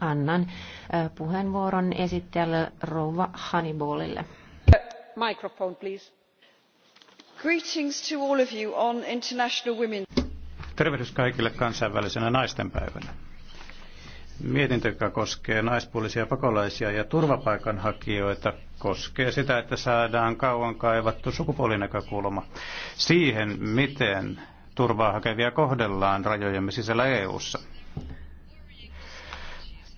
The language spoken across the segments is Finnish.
annan puheenvuoron esittäjälle Rouva Hannibalille. Microphone, please. Greetings to all of you on International Tervehdys kaikille kansainvälisenä naistenpäivänä. Mietintö, joka koskee naispuolisia pakolaisia ja turvapaikanhakijoita, koskee sitä, että saadaan kauan kaivattu sukupuolinäkökulma siihen, miten turvaa hakevia kohdellaan rajojemme sisällä EU:ssa.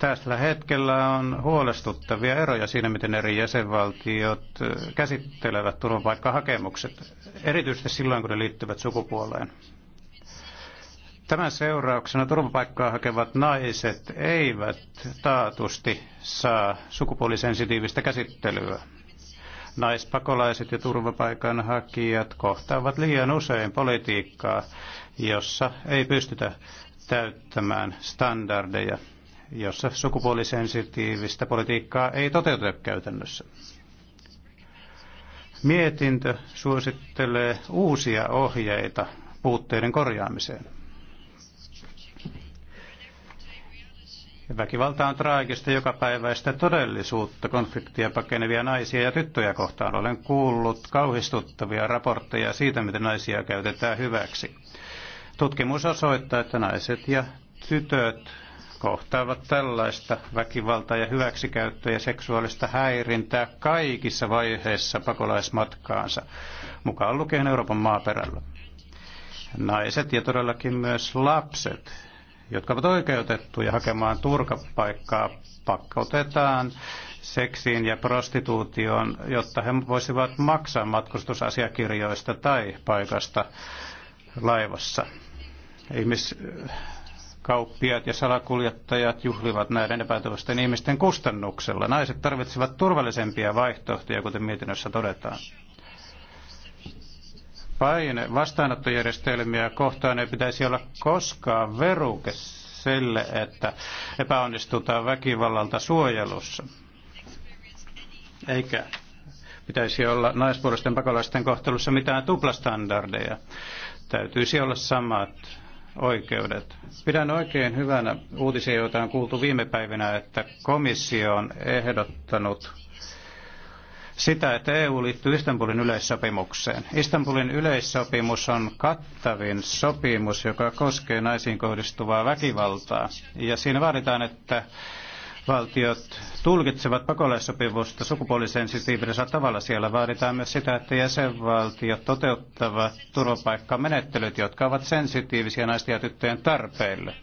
Tällä hetkellä on huolestuttavia eroja siinä, miten eri jäsenvaltiot käsittelevät turvapaikkahakemukset, erityisesti silloin, kun ne liittyvät sukupuoleen. Tämän seurauksena turvapaikkaa hakevat naiset eivät taatusti saa sukupuolisensitiivistä käsittelyä. Naispakolaiset ja turvapaikanhakijat kohtaavat liian usein politiikkaa, jossa ei pystytä täyttämään standardeja jossa sukupuolisensitiivistä politiikkaa ei toteuteta käytännössä. Mietintö suosittelee uusia ohjeita puutteiden korjaamiseen. Väkivalta on traagista joka päiväistä todellisuutta konfliktia pakenevia naisia ja tyttöjä kohtaan. Olen kuullut kauhistuttavia raportteja siitä, miten naisia käytetään hyväksi. Tutkimus osoittaa, että naiset ja tytöt kohtaavat tällaista väkivaltaa ja hyväksikäyttöä ja seksuaalista häirintää kaikissa vaiheissa pakolaismatkaansa, mukaan lukien Euroopan maaperällä. Naiset ja todellakin myös lapset, jotka ovat oikeutettuja hakemaan turkapaikkaa, pakkautetaan seksiin ja prostituutioon, jotta he voisivat maksaa matkustusasiakirjoista tai paikasta laivassa. Ihmis, kauppiaat ja salakuljettajat juhlivat näiden epätoivoisten ihmisten kustannuksella. Naiset tarvitsevat turvallisempia vaihtoehtoja, kuten mietinnössä todetaan. Paine vastaanottojärjestelmiä kohtaan ei pitäisi olla koskaan veruke sille, että epäonnistutaan väkivallalta suojelussa. Eikä pitäisi olla naispuolisten pakolaisten kohtelussa mitään tuplastandardeja. Täytyisi olla samat oikeudet. Pidän oikein hyvänä uutisia, joita on kuultu viime päivinä, että komissio on ehdottanut sitä, että EU liittyy Istanbulin yleissopimukseen. Istanbulin yleissopimus on kattavin sopimus, joka koskee naisiin kohdistuvaa väkivaltaa. Ja siinä vaaditaan, että valtiot tulkitsevat pakolaissopimusta sukupuolisensitiivisellä tavalla. Siellä vaaditaan myös sitä, että jäsenvaltiot toteuttavat turvapaikkamenettelyt, jotka ovat sensitiivisiä naisten ja tyttöjen tarpeille.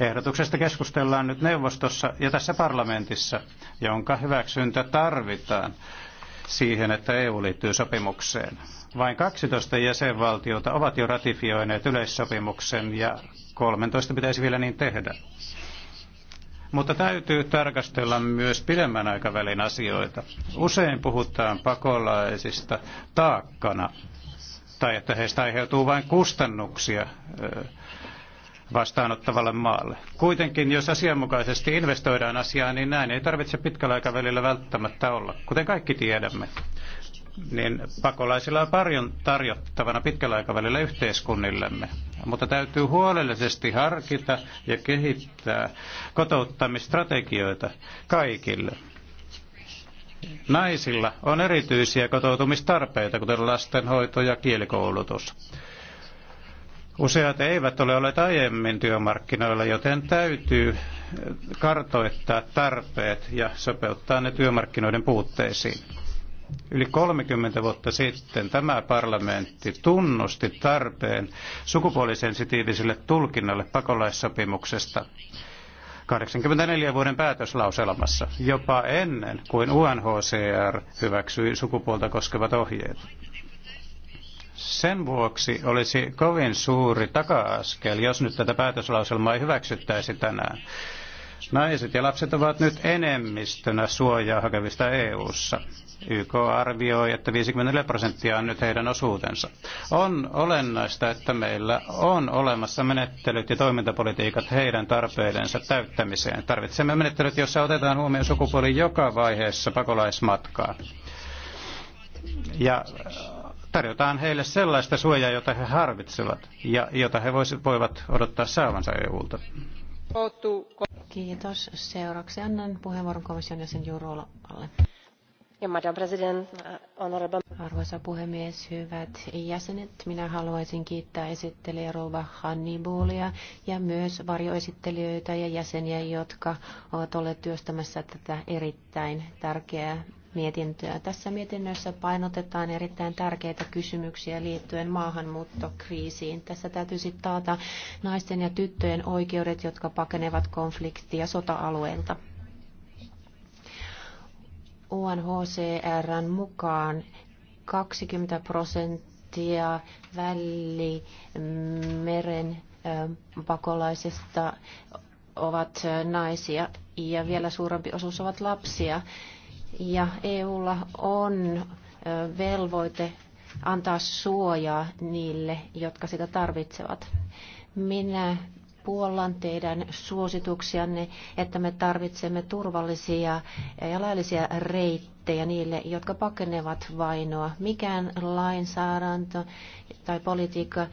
Ehdotuksesta keskustellaan nyt neuvostossa ja tässä parlamentissa, jonka hyväksyntä tarvitaan siihen, että EU liittyy sopimukseen. Vain 12 jäsenvaltiota ovat jo ratifioineet yleissopimuksen ja 13 pitäisi vielä niin tehdä. Mutta täytyy tarkastella myös pidemmän aikavälin asioita. Usein puhutaan pakolaisista taakkana tai että heistä aiheutuu vain kustannuksia vastaanottavalle maalle. Kuitenkin, jos asianmukaisesti investoidaan asiaan, niin näin ei tarvitse pitkällä aikavälillä välttämättä olla, kuten kaikki tiedämme niin pakolaisilla on paljon tarjottavana pitkällä aikavälillä yhteiskunnillemme. Mutta täytyy huolellisesti harkita ja kehittää kotouttamistrategioita kaikille. Naisilla on erityisiä kotoutumistarpeita, kuten lastenhoito ja kielikoulutus. Useat eivät ole olleet aiemmin työmarkkinoilla, joten täytyy kartoittaa tarpeet ja sopeuttaa ne työmarkkinoiden puutteisiin. Yli 30 vuotta sitten tämä parlamentti tunnusti tarpeen sukupuolisensitiiviselle tulkinnalle pakolaissopimuksesta. 84 vuoden päätöslauselmassa, jopa ennen kuin UNHCR hyväksyi sukupuolta koskevat ohjeet. Sen vuoksi olisi kovin suuri taka-askel, jos nyt tätä päätöslauselmaa ei hyväksyttäisi tänään. Naiset ja lapset ovat nyt enemmistönä suojaa hakevista EU-ssa. YK arvioi, että 54 prosenttia on nyt heidän osuutensa. On olennaista, että meillä on olemassa menettelyt ja toimintapolitiikat heidän tarpeidensa täyttämiseen. Tarvitsemme menettelyt, joissa otetaan huomioon sukupuoli joka vaiheessa pakolaismatkaa. Ja tarjotaan heille sellaista suojaa, jota he harvitsevat ja jota he voivat odottaa saavansa EUlta. Kiitos. Seuraavaksi annan puheenvuoron komission jäsen Arvoisa puhemies, hyvät jäsenet, minä haluaisin kiittää esittelijä Rouva Hannibulia ja myös varjoesittelijöitä ja jäseniä, jotka ovat olleet työstämässä tätä erittäin tärkeää mietintöä. Tässä mietinnössä painotetaan erittäin tärkeitä kysymyksiä liittyen maahanmuuttokriisiin. Tässä täytyisi taata naisten ja tyttöjen oikeudet, jotka pakenevat konfliktia sota alueelta UNHCRn mukaan 20 prosenttia välimeren pakolaisista ovat naisia ja vielä suurempi osuus ovat lapsia. Ja EUlla on velvoite antaa suojaa niille, jotka sitä tarvitsevat. Minä puollan teidän suosituksianne, että me tarvitsemme turvallisia ja laillisia reittejä niille, jotka pakenevat vainoa. Mikään lainsäädäntö tai politiikka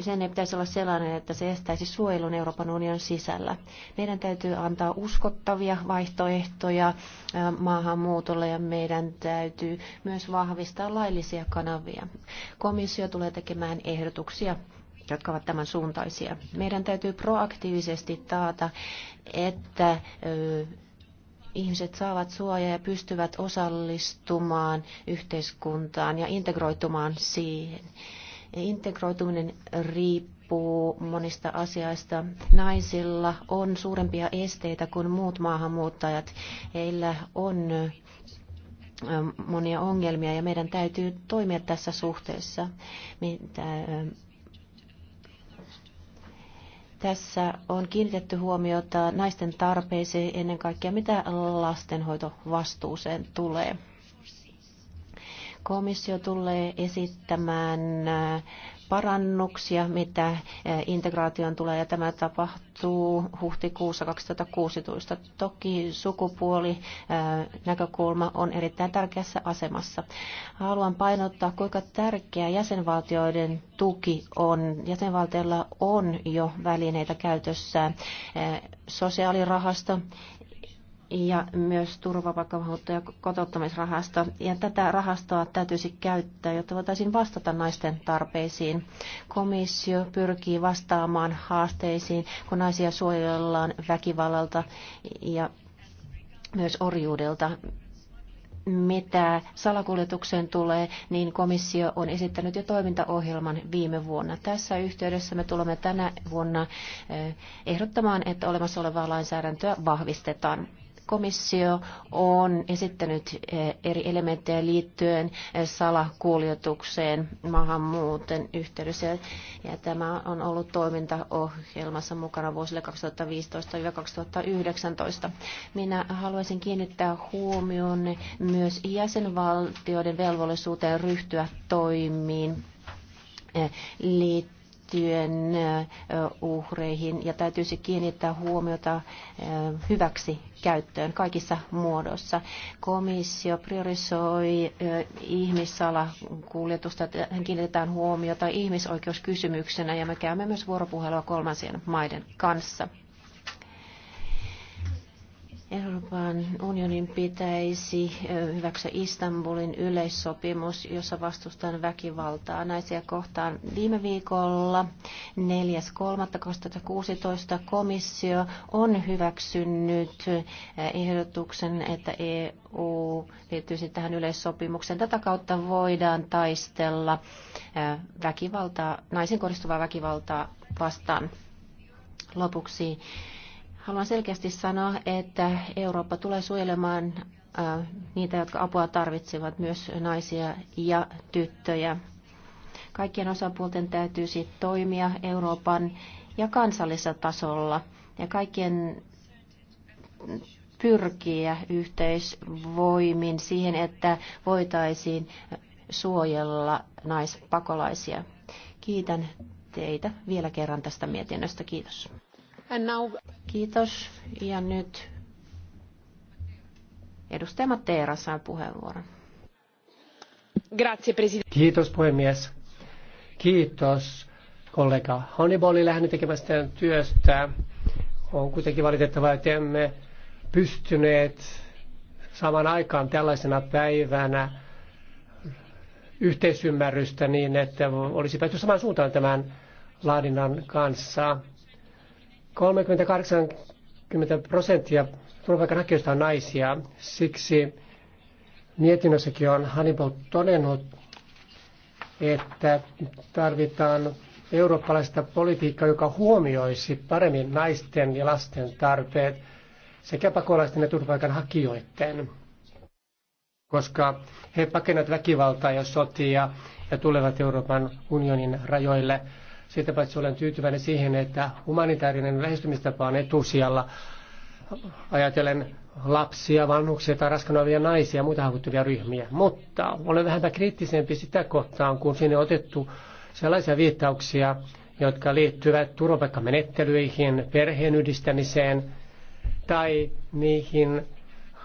sen ei pitäisi olla sellainen, että se estäisi suojelun Euroopan unionin sisällä. Meidän täytyy antaa uskottavia vaihtoehtoja maahanmuutolle ja meidän täytyy myös vahvistaa laillisia kanavia. Komissio tulee tekemään ehdotuksia jotka ovat tämän suuntaisia. Meidän täytyy proaktiivisesti taata, että ihmiset saavat suojaa ja pystyvät osallistumaan yhteiskuntaan ja integroitumaan siihen Integroituminen riippuu monista asioista. Naisilla on suurempia esteitä kuin muut maahanmuuttajat. Heillä on monia ongelmia ja meidän täytyy toimia tässä suhteessa. Tässä on kiinnitetty huomiota naisten tarpeeseen ennen kaikkea, mitä lastenhoitovastuuseen tulee. Komissio tulee esittämään äh, parannuksia, mitä äh, integraation tulee, ja tämä tapahtuu huhtikuussa 2016. Toki sukupuoli äh, näkökulma on erittäin tärkeässä asemassa. Haluan painottaa, kuinka tärkeä jäsenvaltioiden tuki on. Jäsenvaltioilla on jo välineitä käytössään sosiaalirahasto ja myös turvapaikkahuolto- ja kotouttamisrahasto. Ja tätä rahastoa täytyisi käyttää, jotta voitaisiin vastata naisten tarpeisiin. Komissio pyrkii vastaamaan haasteisiin, kun naisia suojellaan väkivallalta ja myös orjuudelta. Mitä salakuljetukseen tulee, niin komissio on esittänyt jo toimintaohjelman viime vuonna. Tässä yhteydessä me tulemme tänä vuonna eh, ehdottamaan, että olemassa olevaa lainsäädäntöä vahvistetaan Komissio on esittänyt eh, eri elementtejä liittyen eh, salakuljetukseen maahanmuuten yhteydessä. Ja tämä on ollut toimintaohjelmassa mukana vuosille 2015-2019. Minä haluaisin kiinnittää huomioon myös jäsenvaltioiden velvollisuuteen ryhtyä toimiin eh, liittyen liittyen uhreihin ja täytyisi kiinnittää huomiota hyväksi käyttöön kaikissa muodoissa. Komissio priorisoi ihmissalakuljetusta, että kiinnitetään huomiota ihmisoikeuskysymyksenä ja me käymme myös vuoropuhelua kolmansien maiden kanssa. Euroopan unionin pitäisi hyväksyä Istanbulin yleissopimus, jossa vastustetaan väkivaltaa naisia kohtaan. Viime viikolla 4.3.2016 komissio on hyväksynyt ehdotuksen, että EU liittyisi tähän yleissopimukseen. Tätä kautta voidaan taistella väkivaltaa, naisen kohdistuvaa väkivaltaa vastaan. Lopuksi Haluan selkeästi sanoa, että Eurooppa tulee suojelemaan niitä, jotka apua tarvitsevat, myös naisia ja tyttöjä. Kaikkien osapuolten täytyisi toimia Euroopan ja kansallisella tasolla ja kaikkien pyrkiä yhteisvoimin siihen, että voitaisiin suojella naispakolaisia. Kiitän teitä vielä kerran tästä mietinnöstä. Kiitos. Now... Kiitos. Ja nyt edustaja Matteera saa puheenvuoron. Grazie, president. Kiitos puhemies. Kiitos kollega Hannibalille hänen tekemästä työstä. On kuitenkin valitettavaa, että emme pystyneet saman aikaan tällaisena päivänä yhteisymmärrystä niin, että olisi päästy samaan suuntaan tämän laadinnan kanssa. 30-80 prosenttia turvapaikanhakijoista on naisia. Siksi mietinnössäkin on Hannibal todennut, että tarvitaan eurooppalaista politiikkaa, joka huomioisi paremmin naisten ja lasten tarpeet sekä pakolaisten ja turvapaikanhakijoiden, koska he pakenevat väkivaltaa ja sotia ja tulevat Euroopan unionin rajoille siitä paitsi olen tyytyväinen siihen, että humanitaarinen lähestymistapa on etusijalla. Ajatellen lapsia, vanhuksia tai raskana naisia ja muita haavoittuvia ryhmiä. Mutta olen vähänpä kriittisempi sitä kohtaan, kun sinne on otettu sellaisia viittauksia, jotka liittyvät turvapaikkamenettelyihin, perheen yhdistämiseen tai niihin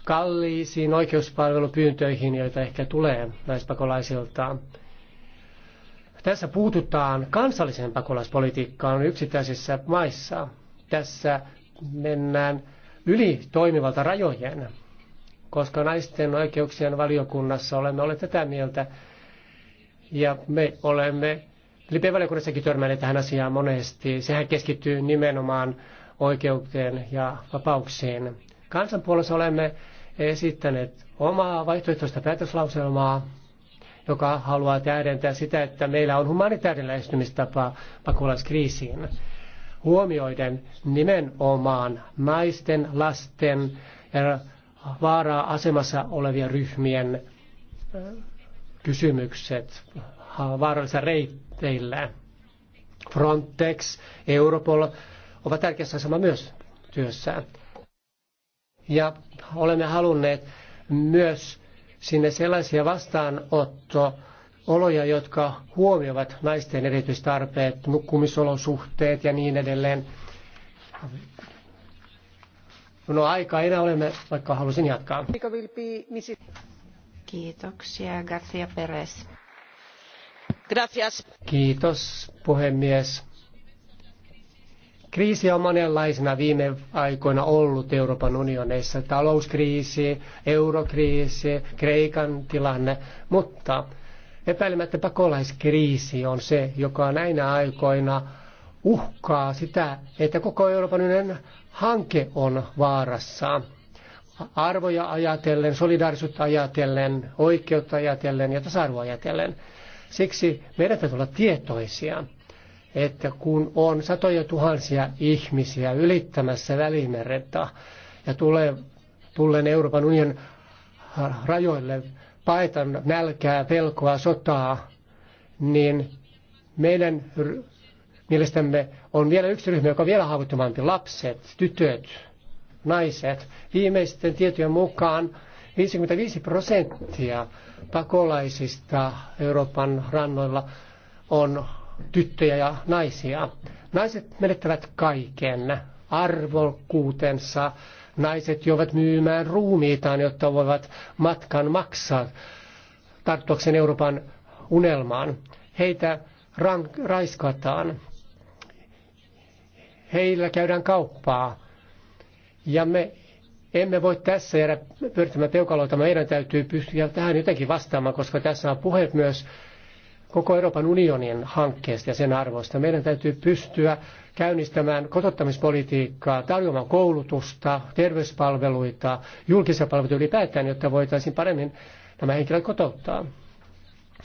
kalliisiin oikeuspalvelupyyntöihin, joita ehkä tulee naispakolaisiltaan. Tässä puututaan kansalliseen pakolaispolitiikkaan yksittäisissä maissa. Tässä mennään yli toimivalta rajojen, koska naisten oikeuksien valiokunnassa olemme olleet tätä mieltä. Ja me olemme Lipevaliokunnassakin törmänneet tähän asiaan monesti. Sehän keskittyy nimenomaan oikeuteen ja vapauksiin. Kansanpuolessa olemme esittäneet omaa vaihtoehtoista päätöslauselmaa joka haluaa täydentää sitä, että meillä on humanitaarinen lähestymistapa pakolaiskriisiin, huomioiden nimenomaan naisten, lasten ja vaaraa asemassa olevien ryhmien kysymykset vaarallisilla reitteillä. Frontex, Europol ovat tärkeässä asemassa myös työssään. Ja olemme halunneet myös sinne sellaisia vastaanotto oloja, jotka huomioivat naisten erityistarpeet, nukkumisolosuhteet ja niin edelleen. No aika enää olemme, vaikka halusin jatkaa. Kiitoksia, García Pérez. Gracias. Kiitos, puhemies. Kriisiä on monenlaisena viime aikoina ollut Euroopan unionissa. Talouskriisi, eurokriisi, Kreikan tilanne, mutta epäilemättä pakolaiskriisi on se, joka näinä aikoina uhkaa sitä, että koko Euroopan unionin hanke on vaarassa. Arvoja ajatellen, solidaarisuutta ajatellen, oikeutta ajatellen ja tasa-arvoa ajatellen. Siksi meidän täytyy olla tietoisia että kun on satoja tuhansia ihmisiä ylittämässä välimerettä ja tulee, tullen Euroopan unionin rajoille paetan nälkää, pelkoa, sotaa, niin meidän mielestämme on vielä yksi ryhmä, joka on vielä haavoittuvampi, lapset, tytöt, naiset. Viimeisten tietojen mukaan 55 prosenttia pakolaisista Euroopan rannoilla on tyttöjä ja naisia. Naiset menettävät kaiken arvokkuutensa. Naiset joivat myymään ruumiitaan, jotta voivat matkan maksaa tarttuakseen Euroopan unelmaan. Heitä raiskataan. Heillä käydään kauppaa. Ja me emme voi tässä jäädä pyörittämään peukaloita. Meidän täytyy pystyä tähän jotenkin vastaamaan, koska tässä on puhe myös koko Euroopan unionin hankkeesta ja sen arvoista. Meidän täytyy pystyä käynnistämään kotottamispolitiikkaa, tarjoamaan koulutusta, terveyspalveluita, julkisia palveluita ylipäätään, jotta voitaisiin paremmin nämä henkilöt kotouttaa.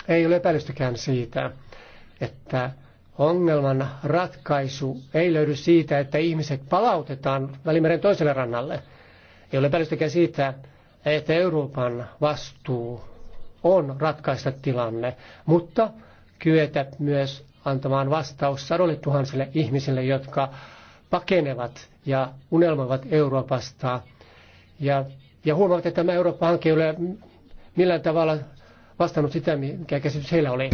Ei ole epäilystäkään siitä, että ongelman ratkaisu ei löydy siitä, että ihmiset palautetaan Välimeren toiselle rannalle. Ei ole epäilystäkään siitä, että Euroopan vastuu on ratkaista tilanne, mutta kyetä myös antamaan vastaus sadolle tuhansille ihmisille, jotka pakenevat ja unelmoivat Euroopasta. Ja, ja huomaavat, että tämä Eurooppa-hanke ei ole millään tavalla vastannut sitä, mikä käsitys heillä oli.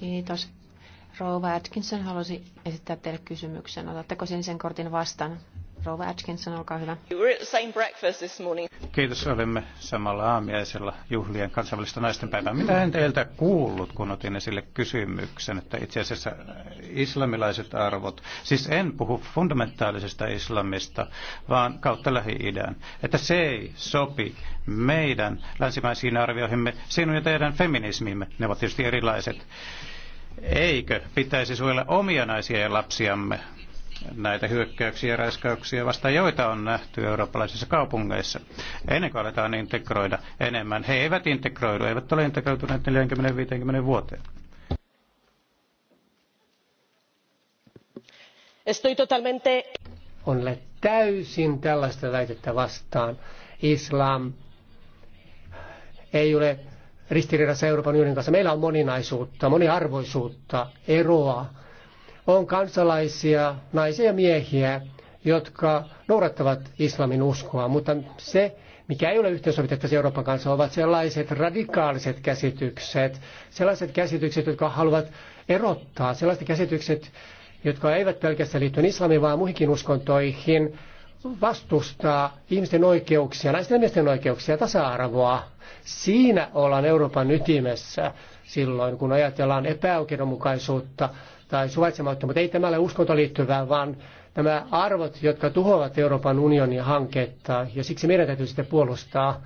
Kiitos. Rouva Atkinson halusi esittää teille kysymyksen. Otatteko sinisen kortin vastaan? Rova Atkinson, olkaa hyvä. Kiitos, olemme samalla aamiaisella juhlien kansainvälistä naistenpäivää. Mitä en teiltä kuullut, kun otin esille kysymyksen, että itse asiassa islamilaiset arvot, siis en puhu fundamentaalisesta islamista, vaan kautta Lähi-idän, että se ei sopi meidän länsimaisiin arvioihimme, sinun ja teidän feminismimme, ne ovat tietysti erilaiset. Eikö pitäisi suojella omia naisia ja lapsiamme näitä hyökkäyksiä ja raiskauksia vasta, joita on nähty eurooppalaisissa kaupungeissa. Ennen kuin aletaan integroida enemmän, he eivät integroidu, eivät ole integroituneet 40-50 vuoteen. Estoy totalmente... Olen täysin tällaista väitettä vastaan. Islam ei ole ristiriidassa Euroopan unionin kanssa. Meillä on moninaisuutta, moniarvoisuutta, eroa on kansalaisia, naisia ja miehiä, jotka noudattavat islamin uskoa, mutta se, mikä ei ole yhteensovitettavissa Euroopan kanssa, ovat sellaiset radikaaliset käsitykset, sellaiset käsitykset, jotka haluavat erottaa, sellaiset käsitykset, jotka eivät pelkästään liitty islamiin, vaan muihinkin uskontoihin, vastustaa ihmisten oikeuksia, naisten ja miesten oikeuksia, tasa-arvoa. Siinä ollaan Euroopan ytimessä silloin, kun ajatellaan epäoikeudenmukaisuutta tai suvaitsemattomuutta. Ei tämä ole uskonto liittyvää, vaan nämä arvot, jotka tuhoavat Euroopan unionin hanketta, ja siksi meidän täytyy sitä puolustaa.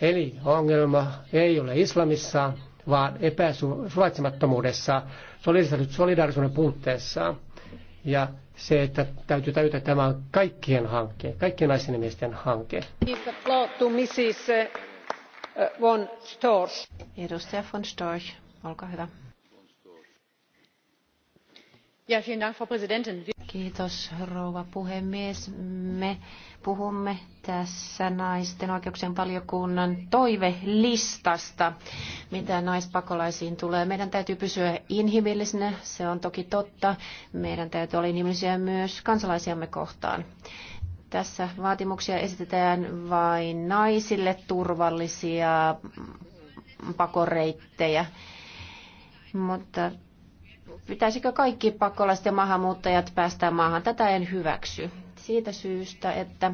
Eli ongelma ei ole islamissa, vaan epäsuvaitsemattomuudessa, solidaarisuuden puutteessa. Ja se, että täytyy täytä tämä on kaikkien hanke, kaikkien naisten ja miesten hanke. Eh, Edustaja von Storch, olkaa hyvä. Kiitos rouva puhemies. Me puhumme tässä naisten oikeuksien valiokunnan toivelistasta, mitä naispakolaisiin tulee. Meidän täytyy pysyä inhimillisinä, se on toki totta. Meidän täytyy olla inhimillisiä myös kansalaisiamme kohtaan. Tässä vaatimuksia esitetään vain naisille turvallisia pakoreittejä, mutta Pitäisikö kaikki pakolaiset ja maahanmuuttajat päästä maahan? Tätä en hyväksy. Siitä syystä, että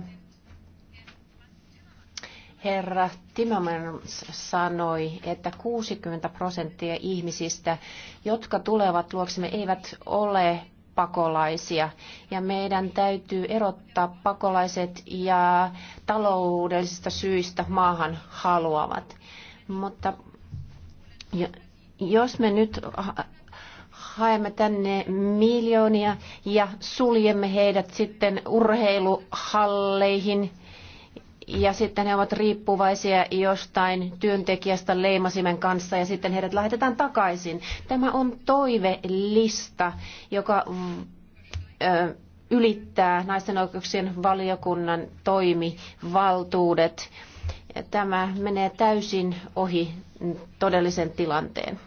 herra Timmermans sanoi, että 60 prosenttia ihmisistä, jotka tulevat luoksemme, eivät ole pakolaisia. Ja meidän täytyy erottaa pakolaiset ja taloudellisista syistä maahan haluavat. Mutta jos me nyt haemme tänne miljoonia ja suljemme heidät sitten urheiluhalleihin ja sitten he ovat riippuvaisia jostain työntekijästä leimasimen kanssa ja sitten heidät lähetetään takaisin. Tämä on toivelista, joka ylittää naisten oikeuksien valiokunnan toimivaltuudet. Tämä menee täysin ohi todellisen tilanteen.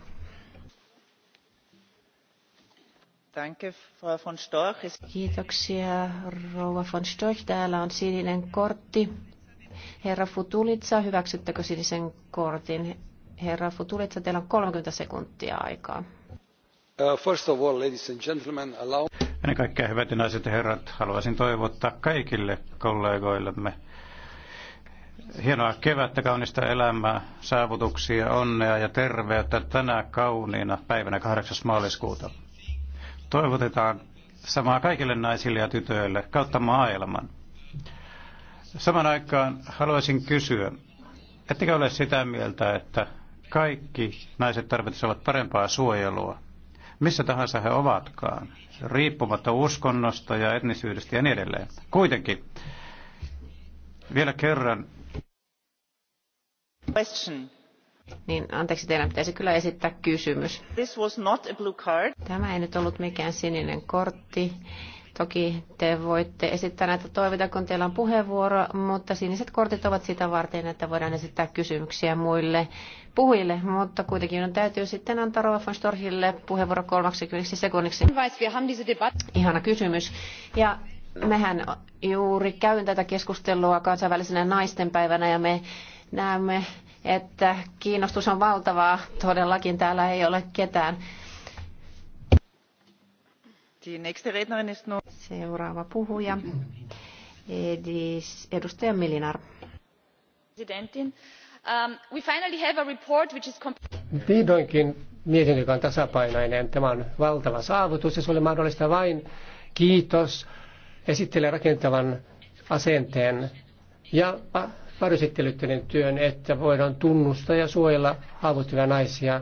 Kiitoksia, rouva von Storch. Täällä on sininen kortti. Herra Futulitsa, hyväksyttekö sinisen kortin? Herra Futulitsa, teillä on 30 sekuntia aikaa. Uh, first of all, ladies and gentlemen, allow... Ennen kaikkea, hyvät naiset ja herrat, haluaisin toivottaa kaikille kollegoillemme hienoa kevättä, kaunista elämää, saavutuksia, onnea ja terveyttä tänä kauniina päivänä 8. maaliskuuta toivotetaan samaa kaikille naisille ja tytöille kautta maailman. Saman aikaan haluaisin kysyä, ettekö ole sitä mieltä, että kaikki naiset tarvitsevat parempaa suojelua, missä tahansa he ovatkaan, riippumatta uskonnosta ja etnisyydestä ja niin edelleen. Kuitenkin, vielä kerran. Question niin, anteeksi, teidän pitäisi kyllä esittää kysymys. This was not a blue card. Tämä ei nyt ollut mikään sininen kortti. Toki te voitte esittää näitä toiveita, kun teillä on puheenvuoro, mutta siniset kortit ovat sitä varten, että voidaan esittää kysymyksiä muille puhujille, mutta kuitenkin on täytyy sitten antaa Rova von Storchille puheenvuoro 30 sekunniksi. Ihana kysymys. Ja mehän juuri käyn tätä keskustelua kansainvälisenä naistenpäivänä ja me näemme että kiinnostus on valtavaa. Todellakin täällä ei ole ketään. Seuraava puhuja, edis, edustaja Milinar. Um, Vihdoinkin mietintö, joka on tasapainoinen. Tämä on valtava saavutus ja se oli mahdollista vain kiitos esittelee rakentavan asenteen ja varjosittelyttöinen työn, että voidaan tunnustaa ja suojella haavoittuvia naisia.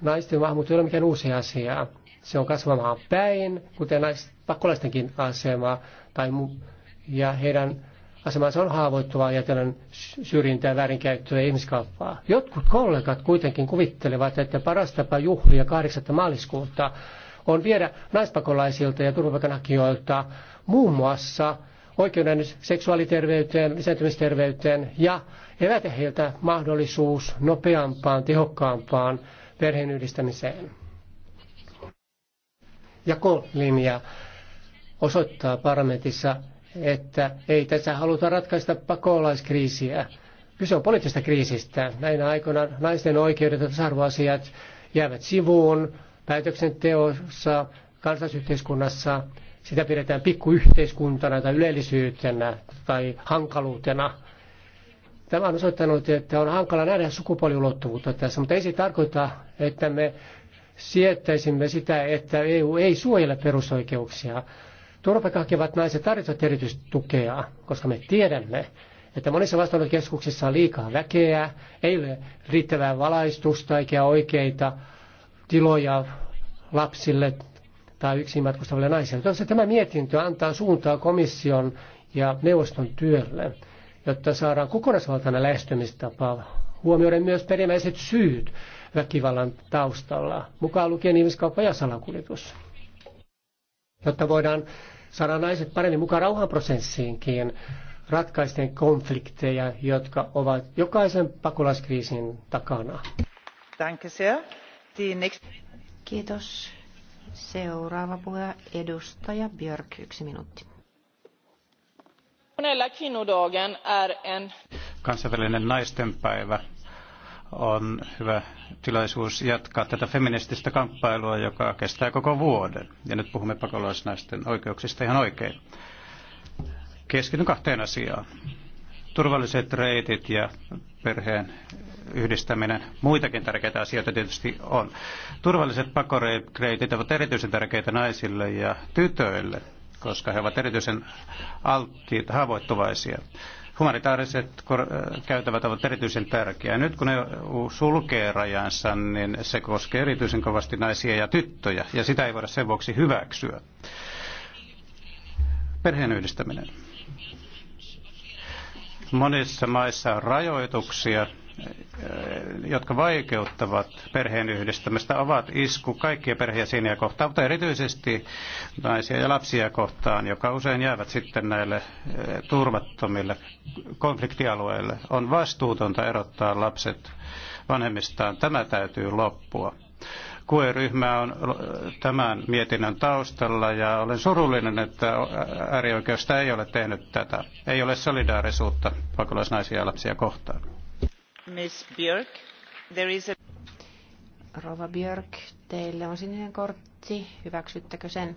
Naisten maahanmuutto ei ole mikään uusi asia. Se on kasvamaan päin, kuten pakolaistenkin asema tai mu- ja heidän asemansa on haavoittuva tällainen syrjintää, väärinkäyttöä ja ihmiskauppaa. Jotkut kollegat kuitenkin kuvittelevat, että paras tapa juhlia 8. maaliskuuta on viedä naispakolaisilta ja turvapaikanhakijoilta muun muassa oikeuden seksuaaliterveyteen, lisääntymisterveyteen ja evätä heiltä mahdollisuus nopeampaan, tehokkaampaan perheen yhdistämiseen. Jakolinja osoittaa parlamentissa, että ei tässä haluta ratkaista pakolaiskriisiä. Kyse on poliittisesta kriisistä. Näinä aikoina naisten oikeudet ja tasa-arvoasiat jäävät sivuun päätöksenteossa, kansalaisyhteiskunnassa sitä pidetään pikkuyhteiskuntana tai ylellisyytenä tai hankaluutena. Tämä on osoittanut, että on hankala nähdä sukupuoliulottuvuutta tässä, mutta ei se tarkoita, että me siettäisimme sitä, että EU ei suojele perusoikeuksia. Turvapaikanhakevat naiset tarvitsevat erityistukea, koska me tiedämme, että monissa vastaanottokeskuksissa on liikaa väkeä, ei ole riittävää valaistusta eikä oikeita tiloja lapsille tai yksin matkustavalle naiselle. Toivottavasti tämä mietintö antaa suuntaa komission ja neuvoston työlle, jotta saadaan kokonaisvaltainen lähestymistapa huomioiden myös perimmäiset syyt väkivallan taustalla, mukaan lukien ihmiskauppa ja salakuljetus. Jotta voidaan saada naiset paremmin mukaan rauhanprosessiinkin, ratkaisten konflikteja, jotka ovat jokaisen pakolaiskriisin takana. Kiitos. Seuraava puhe edustaja Björk, yksi minuutti. Kansainvälinen naistenpäivä on hyvä tilaisuus jatkaa tätä feminististä kamppailua, joka kestää koko vuoden. Ja nyt puhumme pakolaisnaisten oikeuksista ihan oikein. Keskityn kahteen asiaan. Turvalliset reitit ja perheen yhdistäminen. Muitakin tärkeitä asioita tietysti on. Turvalliset pakoreitit ovat erityisen tärkeitä naisille ja tytöille, koska he ovat erityisen alttiita, haavoittuvaisia. Humanitaariset äh, käytävät ovat erityisen tärkeää. Nyt kun ne sulkee rajansa, niin se koskee erityisen kovasti naisia ja tyttöjä, ja sitä ei voida sen vuoksi hyväksyä. Perheen yhdistäminen monissa maissa on rajoituksia jotka vaikeuttavat perheen yhdistämistä, ovat isku kaikkia perheisiä kohtaan, mutta erityisesti naisia ja lapsia kohtaan, joka usein jäävät sitten näille eh, turvattomille konfliktialueille. On vastuutonta erottaa lapset vanhemmistaan. Tämä täytyy loppua. QE-ryhmä on eh, tämän mietinnön taustalla ja olen surullinen, että äärioikeusta ei ole tehnyt tätä. Ei ole solidaarisuutta pakolaisnaisia ja lapsia kohtaan. Miss Björk, teillä Rova Björk, teille on sininen kortti. Hyväksyttekö sen?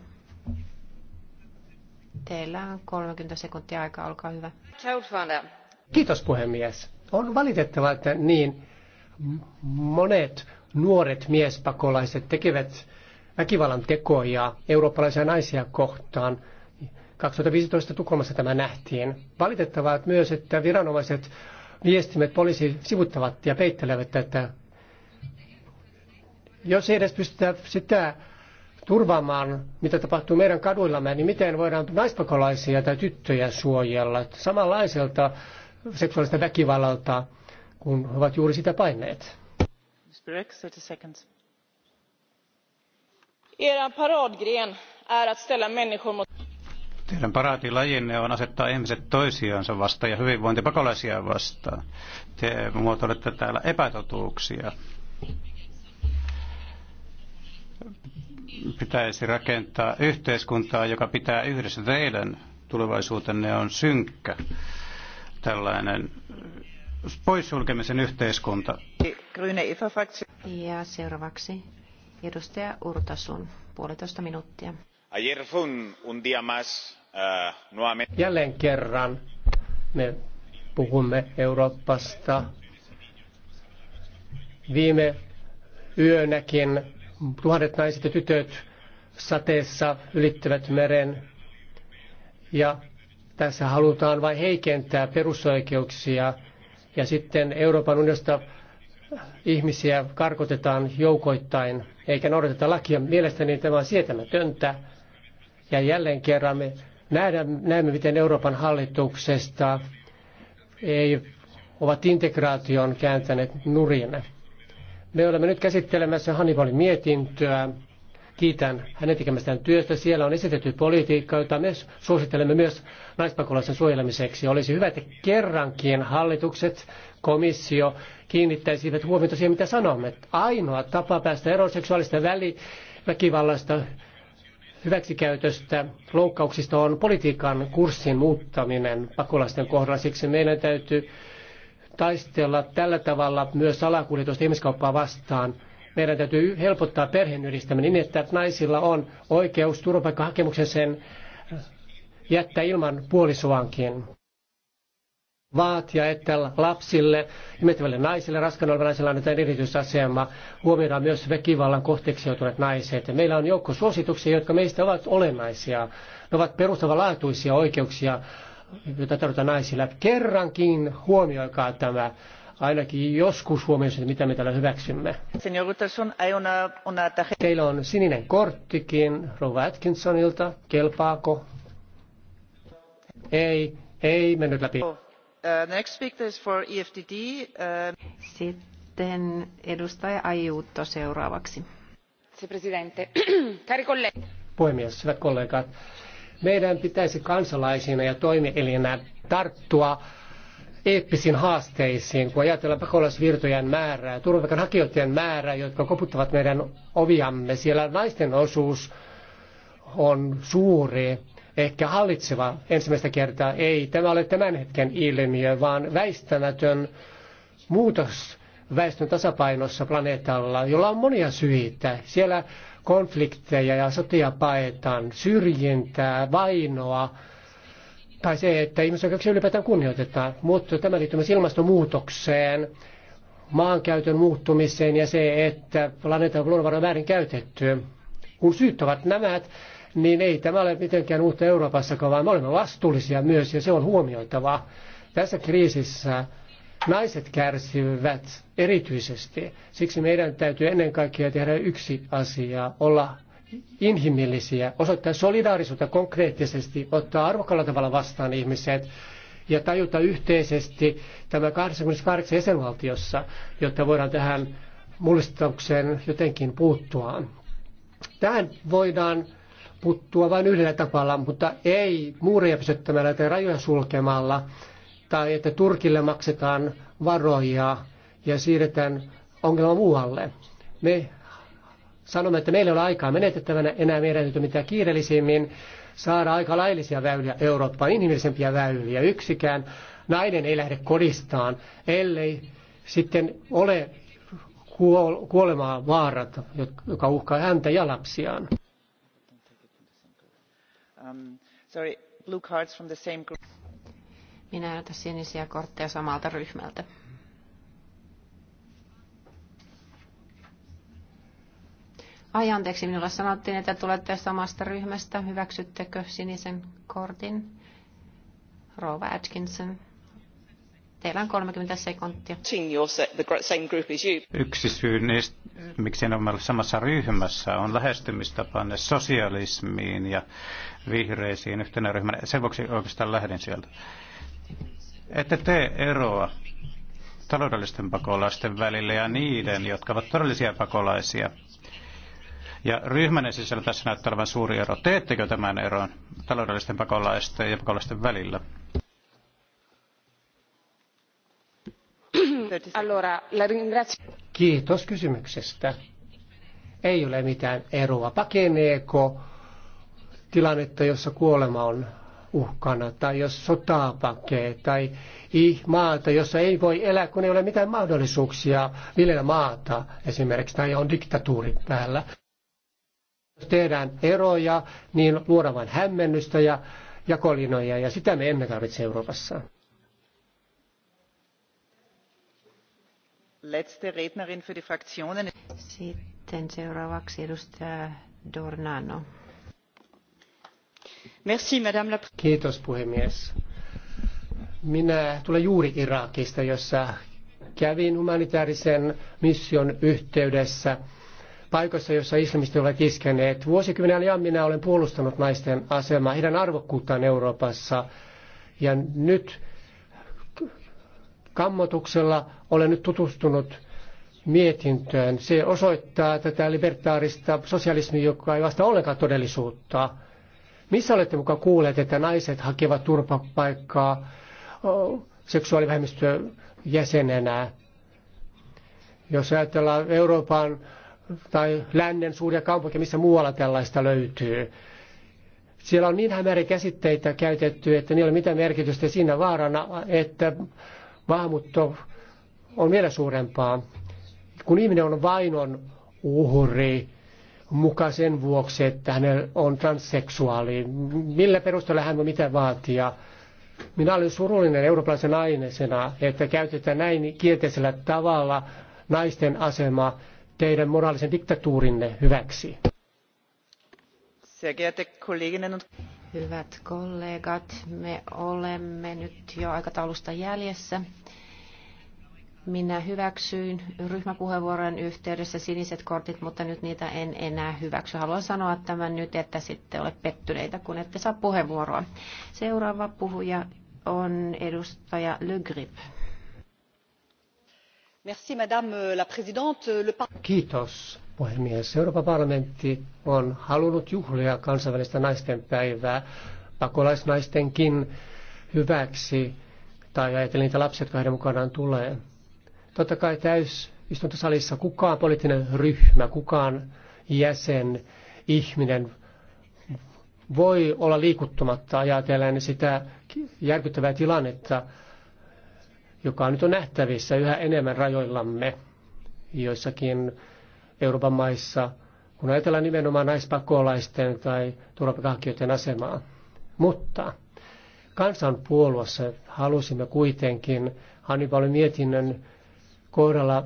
Teillä on 30 sekuntia aikaa, olkaa hyvä. Kiitos puhemies. On valitettavaa, että niin monet nuoret miespakolaiset tekevät väkivallan tekoja eurooppalaisia naisia kohtaan. 2015 Tukholmassa tämä nähtiin. Valitettavaa myös, että viranomaiset viestimet poliisi sivuttavat ja peittelevät tätä. Jos ei edes pystytä sitä turvaamaan, mitä tapahtuu meidän kaduillamme, niin miten voidaan naispakolaisia tai tyttöjä suojella samanlaiselta seksuaalista väkivallalta, kun he ovat juuri sitä paineet. Eran paradgren är att ställa människor mot... Teidän paraatilajinne on asettaa ihmiset toisiansa vastaan ja hyvinvointipakolaisia vastaan. Te muotoilette täällä epätotuuksia. Pitäisi rakentaa yhteiskuntaa, joka pitää yhdessä teidän tulevaisuutenne on synkkä. Tällainen poissulkemisen yhteiskunta. Ja seuraavaksi edustaja Urtasun puolitoista minuuttia. Ayer fue un, un día más Jälleen kerran me puhumme Euroopasta. Viime yönäkin tuhannet naiset ja tytöt sateessa ylittävät meren. Ja tässä halutaan vain heikentää perusoikeuksia. Ja sitten Euroopan unionista ihmisiä karkotetaan joukoittain, eikä noudateta lakia. Mielestäni tämä on sietämätöntä. Ja jälleen kerran me Nähdään, näemme, miten Euroopan hallituksesta ei, ovat integraation kääntäneet nurin. Me olemme nyt käsittelemässä Hannibalin mietintöä. Kiitän hänen tekemästään työstä. Siellä on esitetty politiikka, jota me suosittelemme myös naispakolaisen suojelemiseksi. Olisi hyvä, että kerrankin hallitukset, komissio kiinnittäisivät huomiota siihen, mitä sanomme. Ainoa tapa päästä eroseksuaalista seksuaalista väliväkivallasta hyväksikäytöstä, loukkauksista on politiikan kurssin muuttaminen pakolaisten kohdalla. Siksi meidän täytyy taistella tällä tavalla myös salakuljetusta ihmiskauppaa vastaan. Meidän täytyy helpottaa perheenyhdistäminen niin, että naisilla on oikeus turvapaikkahakemuksen sen jättää ilman puolisoankin vaatia, että lapsille, imettäville naisille, raskaana olevan naisille annetaan erityisasema. Huomioidaan myös väkivallan kohteeksi joutuneet naiset. Ja meillä on joukko suosituksia, jotka meistä ovat olennaisia. Ne ovat perustavanlaatuisia oikeuksia, joita tarvitaan naisille Kerrankin huomioikaa tämä ainakin joskus huomioon, mitä me täällä hyväksymme. Teillä on sininen korttikin Rova Atkinsonilta. Kelpaako? Ei, ei mennyt läpi. Oh. Uh, e uh, Sitten edustaja seuraavaksi. Puhemies, hyvät kollegat. Meidän pitäisi kansalaisina ja toimielimenä tarttua eeppisiin haasteisiin, kun ajatellaan pakolaisvirtojen määrää, turvapaikanhakijoiden määrää, jotka koputtavat meidän oviamme. Siellä naisten osuus on suuri ehkä hallitseva ensimmäistä kertaa. Ei tämä ole tämän hetken ilmiö, vaan väistämätön muutos väestön tasapainossa planeetalla, jolla on monia syitä. Siellä konflikteja ja sotia paetaan, syrjintää, vainoa, tai se, että ihmisoikeuksia ylipäätään kunnioitetaan. Mutta tämä liittyy myös ilmastonmuutokseen, maankäytön muuttumiseen ja se, että planeetan luonnonvaroja on väärin käytetty. Kun syyt ovat nämä, niin ei tämä ole mitenkään uutta Euroopassakaan, vaan me olemme vastuullisia myös ja se on huomioitavaa. Tässä kriisissä naiset kärsivät erityisesti. Siksi meidän täytyy ennen kaikkea tehdä yksi asia, olla inhimillisiä, osoittaa solidaarisuutta konkreettisesti, ottaa arvokalla tavalla vastaan ihmiset ja tajuta yhteisesti tämä 88 jäsenvaltiossa, jotta voidaan tähän mullistukseen jotenkin puuttua. Tähän voidaan puttua vain yhdellä tapalla, mutta ei muureja pysyttämällä tai rajoja sulkemalla, tai että Turkille maksetaan varoja ja siirretään ongelma muualle. Me sanomme, että meillä ei ole aikaa menetettävänä enää meidän täytyy mitä kiireellisimmin saada aika laillisia väyliä Eurooppaan, inhimillisempiä väyliä. Yksikään nainen ei lähde kodistaan, ellei sitten ole kuolemaa vaarat, joka uhkaa häntä ja lapsiaan. Um, Minä en ota sinisiä kortteja samalta ryhmältä. Ai anteeksi, minulla sanottiin, että tulette samasta ryhmästä. Hyväksyttekö sinisen kortin? Rova Atkinson. Teillä on 30 sekuntia. Yksi syy, miksi en ole samassa ryhmässä, on lähestymistapanne sosialismiin ja vihreisiin yhtenä ryhmänä. Sen vuoksi oikeastaan lähden sieltä. Ette tee eroa taloudellisten pakolaisten välillä ja niiden, jotka ovat todellisia pakolaisia. Ja ryhmänne sisällä tässä näyttää olevan suuri ero. Teettekö tämän eron taloudellisten pakolaisten ja pakolaisten välillä? Kiitos kysymyksestä. Ei ole mitään eroa. Pakeneeko tilannetta, jossa kuolema on uhkana, tai jos sotaa pakee, tai maata, jossa ei voi elää, kun ei ole mitään mahdollisuuksia viljellä maata esimerkiksi, tai on diktatuuri päällä. Jos tehdään eroja, niin luodaan vain hämmennystä ja jakolinoja, ja sitä me emme tarvitse Euroopassa. Kiitos puhemies. Minä tulen juuri Irakista, jossa kävin humanitaarisen mission yhteydessä paikoissa, jossa islamistit ovat iskeneet. Vuosikymmenen ajan minä olen puolustanut naisten asemaa, heidän arvokkuuttaan Euroopassa. Ja nyt Kammotuksella olen nyt tutustunut mietintöön. Se osoittaa tätä libertaarista sosialismia, joka ei vasta ollenkaan todellisuutta. Missä olette mukaan kuulleet, että naiset hakevat turvapaikkaa seksuaalivähemmistön jäsenenä? Jos ajatellaan Euroopan tai lännen suuria kaupunkeja, missä muualla tällaista löytyy. Siellä on niin hämärä käsitteitä käytetty, että niillä ei ole mitään merkitystä siinä vaarana, että Maahanmuutto on vielä suurempaa. Kun ihminen on vainon uhri, muka sen vuoksi, että hän on transseksuaali. Millä perusteella hän voi mitä vaatia? Minä olen surullinen eurooppalaisen ainesena, että käytetään näin kielteisellä tavalla naisten asemaa teidän moraalisen diktatuurinne hyväksi. Hyvät kollegat, me olemme nyt jo aikataulusta jäljessä. Minä hyväksyin ryhmäpuheenvuorojen yhteydessä siniset kortit, mutta nyt niitä en enää hyväksy. Haluan sanoa tämän nyt, että sitten ole pettyneitä, kun ette saa puheenvuoroa. Seuraava puhuja on edustaja Le Grip. Merci, madame la présidente. Kiitos puhemies. Euroopan parlamentti on halunnut juhlia kansainvälistä päivää pakolaisnaistenkin hyväksi tai ajatellen niitä lapsia, jotka heidän mukanaan tulee. Totta kai täysistuntosalissa kukaan poliittinen ryhmä, kukaan jäsen, ihminen voi olla liikuttumatta ajatellen sitä järkyttävää tilannetta, joka nyt on nähtävissä yhä enemmän rajoillamme joissakin Euroopan maissa, kun ajatellaan nimenomaan naispakolaisten tai turvapaikanhakijoiden asemaa. Mutta kansanpuolueessa halusimme kuitenkin Hannibalin mietinnön kohdalla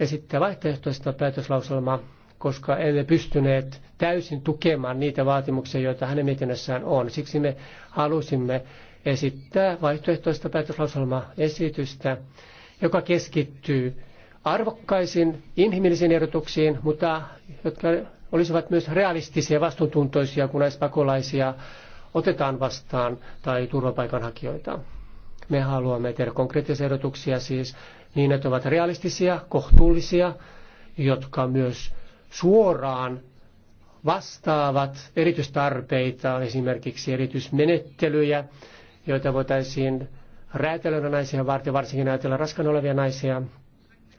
esittää vaihtoehtoista päätöslauselmaa, koska emme pystyneet täysin tukemaan niitä vaatimuksia, joita hänen mietinnössään on. Siksi me halusimme esittää vaihtoehtoista päätöslauselmaa esitystä, joka keskittyy arvokkaisiin inhimillisiin ehdotuksiin, mutta jotka olisivat myös realistisia ja vastuuntuntoisia, kun pakolaisia otetaan vastaan tai turvapaikanhakijoita. Me haluamme tehdä konkreettisia ehdotuksia siis niin, että ovat realistisia, kohtuullisia, jotka myös suoraan vastaavat erityistarpeita, esimerkiksi erityismenettelyjä, joita voitaisiin räätälöidä naisia varten, varsinkin ajatella raskaana olevia naisia,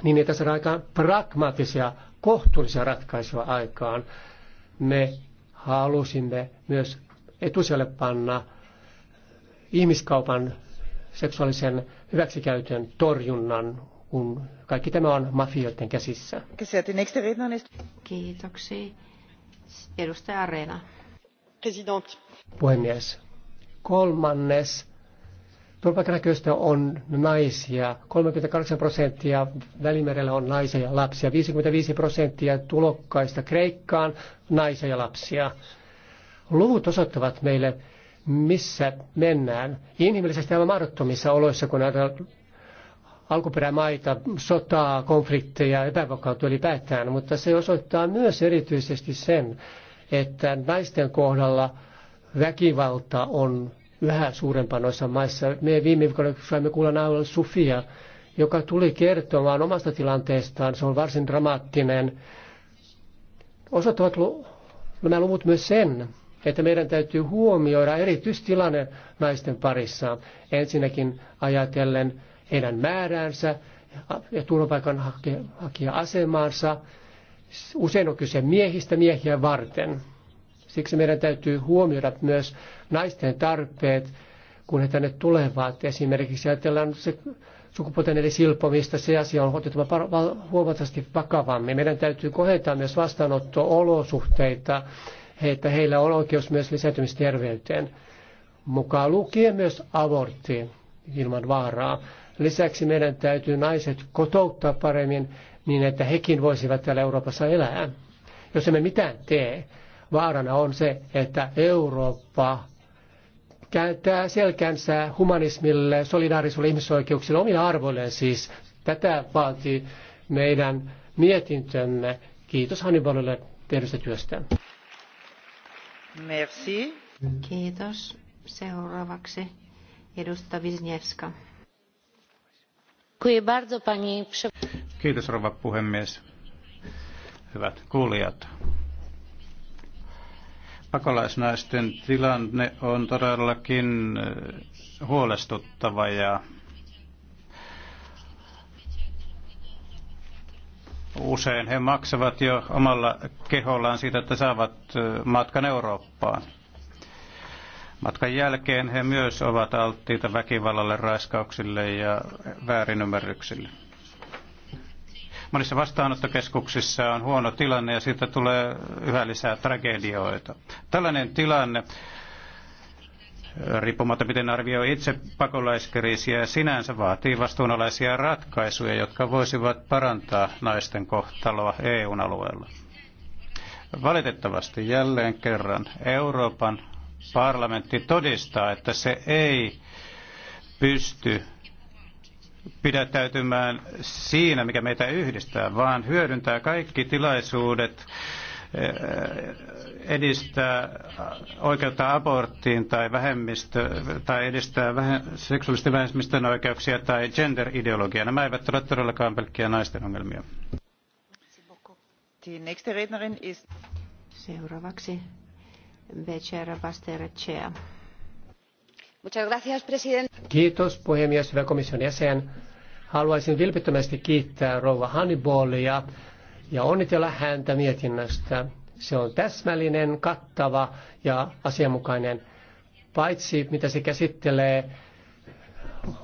niin että saadaan aikaan pragmaattisia, kohtuullisia ratkaisuja aikaan. Me halusimme myös etusijalle panna ihmiskaupan seksuaalisen hyväksikäytön torjunnan, kun kaikki tämä on mafioiden käsissä. Kiitoksia. Edustaja Areena. Puhemies. Kolmannes Turvapaikanäköistä on naisia. 38 prosenttia Välimerellä on naisia ja lapsia. 55 prosenttia tulokkaista Kreikkaan naisia ja lapsia. Luvut osoittavat meille, missä mennään. Inhimillisesti aivan mahdottomissa oloissa, kun näitä alkuperämaita, sotaa, konflikteja, epävakautta ylipäätään, mutta se osoittaa myös erityisesti sen, että naisten kohdalla väkivalta on yhä suurempaan noissa maissa. Me viime viikolla saimme kuulla Naul Sufia, joka tuli kertomaan omasta tilanteestaan. Se on varsin dramaattinen. Osoittavat nämä luvut myös sen, että meidän täytyy huomioida erityistilanne naisten parissa. Ensinnäkin ajatellen heidän määräänsä ja turvapaikanhakija-asemaansa. Usein on kyse miehistä miehiä varten. Siksi meidän täytyy huomioida myös naisten tarpeet, kun he tänne tulevat. Esimerkiksi ajatellaan se sukupuolten eli silpomista, se asia on otettava huomattavasti vakavammin. Meidän täytyy kohentaa myös vastaanotto-olosuhteita, että heillä on oikeus myös lisääntymisterveyteen, mukaan lukien myös abortti ilman vaaraa. Lisäksi meidän täytyy naiset kotouttaa paremmin niin, että hekin voisivat täällä Euroopassa elää. Jos emme mitään tee, vaarana on se, että Eurooppa kääntää selkänsä humanismille, solidaarisuudelle, ihmisoikeuksille, omille arvoilleen siis. Tätä vaatii meidän mietintömme. Kiitos Hannibalille tehdystä työstä. Merci. Kiitos. Seuraavaksi edustaja Wisniewska. Kiitos rouva puhemies. Hyvät kuulijat. Pakolaisnaisten tilanne on todellakin äh, huolestuttava ja usein he maksavat jo omalla kehollaan siitä, että saavat äh, matkan Eurooppaan. Matkan jälkeen he myös ovat alttiita väkivallalle, raiskauksille ja väärinymmärryksille. Monissa vastaanottokeskuksissa on huono tilanne ja siitä tulee yhä lisää tragedioita. Tällainen tilanne riippumatta miten arvioi itse pakolaiskriisiä, sinänsä vaatii vastuunalaisia ratkaisuja, jotka voisivat parantaa naisten kohtaloa EUn alueella. Valitettavasti jälleen kerran Euroopan parlamentti todistaa, että se ei pysty pidättäytymään siinä, mikä meitä yhdistää, vaan hyödyntää kaikki tilaisuudet eh, edistää oikeutta aborttiin tai, vähemmistö, tai edistää vähe, seksuaalisten vähemmistön oikeuksia tai gender ideologia Nämä eivät ole todellakaan pelkkiä naisten ongelmia. Seuraavaksi Becerra Basterecea. Kiitos puhemies, hyvä komission jäsen. Haluaisin vilpittömästi kiittää rouva Hannibalia ja onnitella häntä mietinnöstä. Se on täsmällinen, kattava ja asianmukainen. Paitsi mitä se käsittelee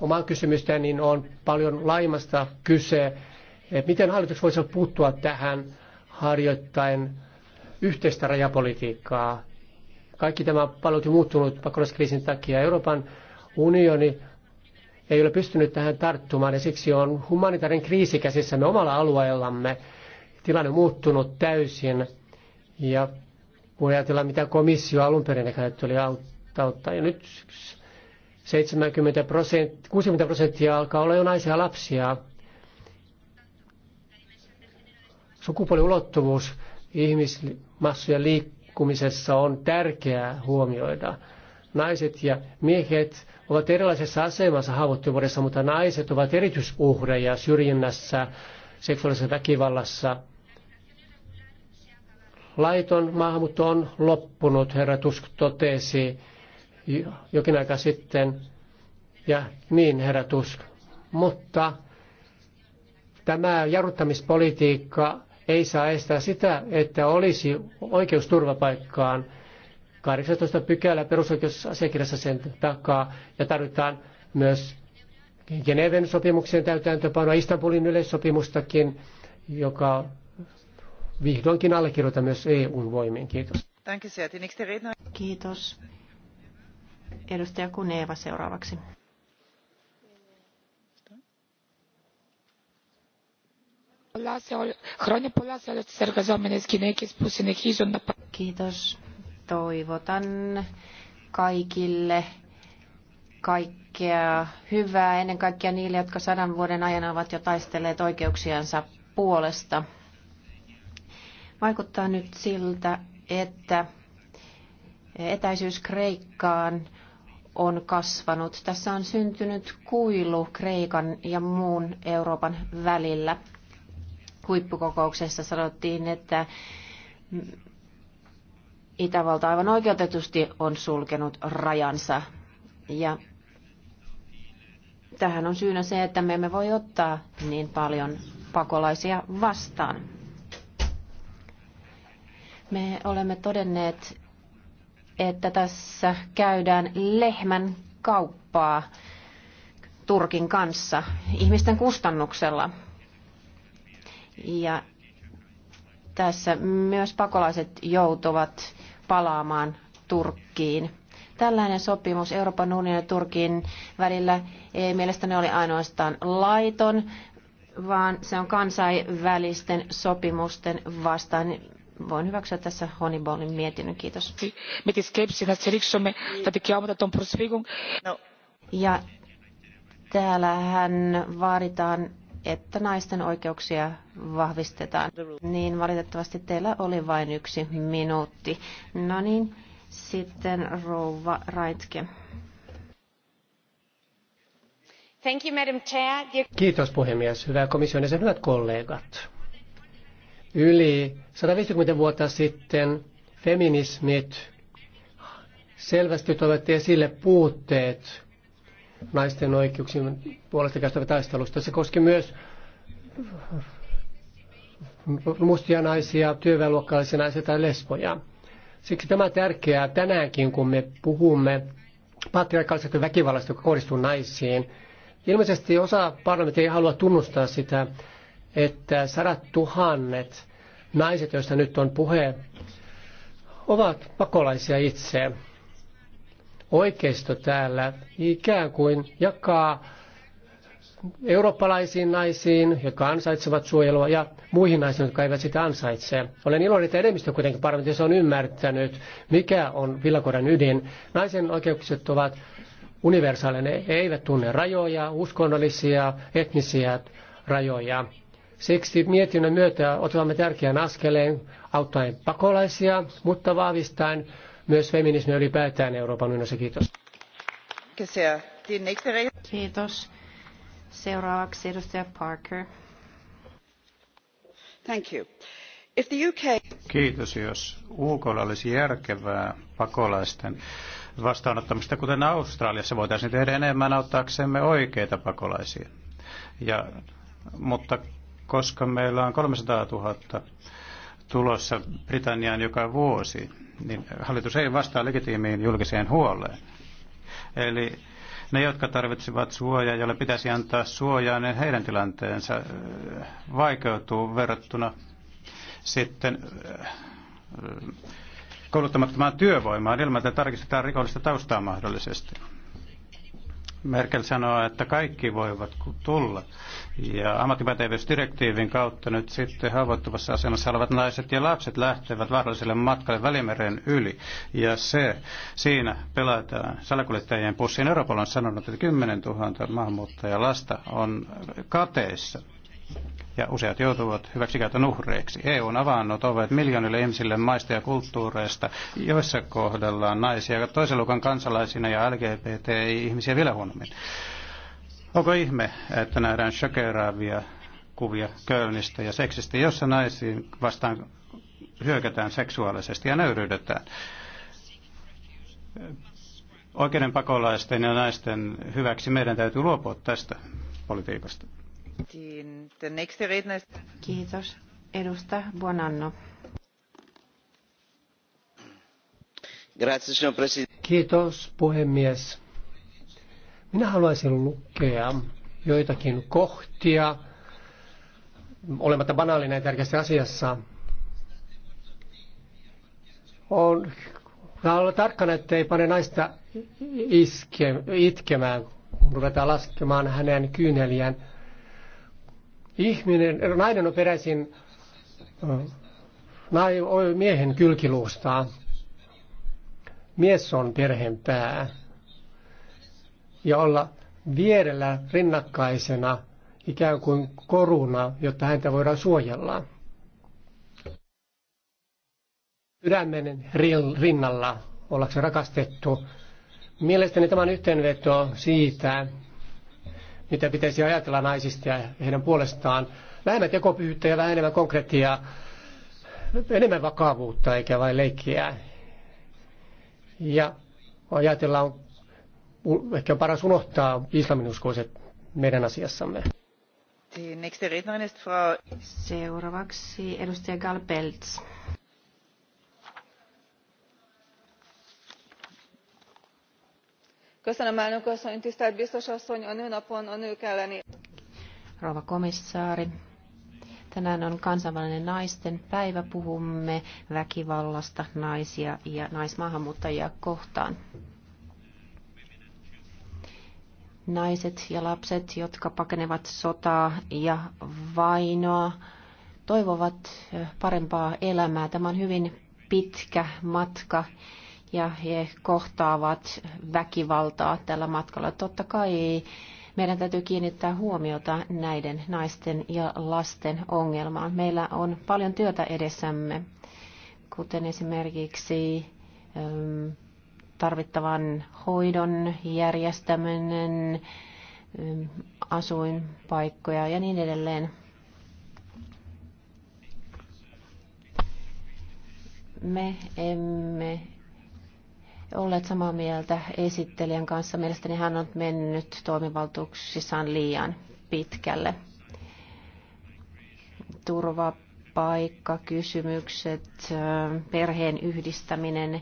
omaa kysymystä, niin on paljon laimasta kyse. Miten hallitus voisi puuttua tähän harjoittain yhteistä rajapolitiikkaa? Kaikki tämä on paljon muuttunut pakolaiskriisin takia. Euroopan unioni ei ole pystynyt tähän tarttumaan ja siksi on humanitaarinen kriisi käsissämme omalla alueellamme. Tilanne on muuttunut täysin ja kun ajatellaan mitä komissio alun perin oli auttaa. Ja nyt 70 prosenttia, 60 prosenttia alkaa olla jo naisia lapsia. Sukupuoliulottuvuus ihmismassujen liikkeelle liikkumisessa on tärkeää huomioida. Naiset ja miehet ovat erilaisessa asemassa haavoittuvuudessa, mutta naiset ovat erityisuhreja syrjinnässä, seksuaalisessa väkivallassa. Laiton maahanmuutto on loppunut, herra Tusk totesi jokin aika sitten. Ja niin, herra Tusk. Mutta tämä jarruttamispolitiikka ei saa estää sitä, että olisi oikeus turvapaikkaan. 18 pykälä perusoikeusasiakirjassa sen takaa ja tarvitaan myös Geneven sopimuksen täytäntöpanoa, Istanbulin yleissopimustakin, joka vihdoinkin allekirjoitetaan myös EUn voimin. Kiitos. Kiitos. Edustaja Kuneva seuraavaksi. Χρόνια πολλά σε όλες τις εργαζόμενες γυναίκες που συνεχίζουν Kiitos. Toivotan kaikille kaikkea hyvää, ennen kaikkea niille, jotka sadan vuoden ajan ovat jo taistelleet oikeuksiansa puolesta. Vaikuttaa nyt siltä, että etäisyys Kreikkaan on kasvanut. Tässä on syntynyt kuilu Kreikan ja muun Euroopan välillä huippukokouksessa sanottiin, että Itävalta aivan oikeutetusti on sulkenut rajansa. Ja tähän on syynä se, että me emme voi ottaa niin paljon pakolaisia vastaan. Me olemme todenneet, että tässä käydään lehmän kauppaa Turkin kanssa ihmisten kustannuksella. Ja tässä myös pakolaiset joutuvat palaamaan Turkkiin. Tällainen sopimus Euroopan unionin ja Turkin välillä ei mielestäni ole ainoastaan laiton, vaan se on kansainvälisten sopimusten vastaan. Voin hyväksyä tässä Honeyballin mietinnön. Kiitos. No. Ja täällähän vaaditaan että naisten oikeuksia vahvistetaan. Niin valitettavasti teillä oli vain yksi minuutti. No niin, sitten rouva Raitke. Thank you, Madam Chair. Kiitos puhemies, hyvä komission jäsen, hyvät kollegat. Yli 150 vuotta sitten feminismit selvästi toivat esille puutteet naisten oikeuksien puolesta käytävä taistelusta. Se koski myös mustia naisia, työväenluokkalaisia naisia tai lesboja. Siksi tämä on tärkeää tänäänkin, kun me puhumme patriarkaalisesta väkivallasta, joka kohdistuu naisiin. Ilmeisesti osa parlamentti ei halua tunnustaa sitä, että sadat tuhannet naiset, joista nyt on puhe, ovat pakolaisia itse oikeisto täällä ikään kuin jakaa eurooppalaisiin naisiin, jotka ansaitsevat suojelua, ja muihin naisiin, jotka eivät sitä ansaitse. Olen iloinen, että enemmistö kuitenkin parlamentissa on ymmärtänyt, mikä on villakoiran ydin. Naisen oikeukset ovat universaaleja, ne eivät tunne rajoja, uskonnollisia, etnisiä rajoja. Siksi mietinnön myötä otamme tärkeän askeleen auttaen pakolaisia, mutta vahvistaen myös feminismi ylipäätään Euroopan unionissa. Kiitos. Kiitos. Seuraavaksi edustaja Parker. Thank you. If the UK... Kiitos, jos UK olisi järkevää pakolaisten vastaanottamista, kuten Australiassa voitaisiin tehdä enemmän auttaaksemme oikeita pakolaisia. Ja, mutta koska meillä on 300 000 tulossa Britanniaan joka vuosi, niin hallitus ei vastaa legitiimiin julkiseen huoleen. Eli ne, jotka tarvitsevat suojaa, jolle pitäisi antaa suojaa, niin heidän tilanteensa vaikeutuu verrattuna sitten kouluttamattomaan työvoimaan ilman, että tarkistetaan rikollista taustaa mahdollisesti. Merkel sanoo, että kaikki voivat tulla. Ja ammattipätevyysdirektiivin kautta nyt sitten haavoittuvassa asemassa olevat naiset ja lapset lähtevät vaaralliselle matkalle Välimeren yli. Ja se, siinä pelataan salakuljettajien pussiin. Europol on sanonut, että 10 000 maahanmuuttajalasta on kateissa ja useat joutuvat hyväksikäytön uhreiksi. E on avannut ovet miljoonille ihmisille maista ja kulttuureista, joissa kohdellaan naisia toisen luokan kansalaisina ja lgbt ihmisiä vielä huonommin. Onko ihme, että nähdään shokeraavia kuvia Kölnistä ja seksistä, jossa naisiin vastaan hyökätään seksuaalisesti ja nöyryydetään? Oikeuden pakolaisten ja naisten hyväksi meidän täytyy luopua tästä politiikasta. Kiitos. Edustaja Buonanno. Kiitos puhemies. Minä haluaisin lukea joitakin kohtia, olematta banaalinen tärkeässä asiassa. On, olla tarkkana, ettei pane naista iske, itkemään, kun ruvetaan laskemaan hänen kyyneliään. Ihminen, nainen on peräisin äh, miehen kylkiluusta. Mies on perheen pää. Ja olla vierellä rinnakkaisena ikään kuin koruna, jotta häntä voidaan suojella. Sydämen rinnalla ollakseen rakastettu. Mielestäni tämä on yhteenveto siitä, mitä pitäisi ajatella naisista ja heidän puolestaan. Vähemmän tekopyhyyttä ja vähän enemmän konkretiaa, enemmän vakavuutta eikä vain leikkiä. Ja ajatellaan, ehkä on paras unohtaa islamin uskoiset meidän asiassamme. Seuraavaksi edustaja Galpelts. tisztelt biztos asszony! a nőnapon a nők elleni. rouva komissaari tänään on kansainvälinen naisten puhumme väkivallasta naisia ja naismaahanmuuttajia kohtaan. Naiset ja lapset, jotka pakenevat sotaa ja vainoa, toivovat parempaa elämää. Tämä on hyvin pitkä matka ja he kohtaavat väkivaltaa tällä matkalla. Totta kai meidän täytyy kiinnittää huomiota näiden naisten ja lasten ongelmaan. Meillä on paljon työtä edessämme, kuten esimerkiksi ähm, tarvittavan hoidon järjestäminen, ähm, asuinpaikkoja ja niin edelleen. Me emme olleet samaa mieltä esittelijän kanssa. Mielestäni hän on mennyt toimivaltuuksissaan liian pitkälle. Turvapaikkakysymykset, perheen yhdistäminen,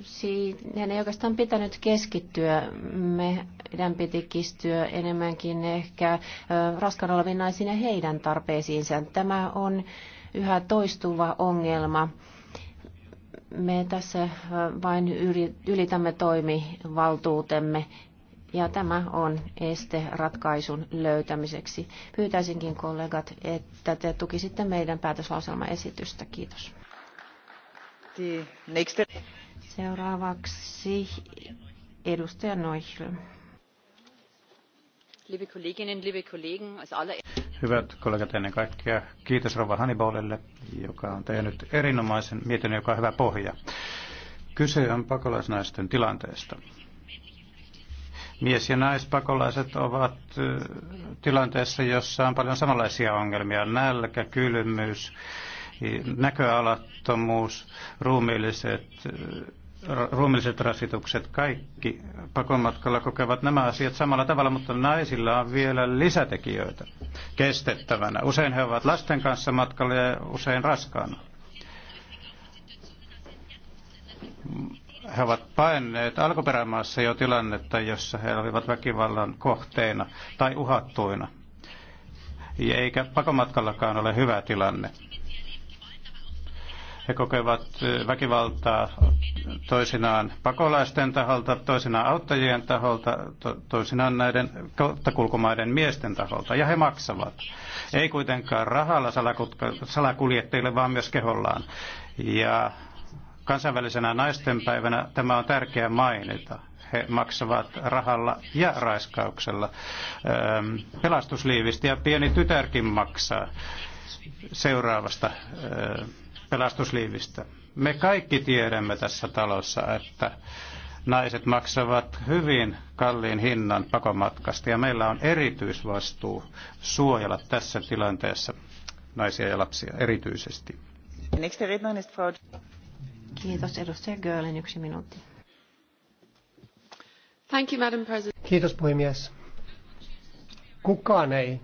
siihen ei oikeastaan pitänyt keskittyä. Meidän piti kistyä enemmänkin ehkä raskaana oleviin naisiin ja heidän tarpeisiinsa. Tämä on yhä toistuva ongelma me tässä äh, vain ylitämme toimivaltuutemme ja tämä on este ratkaisun löytämiseksi. Pyytäisinkin kollegat, että te tukisitte meidän päätöslauselmaesitystä. Kiitos. Seuraavaksi edustaja Noichel. Hyvät kollegat, ennen kaikkea kiitos Rova Hannibalille, joka on tehnyt erinomaisen mietinnön, joka on hyvä pohja. Kyse on pakolaisnaisten tilanteesta. Mies- ja naispakolaiset ovat tilanteessa, jossa on paljon samanlaisia ongelmia. Nälkä, kylmyys, näköalattomuus, ruumiilliset ruumilliset rasitukset, kaikki pakomatkalla kokevat nämä asiat samalla tavalla, mutta naisilla on vielä lisätekijöitä kestettävänä. Usein he ovat lasten kanssa matkalla ja usein raskaana. He ovat paenneet alkuperämaassa jo tilannetta, jossa he olivat väkivallan kohteina tai uhattuina. Eikä pakomatkallakaan ole hyvä tilanne. He kokevat väkivaltaa toisinaan pakolaisten taholta, toisinaan auttajien taholta, toisinaan näiden kauttakulkumaiden miesten taholta. Ja he maksavat. Ei kuitenkaan rahalla salakuljettajille, vaan myös kehollaan. Ja kansainvälisenä naistenpäivänä tämä on tärkeä mainita. He maksavat rahalla ja raiskauksella. pelastusliivistä ja pieni tytärkin maksaa seuraavasta pelastusliivistä. Me kaikki tiedämme tässä talossa, että naiset maksavat hyvin kalliin hinnan pakomatkasta ja meillä on erityisvastuu suojella tässä tilanteessa naisia ja lapsia erityisesti. Kiitos edustaja Görlin yksi minuutti. Thank you, Madam President. Kiitos puhemies. Kukaan ei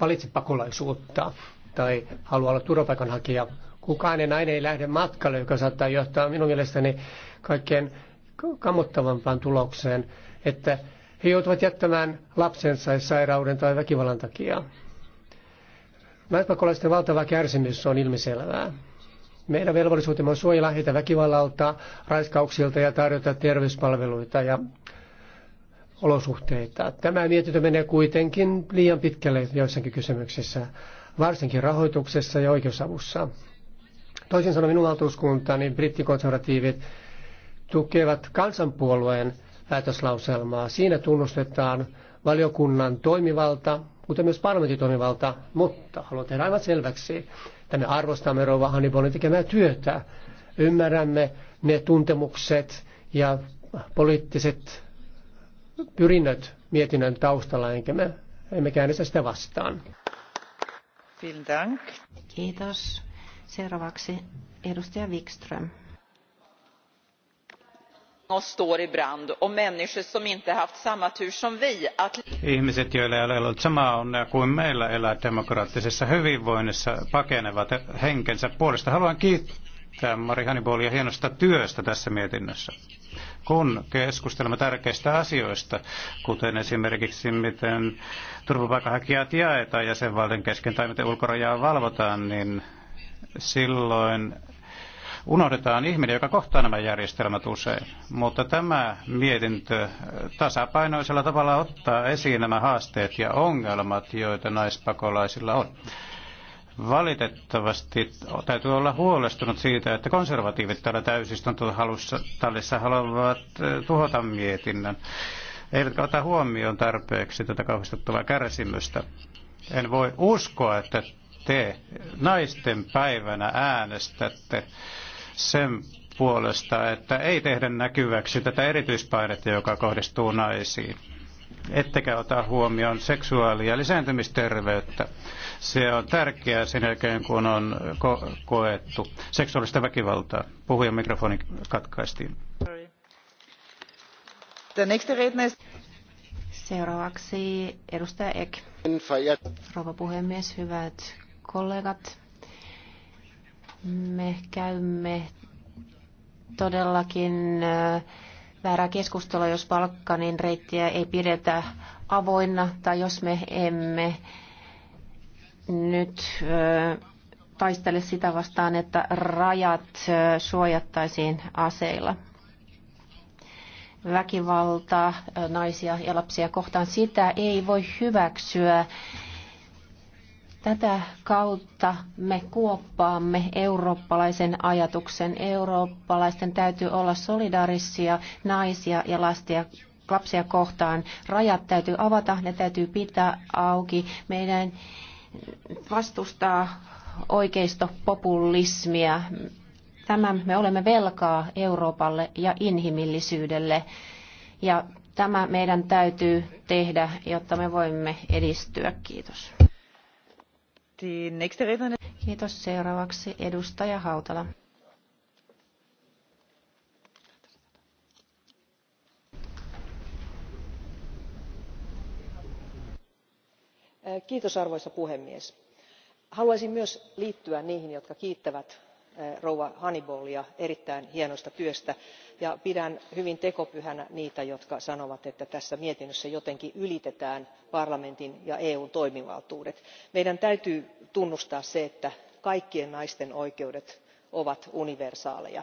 valitse pakolaisuutta tai halua olla turvapaikanhakija kukaan ei nainen ei lähde matkalle, joka saattaa johtaa minun mielestäni kaikkein kammottavampaan tulokseen, että he joutuvat jättämään lapsensa sairauden tai väkivallan takia. Naispakolaisten valtava kärsimys on ilmiselvää. Meidän velvollisuutemme on suojella heitä väkivallalta, raiskauksilta ja tarjota terveyspalveluita ja olosuhteita. Tämä mietintö menee kuitenkin liian pitkälle joissakin kysymyksissä, varsinkin rahoituksessa ja oikeusavussa. Toisin sanoen minun valtuuskuntani, brittikonservatiivit, tukevat kansanpuolueen päätöslauselmaa. Siinä tunnustetaan valiokunnan toimivalta, kuten myös parlamentin toimivalta, mutta haluan tehdä aivan selväksi, että me arvostamme Rova Hannibalin tekemää työtä. Ymmärrämme ne tuntemukset ja poliittiset pyrinnöt mietinnön taustalla, enkä me, emme käännä sitä vastaan. Kiitos. Seuraavaksi edustaja Wikström. Ihmiset, joilla ei ole ollut samaa onnea kuin meillä elää demokraattisessa hyvinvoinnissa, pakenevat henkensä puolesta. Haluan kiittää Mari Hannibolia hienosta työstä tässä mietinnössä kun keskustelemme tärkeistä asioista, kuten esimerkiksi miten turvapaikanhakijat jaetaan jäsenvaltion kesken tai miten ulkorajaa valvotaan, niin silloin unohdetaan ihminen, joka kohtaa nämä järjestelmät usein. Mutta tämä mietintö tasapainoisella tavalla ottaa esiin nämä haasteet ja ongelmat, joita naispakolaisilla on. Valitettavasti täytyy olla huolestunut siitä, että konservatiivit täällä täysistuntotallissa haluavat tuhota mietinnän. eivätkä ota huomioon tarpeeksi tätä kauhistuttavaa kärsimystä. En voi uskoa, että te naisten päivänä äänestätte sen puolesta, että ei tehdä näkyväksi tätä erityispainetta, joka kohdistuu naisiin. Ettekä ota huomioon seksuaali- ja lisääntymisterveyttä. Se on tärkeää sen jälkeen, kun on ko- koettu seksuaalista väkivaltaa. Puhujan mikrofoni katkaistiin. Seuraavaksi edustaja Ek. Rouva puhemies, hyvät kollegat. Me käymme todellakin väärää keskustelua, jos Balkanin reittiä ei pidetä avoinna tai jos me emme nyt taistele sitä vastaan, että rajat suojattaisiin aseilla. Väkivalta naisia ja lapsia kohtaan sitä ei voi hyväksyä Tätä kautta me kuoppaamme eurooppalaisen ajatuksen. Eurooppalaisten täytyy olla solidaarisia naisia ja lastia lapsia kohtaan. Rajat täytyy avata, ne täytyy pitää auki. Meidän vastustaa oikeistopopulismia. Tämän me olemme velkaa Euroopalle ja inhimillisyydelle. Ja tämä meidän täytyy tehdä, jotta me voimme edistyä. Kiitos. Kiitos. Seuraavaksi edustaja Hautala. Kiitos, arvoisa puhemies haluaisin myös liittyä niihin jotka kiittävät rouva hannibalia erittäin hienosta työstä ja pidän hyvin tekopyhänä niitä jotka sanovat että tässä mietinnössä jotenkin ylitetään parlamentin ja eun toimivaltuudet. meidän täytyy tunnustaa se että kaikkien naisten oikeudet ovat universaaleja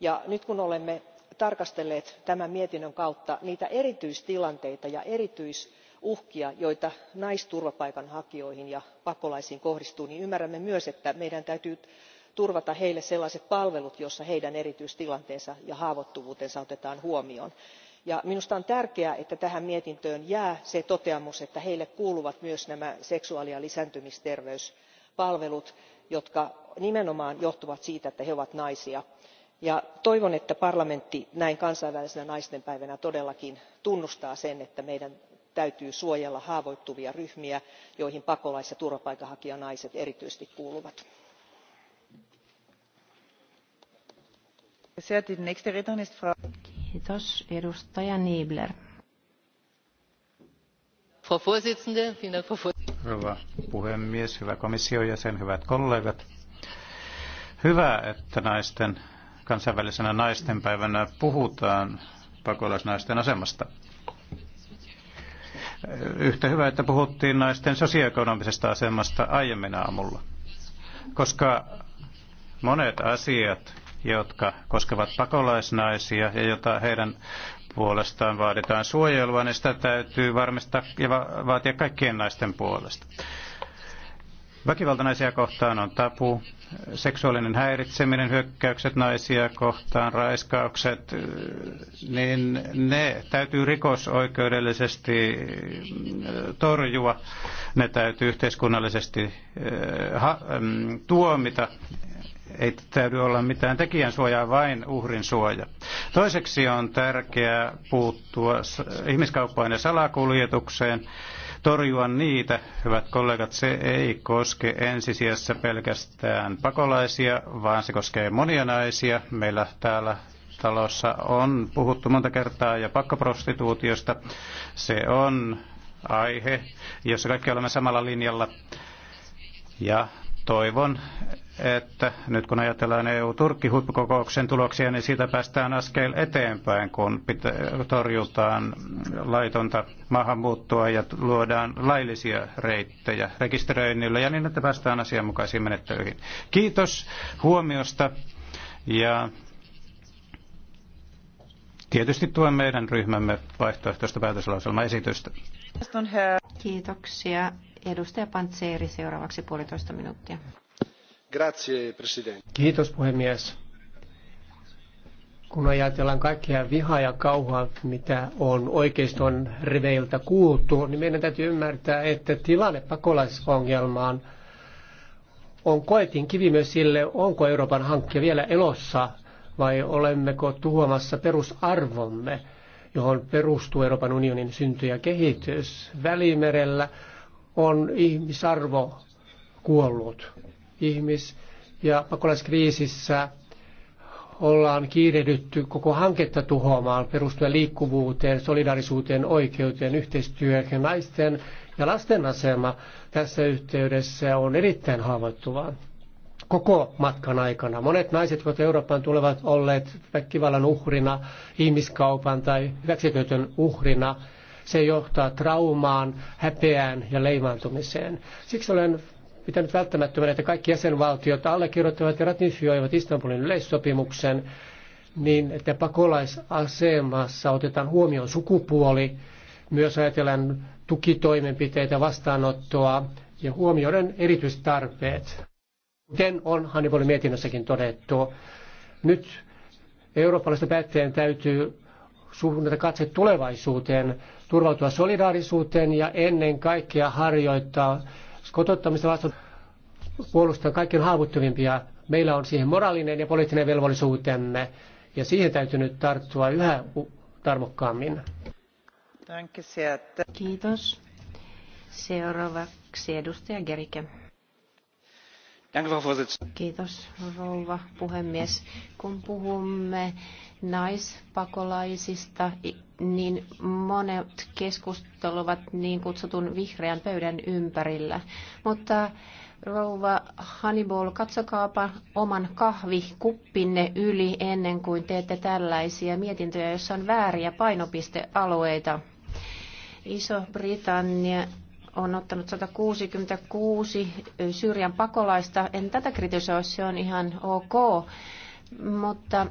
ja nyt kun olemme tarkastelleet tämän mietinnön kautta niitä erityistilanteita ja erityisuhkia joita naisturvapaikanhakijoihin ja pakolaisiin kohdistuu niin ymmärrämme myös että meidän täytyy turvata heille sellaiset palvelut joissa heidän erityistilanteensa ja haavoittuvuutensa otetaan huomioon. minusta on tärkeää että tähän mietintöön jää se toteamus että heille kuuluvat myös nämä seksuaali ja lisääntymisterveyspalvelut jotka nimenomaan johtuvat siitä että he ovat naisia. toivon että parlamentti näin kansainvälisenä naistenpäivänä todellakin tunnustaa sen että meidän täytyy suojella haavoittuvia ryhmiä joihin pakolais ja turvapaikanhakijanaiset erityisesti kuuluvat. Kiitos. Edustaja Hyvä puhemies, hyvä komission jäsen, hyvät kollegat. Hyvä, että naisten kansainvälisenä naistenpäivänä puhutaan pakolaisnaisten asemasta. Yhtä hyvä, että puhuttiin naisten sosioekonomisesta asemasta aiemmin aamulla, koska monet asiat, jotka koskevat pakolaisnaisia ja jota heidän puolestaan vaaditaan suojelua, niin sitä täytyy varmistaa ja va- vaatia kaikkien naisten puolesta. Väkivalta naisia kohtaan on tapu, seksuaalinen häiritseminen, hyökkäykset naisia kohtaan, raiskaukset, niin ne täytyy rikosoikeudellisesti mm, torjua, ne täytyy yhteiskunnallisesti eh, mm, tuomita ei täydy olla mitään tekijän suojaa, vain uhrin suoja. Toiseksi on tärkeää puuttua ihmiskauppaan ja salakuljetukseen, torjua niitä. Hyvät kollegat, se ei koske ensisijassa pelkästään pakolaisia, vaan se koskee monia naisia. Meillä täällä talossa on puhuttu monta kertaa ja pakkoprostituutiosta. Se on aihe, jossa kaikki olemme samalla linjalla. Ja toivon, että nyt kun ajatellaan EU-Turkki-huippukokouksen tuloksia, niin siitä päästään askel eteenpäin, kun torjutaan laitonta maahanmuuttoa ja luodaan laillisia reittejä rekisteröinnillä ja niin, että päästään asianmukaisiin menettelyihin. Kiitos huomiosta ja tietysti tuen meidän ryhmämme vaihtoehtoista päätöslauselmaesitystä. Kiitoksia. Edustaja Pantseeri seuraavaksi puolitoista minuuttia. Kiitos puhemies. Kun ajatellaan kaikkea vihaa ja kauhua, mitä on oikeiston riveiltä kuultu, niin meidän täytyy ymmärtää, että tilanne pakolaisongelmaan on koetin kivi myös sille, onko Euroopan hankke vielä elossa vai olemmeko tuhoamassa perusarvomme, johon perustuu Euroopan unionin synty ja kehitys. Välimerellä on ihmisarvo kuollut. Ihmis- ja pakolaiskriisissä ollaan kiirehdytty koko hanketta tuhoamaan perustuen liikkuvuuteen, solidarisuuteen, oikeuteen, yhteistyöhön. Naisten ja lasten asema tässä yhteydessä on erittäin haavoittuvaa. koko matkan aikana. Monet naiset, jotka Eurooppaan tulevat, olleet väkivallan uhrina, ihmiskaupan tai hyväksikäytön uhrina – se johtaa traumaan, häpeään ja leimaantumiseen. Siksi olen pitänyt välttämättömänä, että kaikki jäsenvaltiot allekirjoittavat ja ratifioivat Istanbulin yleissopimuksen niin, että pakolaisasemassa otetaan huomioon sukupuoli, myös ajatellen tukitoimenpiteitä, vastaanottoa ja huomioiden erityistarpeet. Kuten on Hannibalin mietinnössäkin todettu, nyt eurooppalaisten päättäjien täytyy suunnata katse tulevaisuuteen, turvautua solidaarisuuteen ja ennen kaikkea harjoittaa kotottamista vastaan puolustaa kaikkein haavoittuvimpia. Meillä on siihen moraalinen ja poliittinen velvollisuutemme ja siihen täytyy nyt tarttua yhä tarmokkaammin. Kiitos. Seuraavaksi edustaja Gerike. Kiitos rouva puhemies. Kun puhumme naispakolaisista, niin monet keskustelevat niin kutsutun vihreän pöydän ympärillä. Mutta rouva Hannibal, katsokaapa oman kahvikuppinne yli ennen kuin teette tällaisia mietintöjä, joissa on vääriä painopistealueita. Iso-Britannia on ottanut 166 Syyrian pakolaista. En tätä kritisoi, se on ihan ok, mutta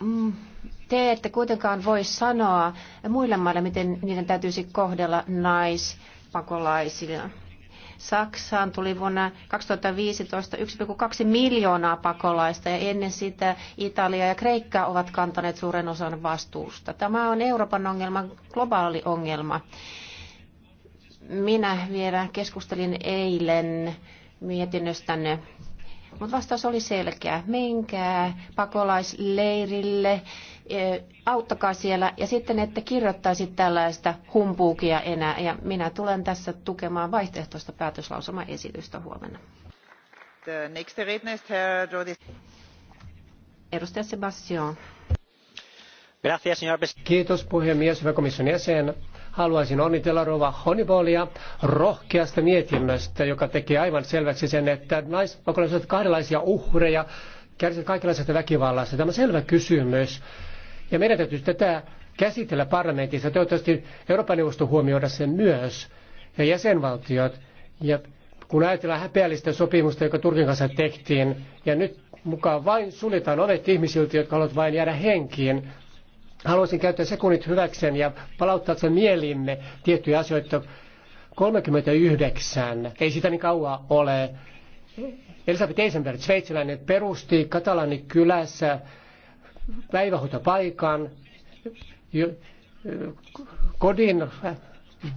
mm, te ette kuitenkaan voi sanoa muille maille, miten niiden täytyisi kohdella naispakolaisia. Saksaan tuli vuonna 2015 1,2 miljoonaa pakolaista ja ennen sitä Italia ja Kreikka ovat kantaneet suuren osan vastuusta. Tämä on Euroopan ongelma, globaali ongelma. Minä vielä keskustelin eilen mietinnöstänne mutta vastaus oli selkeä. Menkää pakolaisleirille E, auttakaa siellä ja sitten ette kirjoittaisi tällaista humpuukia enää. Ja minä tulen tässä tukemaan vaihtoehtoista päätöslausumaesitystä huomenna. Edustaja Sebastian. Kiitos puhemies, hyvä komission jäsen. Haluaisin onnitella Rova Honibolia rohkeasta mietinnöstä, joka tekee aivan selväksi sen, että naispakolaiset ovat kahdenlaisia uhreja, kärsivät kaikenlaisesta väkivallasta. Tämä on selvä kysymys ja meidän täytyy tätä käsitellä parlamentissa. Toivottavasti Euroopan neuvosto huomioida sen myös ja jäsenvaltiot. Ja kun ajatellaan häpeällistä sopimusta, joka Turkin kanssa tehtiin, ja nyt mukaan vain suljetaan ovet ihmisiltä, jotka haluavat vain jäädä henkiin. Haluaisin käyttää sekunnit hyväkseen ja palauttaa sen mieliimme tiettyjä asioita. 39, ei sitä niin kauaa ole. Elisabeth Eisenberg, sveitsiläinen, perusti katalanikylässä kylässä päivähoitopaikan kodin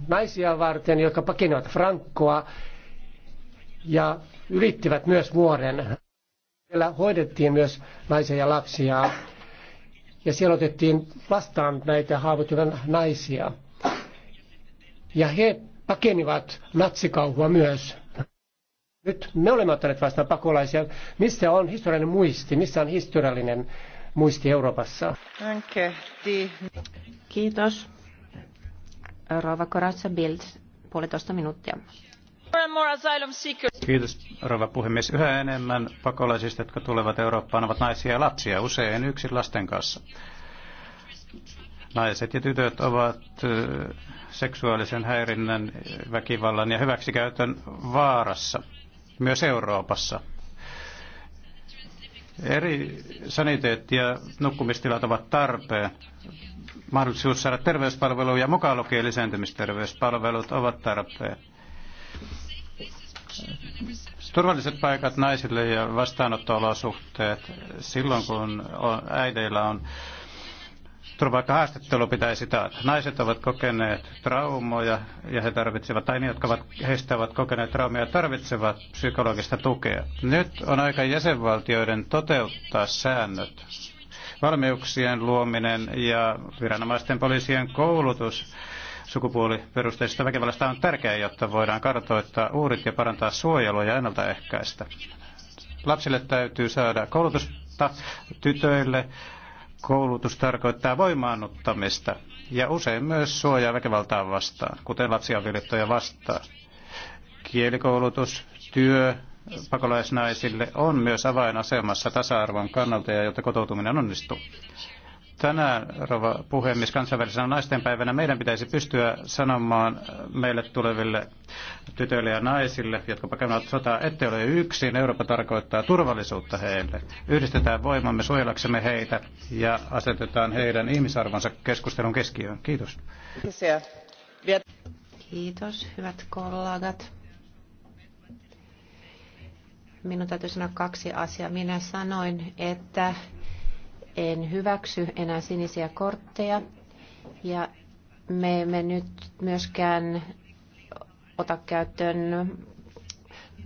naisia varten, jotka pakenivat Frankkoa ja ylittivät myös vuoren. Siellä hoidettiin myös naisia ja lapsia ja siellä otettiin vastaan näitä haavoittuvia naisia. Ja he pakenivat natsikauhua myös. Nyt me olemme ottaneet vastaan pakolaisia. Missä on historiallinen muisti? Missä on historiallinen muisti Euroopassa. Kiitos. Rova Koratsa Bild, puolitoista minuuttia. Kiitos, rouva puhemies. Yhä enemmän pakolaisista, jotka tulevat Eurooppaan, ovat naisia ja lapsia, usein yksin lasten kanssa. Naiset ja tytöt ovat seksuaalisen häirinnän, väkivallan ja hyväksikäytön vaarassa, myös Euroopassa. Eri saniteetti- ja nukkumistilat ovat tarpeen. Mahdollisuus saada terveyspalveluja mukaan lukien lisääntymisterveyspalvelut ovat tarpeen. Turvalliset paikat naisille ja vastaanotto-olosuhteet silloin, kun äideillä on turvapaikkahaastattelu pitäisi taata. Naiset ovat kokeneet traumoja ja he tarvitsevat, tai ne, jotka ovat, heistä ovat kokeneet traumoja, tarvitsevat psykologista tukea. Nyt on aika jäsenvaltioiden toteuttaa säännöt. Valmiuksien luominen ja viranomaisten poliisien koulutus sukupuoliperusteisesta väkivallasta on tärkeää, jotta voidaan kartoittaa uurit ja parantaa suojelua ja ennaltaehkäistä. Lapsille täytyy saada koulutusta tytöille koulutus tarkoittaa voimaannuttamista ja usein myös suojaa väkivaltaa vastaan, kuten lapsiavioliittoja vastaan. Kielikoulutus, työ pakolaisnaisille on myös avainasemassa tasa-arvon kannalta ja jotta kotoutuminen onnistuu. Tänään, rova puhemies, kansainvälisenä naistenpäivänä meidän pitäisi pystyä sanomaan meille tuleville tytöille ja naisille, jotka pakenevat sotaa, ettei ole yksin. Eurooppa tarkoittaa turvallisuutta heille. Yhdistetään voimamme suojelaksemme heitä ja asetetaan heidän ihmisarvonsa keskustelun keskiöön. Kiitos. Kiitos, hyvät kollegat minun täytyy sanoa kaksi asiaa. Minä sanoin, että en hyväksy enää sinisiä kortteja ja me emme nyt myöskään ota käyttöön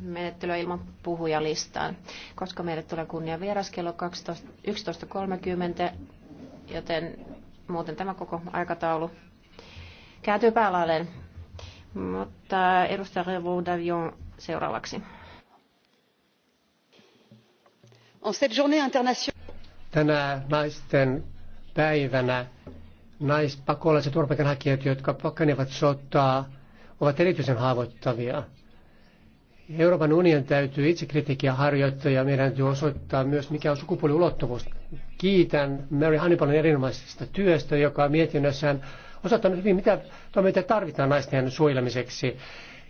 menettelyä ilman puhujalistaan, koska meille tulee kunnia vieras kello 11.30, joten muuten tämä koko aikataulu kääntyy päälailleen. Mutta edustaja Revo Davion seuraavaksi. En cette journée internationale Tänä naisten päivänä naispakolaiset turvapaikanhakijat, jotka pakenevat sotaa, ovat erityisen haavoittavia. Euroopan unionin täytyy kritiikkiä harjoittaa ja meidän täytyy osoittaa myös, mikä on sukupuoliulottuvuus. Kiitän Mary Hannibalin erinomaisesta työstä, joka on mietinnössään osoittanut hyvin, mitä toimintaa tarvitaan naisten suojelemiseksi,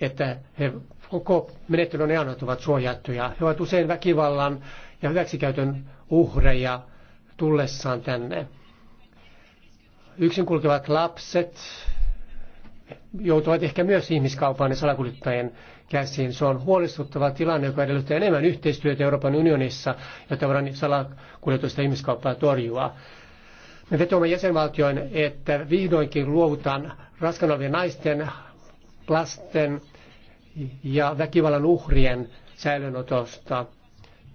että he koko menettelyn ajan ovat suojattuja. He ovat usein väkivallan ja hyväksikäytön uhreja tullessaan tänne. Yksin kulkevat lapset joutuvat ehkä myös ihmiskaupan ja salakuljettajien käsiin. Se on huolestuttava tilanne, joka edellyttää enemmän yhteistyötä Euroopan unionissa, jotta voidaan salakuljetusta ihmiskauppaa torjua. Me vetoamme jäsenvaltioon, että vihdoinkin luovutaan raskan olevien naisten, lasten ja väkivallan uhrien säilönotosta.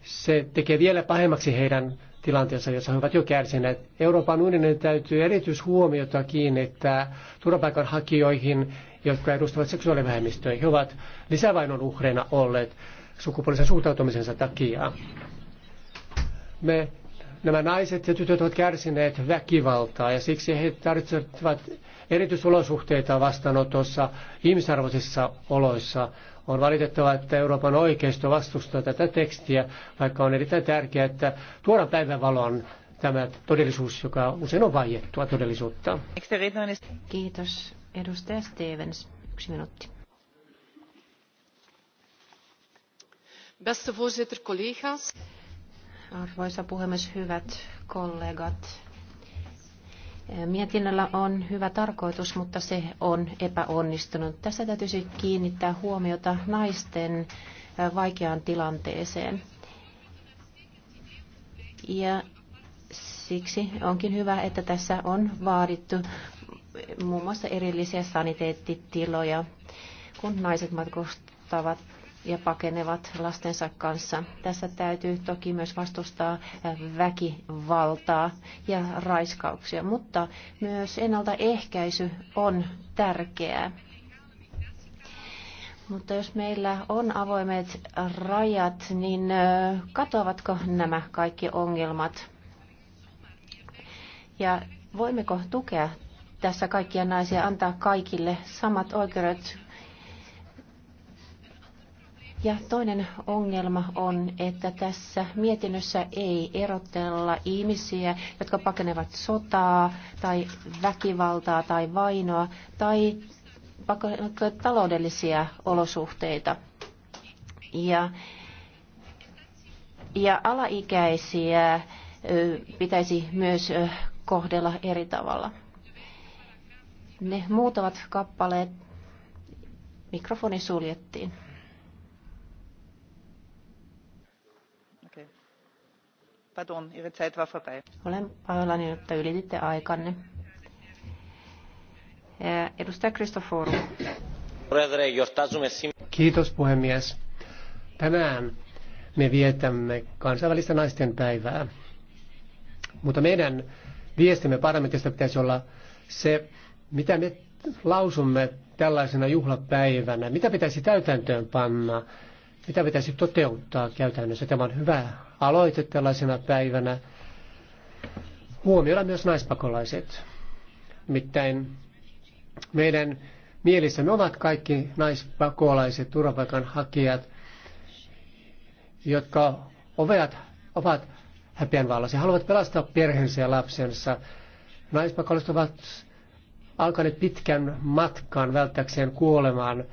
Se tekee vielä pahemmaksi heidän tilanteessa, jossa he ovat jo kärsineet. Euroopan unionin täytyy erityishuomiota kiinnittää turvapaikanhakijoihin, jotka edustavat seksuaalivähemmistöjä. He ovat lisävainon uhreina olleet sukupuolisen suhtautumisensa takia. Me, nämä naiset ja tytöt ovat kärsineet väkivaltaa ja siksi he tarvitsevat erityisolosuhteita vastaanotossa ihmisarvoisissa oloissa on valitettavaa, että Euroopan oikeisto vastustaa tätä tekstiä, vaikka on erittäin tärkeää, että tuodaan päivänvalon tämä todellisuus, joka usein on vaiettua todellisuutta. Kiitos. Edustaja Stevens, yksi minuutti. Beste Arvoisa puhemies, hyvät kollegat. Mietinnöllä on hyvä tarkoitus, mutta se on epäonnistunut. Tässä täytyisi siis kiinnittää huomiota naisten vaikeaan tilanteeseen. Ja siksi onkin hyvä, että tässä on vaadittu muun muassa erillisiä saniteettitiloja, kun naiset matkustavat ja pakenevat lastensa kanssa. Tässä täytyy toki myös vastustaa väkivaltaa ja raiskauksia, mutta myös ennaltaehkäisy on tärkeää. Mutta jos meillä on avoimet rajat, niin katoavatko nämä kaikki ongelmat? Ja voimmeko tukea tässä kaikkia naisia, antaa kaikille samat oikeudet ja toinen ongelma on, että tässä mietinnössä ei erotella ihmisiä, jotka pakenevat sotaa tai väkivaltaa tai vainoa tai taloudellisia olosuhteita. Ja, ja alaikäisiä pitäisi myös kohdella eri tavalla. Ne muutamat kappaleet mikrofoni suljettiin. Pardon, ihre Zeit war vorbei. Olen pahoillani, että ylititte aikanne. Edustaja Kristoforu. Kiitos puhemies. Tänään me vietämme kansainvälistä naisten päivää. Mutta meidän viestimme parlamentista pitäisi olla se, mitä me lausumme tällaisena juhlapäivänä, mitä pitäisi täytäntöön panna, mitä pitäisi toteuttaa käytännössä. Tämä on hyvä aloite tällaisena päivänä huomioida myös naispakolaiset. Mittäin meidän mielissämme ovat kaikki naispakolaiset, turvapaikanhakijat, jotka ovat, ovat häpeän vallassa. He haluavat pelastaa perheensä ja lapsensa. Naispakolaiset ovat alkaneet pitkän matkan välttääkseen kuolemaan,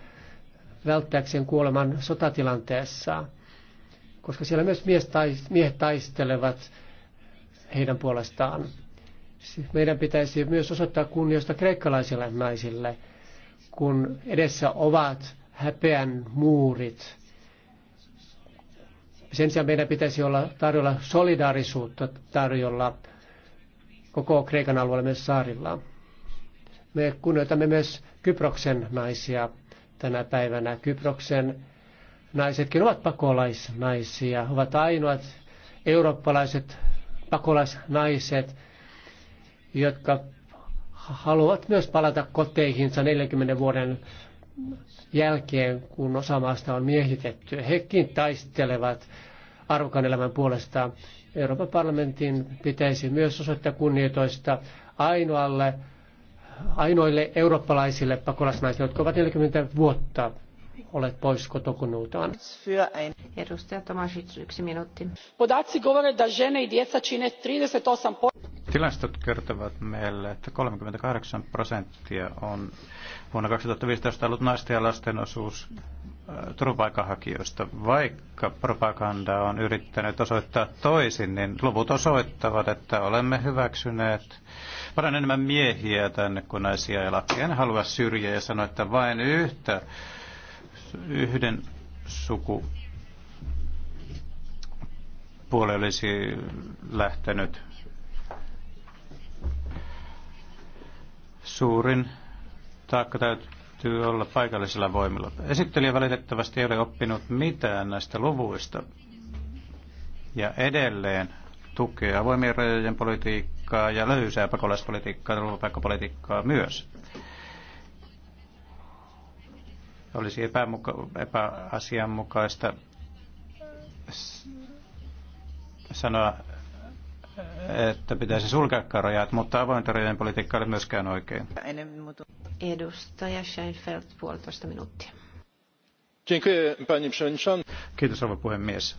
välttääkseen kuolemaan sotatilanteessa koska siellä myös miehet taistelevat heidän puolestaan. Siis meidän pitäisi myös osoittaa kunnioista kreikkalaisille naisille, kun edessä ovat häpeän muurit. Sen sijaan meidän pitäisi olla tarjolla solidaarisuutta tarjolla koko Kreikan alueella myös saarilla. Me kunnioitamme myös Kyproksen naisia tänä päivänä. Kyproksen naisetkin ovat pakolaisnaisia, ovat ainoat eurooppalaiset pakolaisnaiset, jotka haluavat myös palata koteihinsa 40 vuoden jälkeen, kun osa maasta on miehitetty. Hekin taistelevat arvokan elämän puolesta. Euroopan parlamentin pitäisi myös osoittaa kunnioitoista ainoalle, ainoille eurooppalaisille pakolaisnaisille, jotka ovat 40 vuotta olet pois kotokunultaan. Edustaja Tomasic, yksi minuutti. Podaci govore da žene i djeca čine 38%. Tilastot kertovat meille, että 38 prosenttia on vuonna 2015 ollut naisten ja lasten osuus äh, turvapaikanhakijoista. Vaikka propaganda on yrittänyt osoittaa toisin, niin luvut osoittavat, että olemme hyväksyneet paljon enemmän miehiä tänne kuin naisia ja lapsia. En halua syrjiä ja sanoa, että vain yhtä yhden suku olisi lähtenyt suurin taakka täytyy olla paikallisilla voimilla. Esittelijä valitettavasti ei ole oppinut mitään näistä luvuista ja edelleen tukee avoimien rajojen politiikkaa ja löysää pakolaispolitiikkaa ja turvapaikkapolitiikkaa myös. Olisi epämuka- epäasianmukaista sanoa, että pitäisi sulkea rajat, mutta avointarjojen politiikka oli myöskään oikein. Edustaja Scheinfeld, puolitoista minuuttia. Kiitos, rouva puhemies.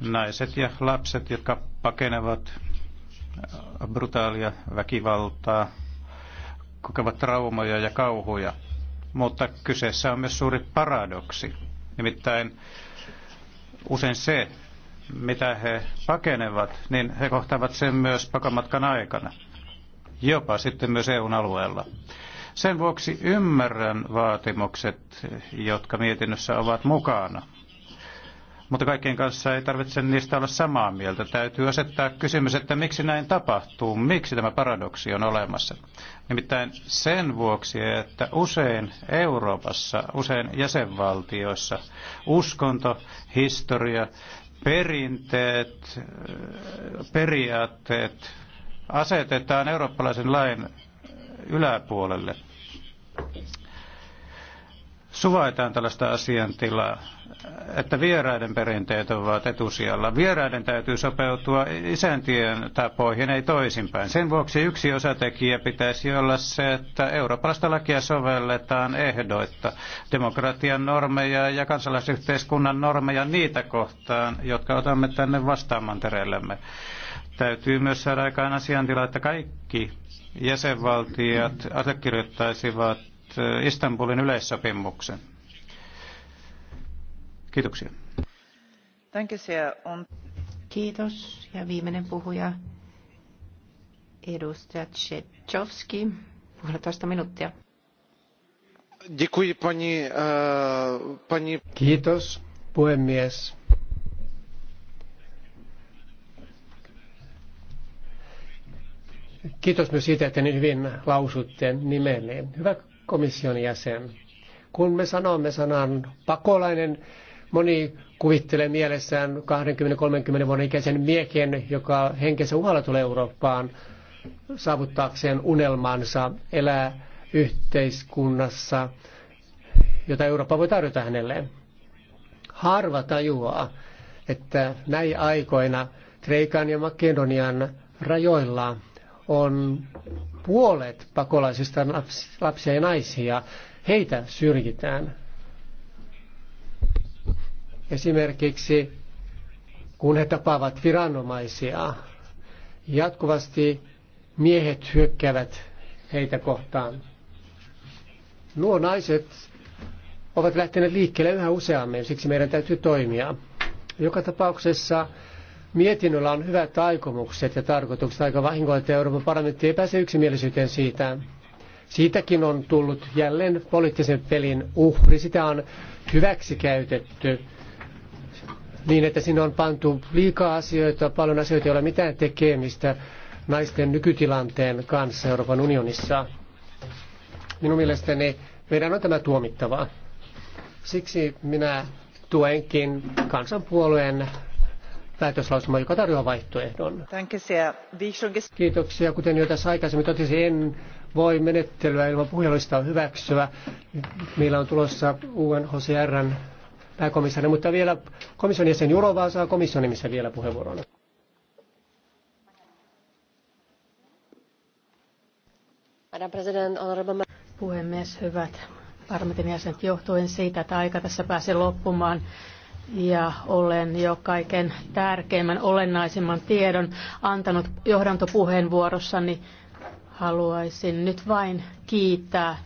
Naiset ja lapset, jotka pakenevat brutaalia väkivaltaa, kokevat traumoja ja kauhuja – mutta kyseessä on myös suuri paradoksi. Nimittäin usein se, mitä he pakenevat, niin he kohtaavat sen myös pakomatkan aikana, jopa sitten myös EUn alueella. Sen vuoksi ymmärrän vaatimukset, jotka mietinnössä ovat mukana mutta kaikkien kanssa ei tarvitse niistä olla samaa mieltä. Täytyy asettaa kysymys, että miksi näin tapahtuu, miksi tämä paradoksi on olemassa. Nimittäin sen vuoksi, että usein Euroopassa, usein jäsenvaltioissa uskonto, historia, perinteet, periaatteet asetetaan eurooppalaisen lain yläpuolelle suvaitaan tällaista asiantilaa että vieraiden perinteet ovat etusijalla. Vieraiden täytyy sopeutua isäntien tapoihin, ei toisinpäin. Sen vuoksi yksi osatekijä pitäisi olla se, että eurooppalaista lakia sovelletaan ehdoitta. Demokratian normeja ja kansalaisyhteiskunnan normeja niitä kohtaan, jotka otamme tänne vastaamantereellemme. Täytyy myös saada aikaan asiantila, että kaikki jäsenvaltiot allekirjoittaisivat eh, Istanbulin yleissopimuksen. Kiitoksia. Kiitos. Ja viimeinen puhuja, edustaja Tsechowski, puolitoista minuuttia. E, Kiitos, puhemies. Kiitos myös siitä, että niin hyvin lausutte nimeni. Hyvä komission jäsen. Kun me sanomme sanan pakolainen, Moni kuvittelee mielessään 20-30 vuoden ikäisen miehen, joka henkensä uhalla tulee Eurooppaan saavuttaakseen unelmansa, elää yhteiskunnassa, jota Eurooppa voi tarjota hänelle. Harva tajuaa, että näin aikoina Kreikan ja Makedonian rajoilla on puolet pakolaisista lapsia ja naisia. Heitä syrjitään. Esimerkiksi kun he tapaavat viranomaisia, jatkuvasti miehet hyökkäävät heitä kohtaan. Nuo naiset ovat lähteneet liikkeelle yhä useammin, siksi meidän täytyy toimia. Joka tapauksessa mietinnöllä on hyvät aikomukset ja tarkoitukset. Aika vahingoa, että Euroopan parlamentti ei pääse yksimielisyyteen siitä. Siitäkin on tullut jälleen poliittisen pelin uhri. Sitä on hyväksi käytetty niin, että sinne on pantu liikaa asioita, paljon asioita, joilla mitään tekemistä naisten nykytilanteen kanssa Euroopan unionissa. Minun mielestäni meidän on tämä tuomittavaa. Siksi minä tuenkin kansanpuolueen päätöslausuma, joka tarjoaa vaihtoehdon. Kiitoksia. Kuten jo tässä aikaisemmin totesin, en voi menettelyä ilman puhelista hyväksyä. Meillä on tulossa UNHCRn pääkomissaari, mutta vielä komission jäsen Jurova saa komission nimissä vielä puheenvuoron. Puhemies, hyvät parlamentin jäsenet, johtuen siitä, että aika tässä pääsi loppumaan ja olen jo kaiken tärkeimmän, olennaisimman tiedon antanut johdantopuheenvuorossani. Haluaisin nyt vain kiittää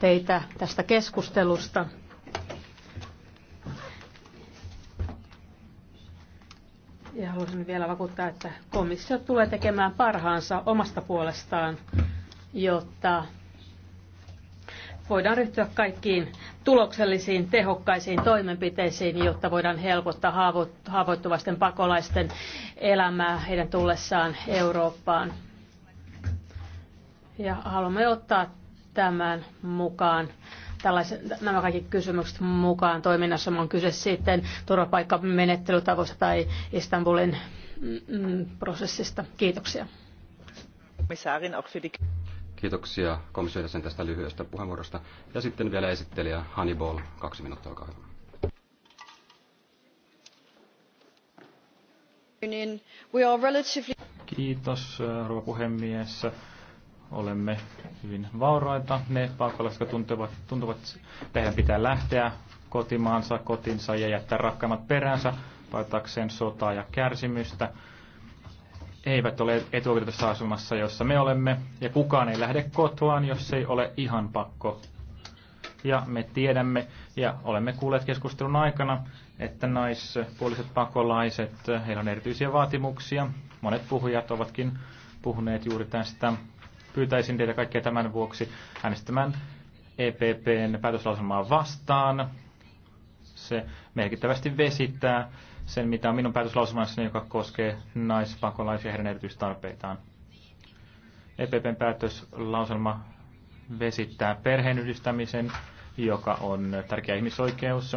teitä tästä keskustelusta Ja haluaisin vielä vakuuttaa, että komissio tulee tekemään parhaansa omasta puolestaan, jotta voidaan ryhtyä kaikkiin tuloksellisiin, tehokkaisiin toimenpiteisiin, jotta voidaan helpottaa haavoittuvaisten pakolaisten elämää heidän tullessaan Eurooppaan. Ja haluamme ottaa tämän mukaan nämä kaikki kysymykset mukaan toiminnassa. On kyse sitten turvapaikkamenettelytavoista tai Istanbulin mm, mm, prosessista. Kiitoksia. Kiitoksia komission sen tästä lyhyestä puheenvuorosta. Ja sitten vielä esittelijä Hannibal, kaksi minuuttia, olkaa hyvä. Kiitos, rouva puhemies olemme hyvin vauraita. Ne pakolaiset, jotka tuntuvat, tuntuvat, että heidän pitää lähteä kotimaansa, kotinsa ja jättää rakkaimmat peränsä paitakseen sotaa ja kärsimystä, eivät ole etuoikeutetussa asumassa, jossa me olemme, ja kukaan ei lähde kotoaan, jos ei ole ihan pakko. Ja me tiedämme, ja olemme kuulleet keskustelun aikana, että naispuoliset pakolaiset, heillä on erityisiä vaatimuksia. Monet puhujat ovatkin puhuneet juuri tästä Pyytäisin teitä kaikkia tämän vuoksi äänestämään EPPn päätöslauselmaa vastaan. Se merkittävästi vesittää sen, mitä on minun päätöslauselmassani, joka koskee naispakolaisia ja heidän erityistarpeitaan. EPPn päätöslauselma vesittää perheenyhdistämisen, joka on tärkeä ihmisoikeus,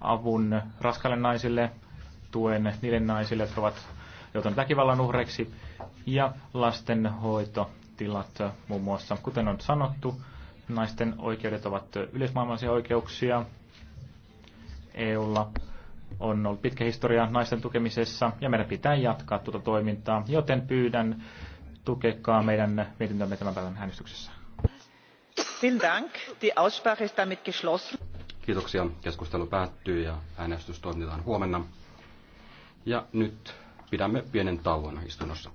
avun raskaille naisille, tuen niille naisille, jotka ovat joutuneet väkivallan uhreiksi, ja lastenhoito tilat äh, muun muassa. Kuten on sanottu, naisten oikeudet ovat äh, yleismaailmallisia oikeuksia. EUlla on ollut pitkä historia naisten tukemisessa ja meidän pitää jatkaa tuota toimintaa, joten pyydän tukekaa meidän mietintömme tämän päivän äänestyksessä. Kiitoksia. Keskustelu päättyy ja äänestys toimitetaan huomenna. Ja nyt pidämme pienen tauon istunnossa.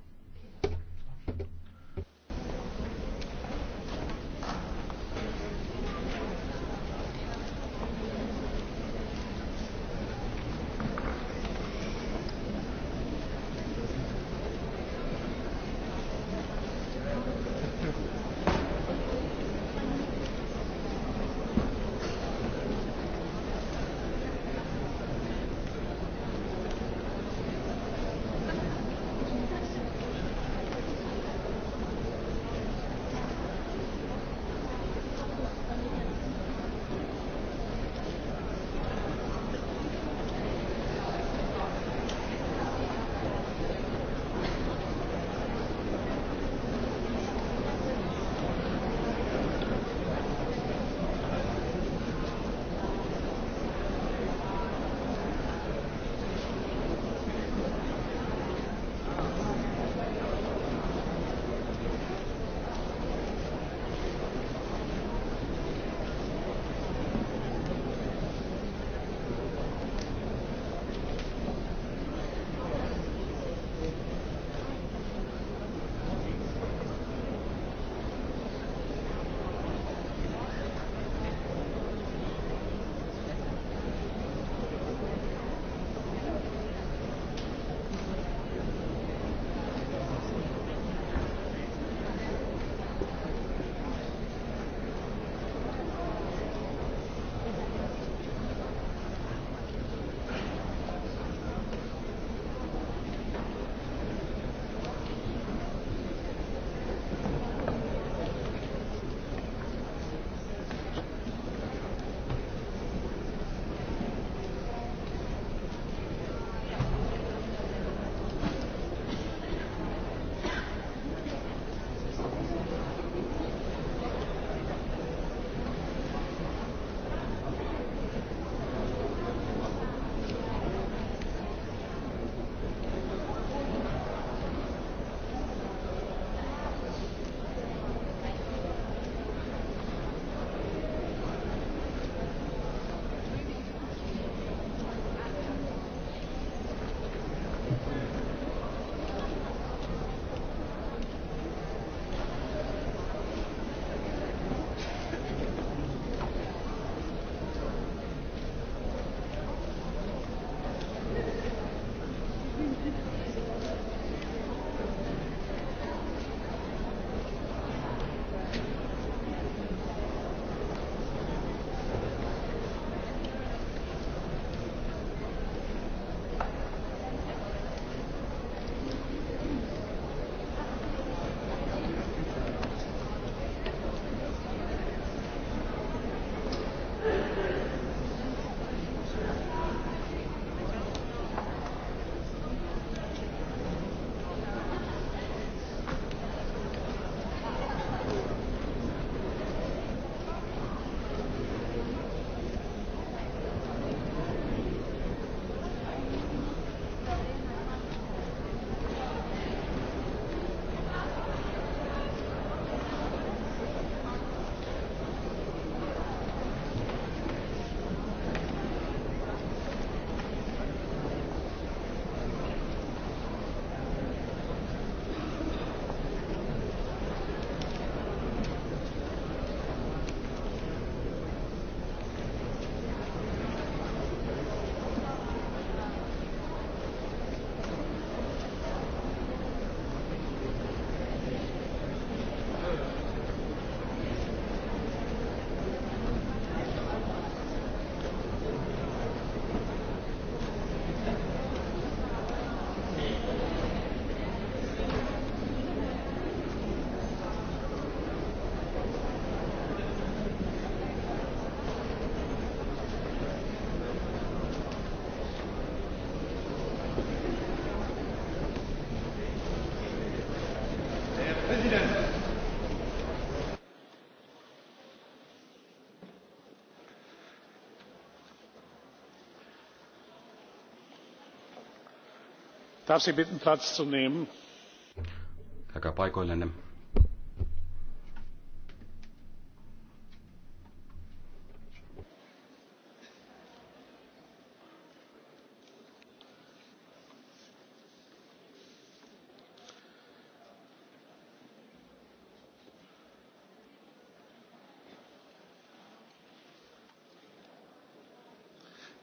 darf sie bitten platz zu nehmen. käykää paikoillenne.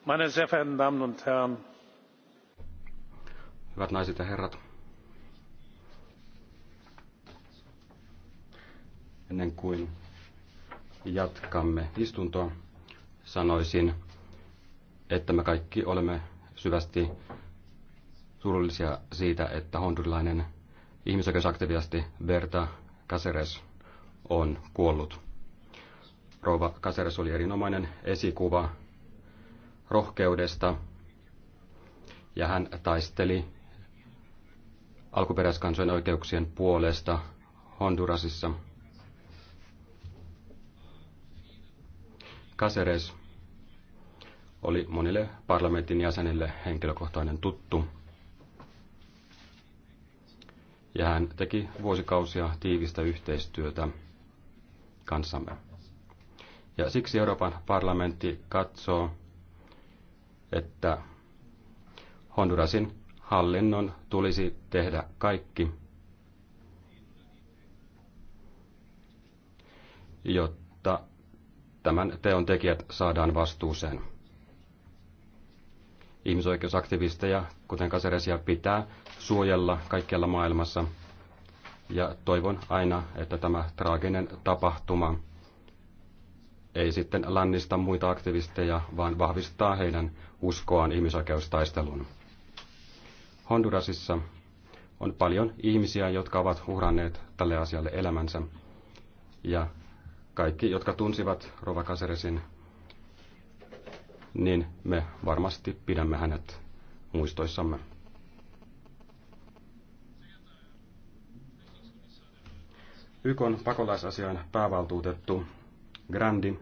meine sehr verehrten damen und herren! Hyvät naiset ja herrat, ennen kuin jatkamme istuntoa, sanoisin, että me kaikki olemme syvästi surullisia siitä, että hondurilainen ihmisoikeusaktivisti Berta Caceres on kuollut. Rouva Caceres oli erinomainen esikuva rohkeudesta ja hän taisteli alkuperäiskansojen oikeuksien puolesta Hondurasissa. Caceres oli monille parlamentin jäsenille henkilökohtainen tuttu. Ja hän teki vuosikausia tiivistä yhteistyötä kanssamme. Ja siksi Euroopan parlamentti katsoo, että Hondurasin hallinnon tulisi tehdä kaikki, jotta tämän teon tekijät saadaan vastuuseen. Ihmisoikeusaktivisteja, kuten Kaseresia, pitää suojella kaikkialla maailmassa. Ja toivon aina, että tämä traaginen tapahtuma ei sitten lannista muita aktivisteja, vaan vahvistaa heidän uskoaan ihmisoikeustaisteluun. Hondurasissa on paljon ihmisiä, jotka ovat uhranneet tälle asialle elämänsä. Ja kaikki, jotka tunsivat Rova Caceresin, niin me varmasti pidämme hänet muistoissamme. YKn pakolaisasian päävaltuutettu Grandi.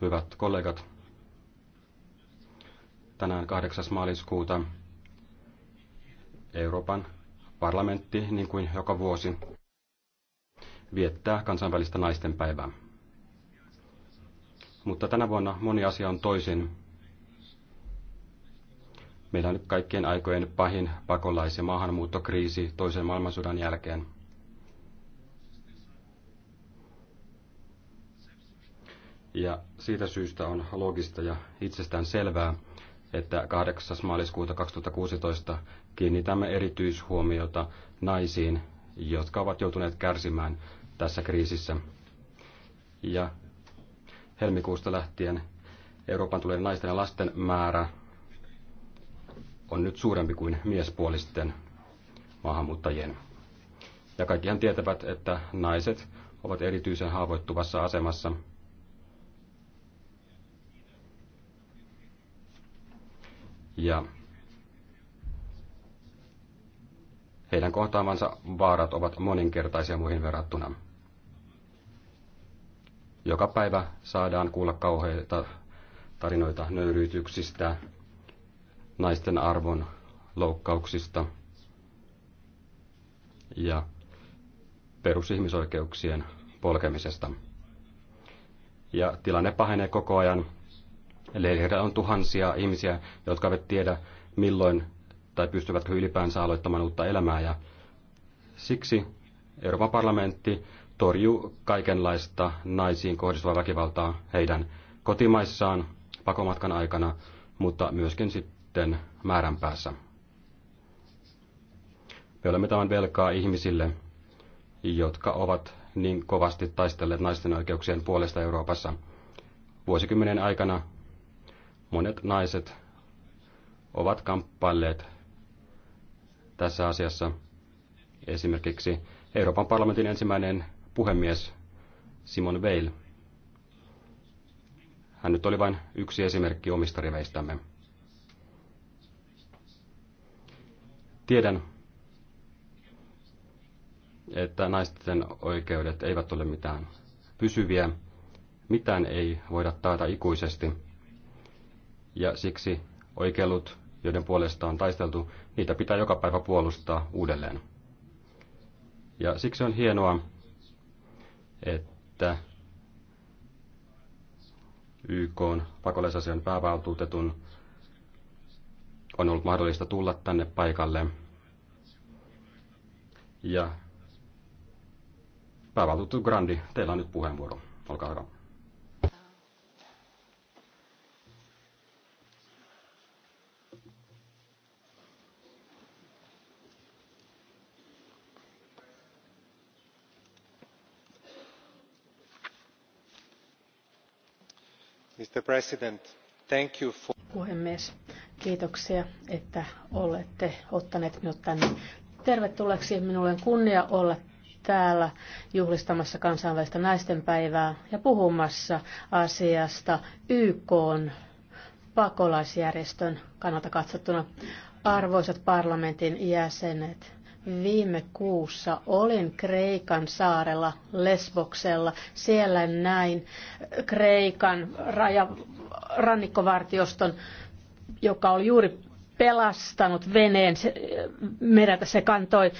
Hyvät kollegat, tänään 8. maaliskuuta Euroopan parlamentti, niin kuin joka vuosi, viettää kansainvälistä naistenpäivää. Mutta tänä vuonna moni asia on toisin. Meillä on nyt kaikkien aikojen pahin pakolais- ja maahanmuuttokriisi toisen maailmansodan jälkeen. Ja siitä syystä on loogista ja itsestään selvää, että 8. maaliskuuta 2016 kiinnitämme erityishuomiota naisiin, jotka ovat joutuneet kärsimään tässä kriisissä. Ja helmikuusta lähtien Euroopan tulee naisten ja lasten määrä on nyt suurempi kuin miespuolisten maahanmuuttajien. Ja kaikkihan tietävät, että naiset ovat erityisen haavoittuvassa asemassa – ja heidän kohtaamansa vaarat ovat moninkertaisia muihin verrattuna. Joka päivä saadaan kuulla kauheita tarinoita nöyryytyksistä, naisten arvon loukkauksista ja perusihmisoikeuksien polkemisesta. Ja tilanne pahenee koko ajan Eli heillä on tuhansia ihmisiä, jotka eivät tiedä milloin tai pystyvätkö ylipäänsä aloittamaan uutta elämää. Ja siksi Euroopan parlamentti torjuu kaikenlaista naisiin kohdistuvaa väkivaltaa heidän kotimaissaan pakomatkan aikana, mutta myöskin sitten määrän päässä. Me olemme tämän velkaa ihmisille, jotka ovat niin kovasti taistelleet naisten oikeuksien puolesta Euroopassa. Vuosikymmenen aikana monet naiset ovat kamppailleet tässä asiassa. Esimerkiksi Euroopan parlamentin ensimmäinen puhemies Simon Veil. Hän nyt oli vain yksi esimerkki omista riveistämme. Tiedän, että naisten oikeudet eivät ole mitään pysyviä. Mitään ei voida taata ikuisesti ja siksi oikeilut, joiden puolesta on taisteltu, niitä pitää joka päivä puolustaa uudelleen. Ja siksi on hienoa, että YK on pakolaisasian päävaltuutetun on ollut mahdollista tulla tänne paikalle. Ja päävaltuutettu Grandi, teillä on nyt puheenvuoro. Olkaa hyvä. puhemies kiitoksia että olette ottaneet minut tänne tervetulleeksi. Minulla on kunnia olla täällä juhlistamassa kansainvälistä naistenpäivää ja puhumassa asiasta YK pakolaisjärjestön kannalta katsottuna. Arvoisat parlamentin jäsenet, Viime kuussa olin Kreikan saarella Lesboksella. Siellä näin Kreikan raja, rannikkovartioston, joka oli juuri pelastanut veneen se, mereltä. Se kantoi,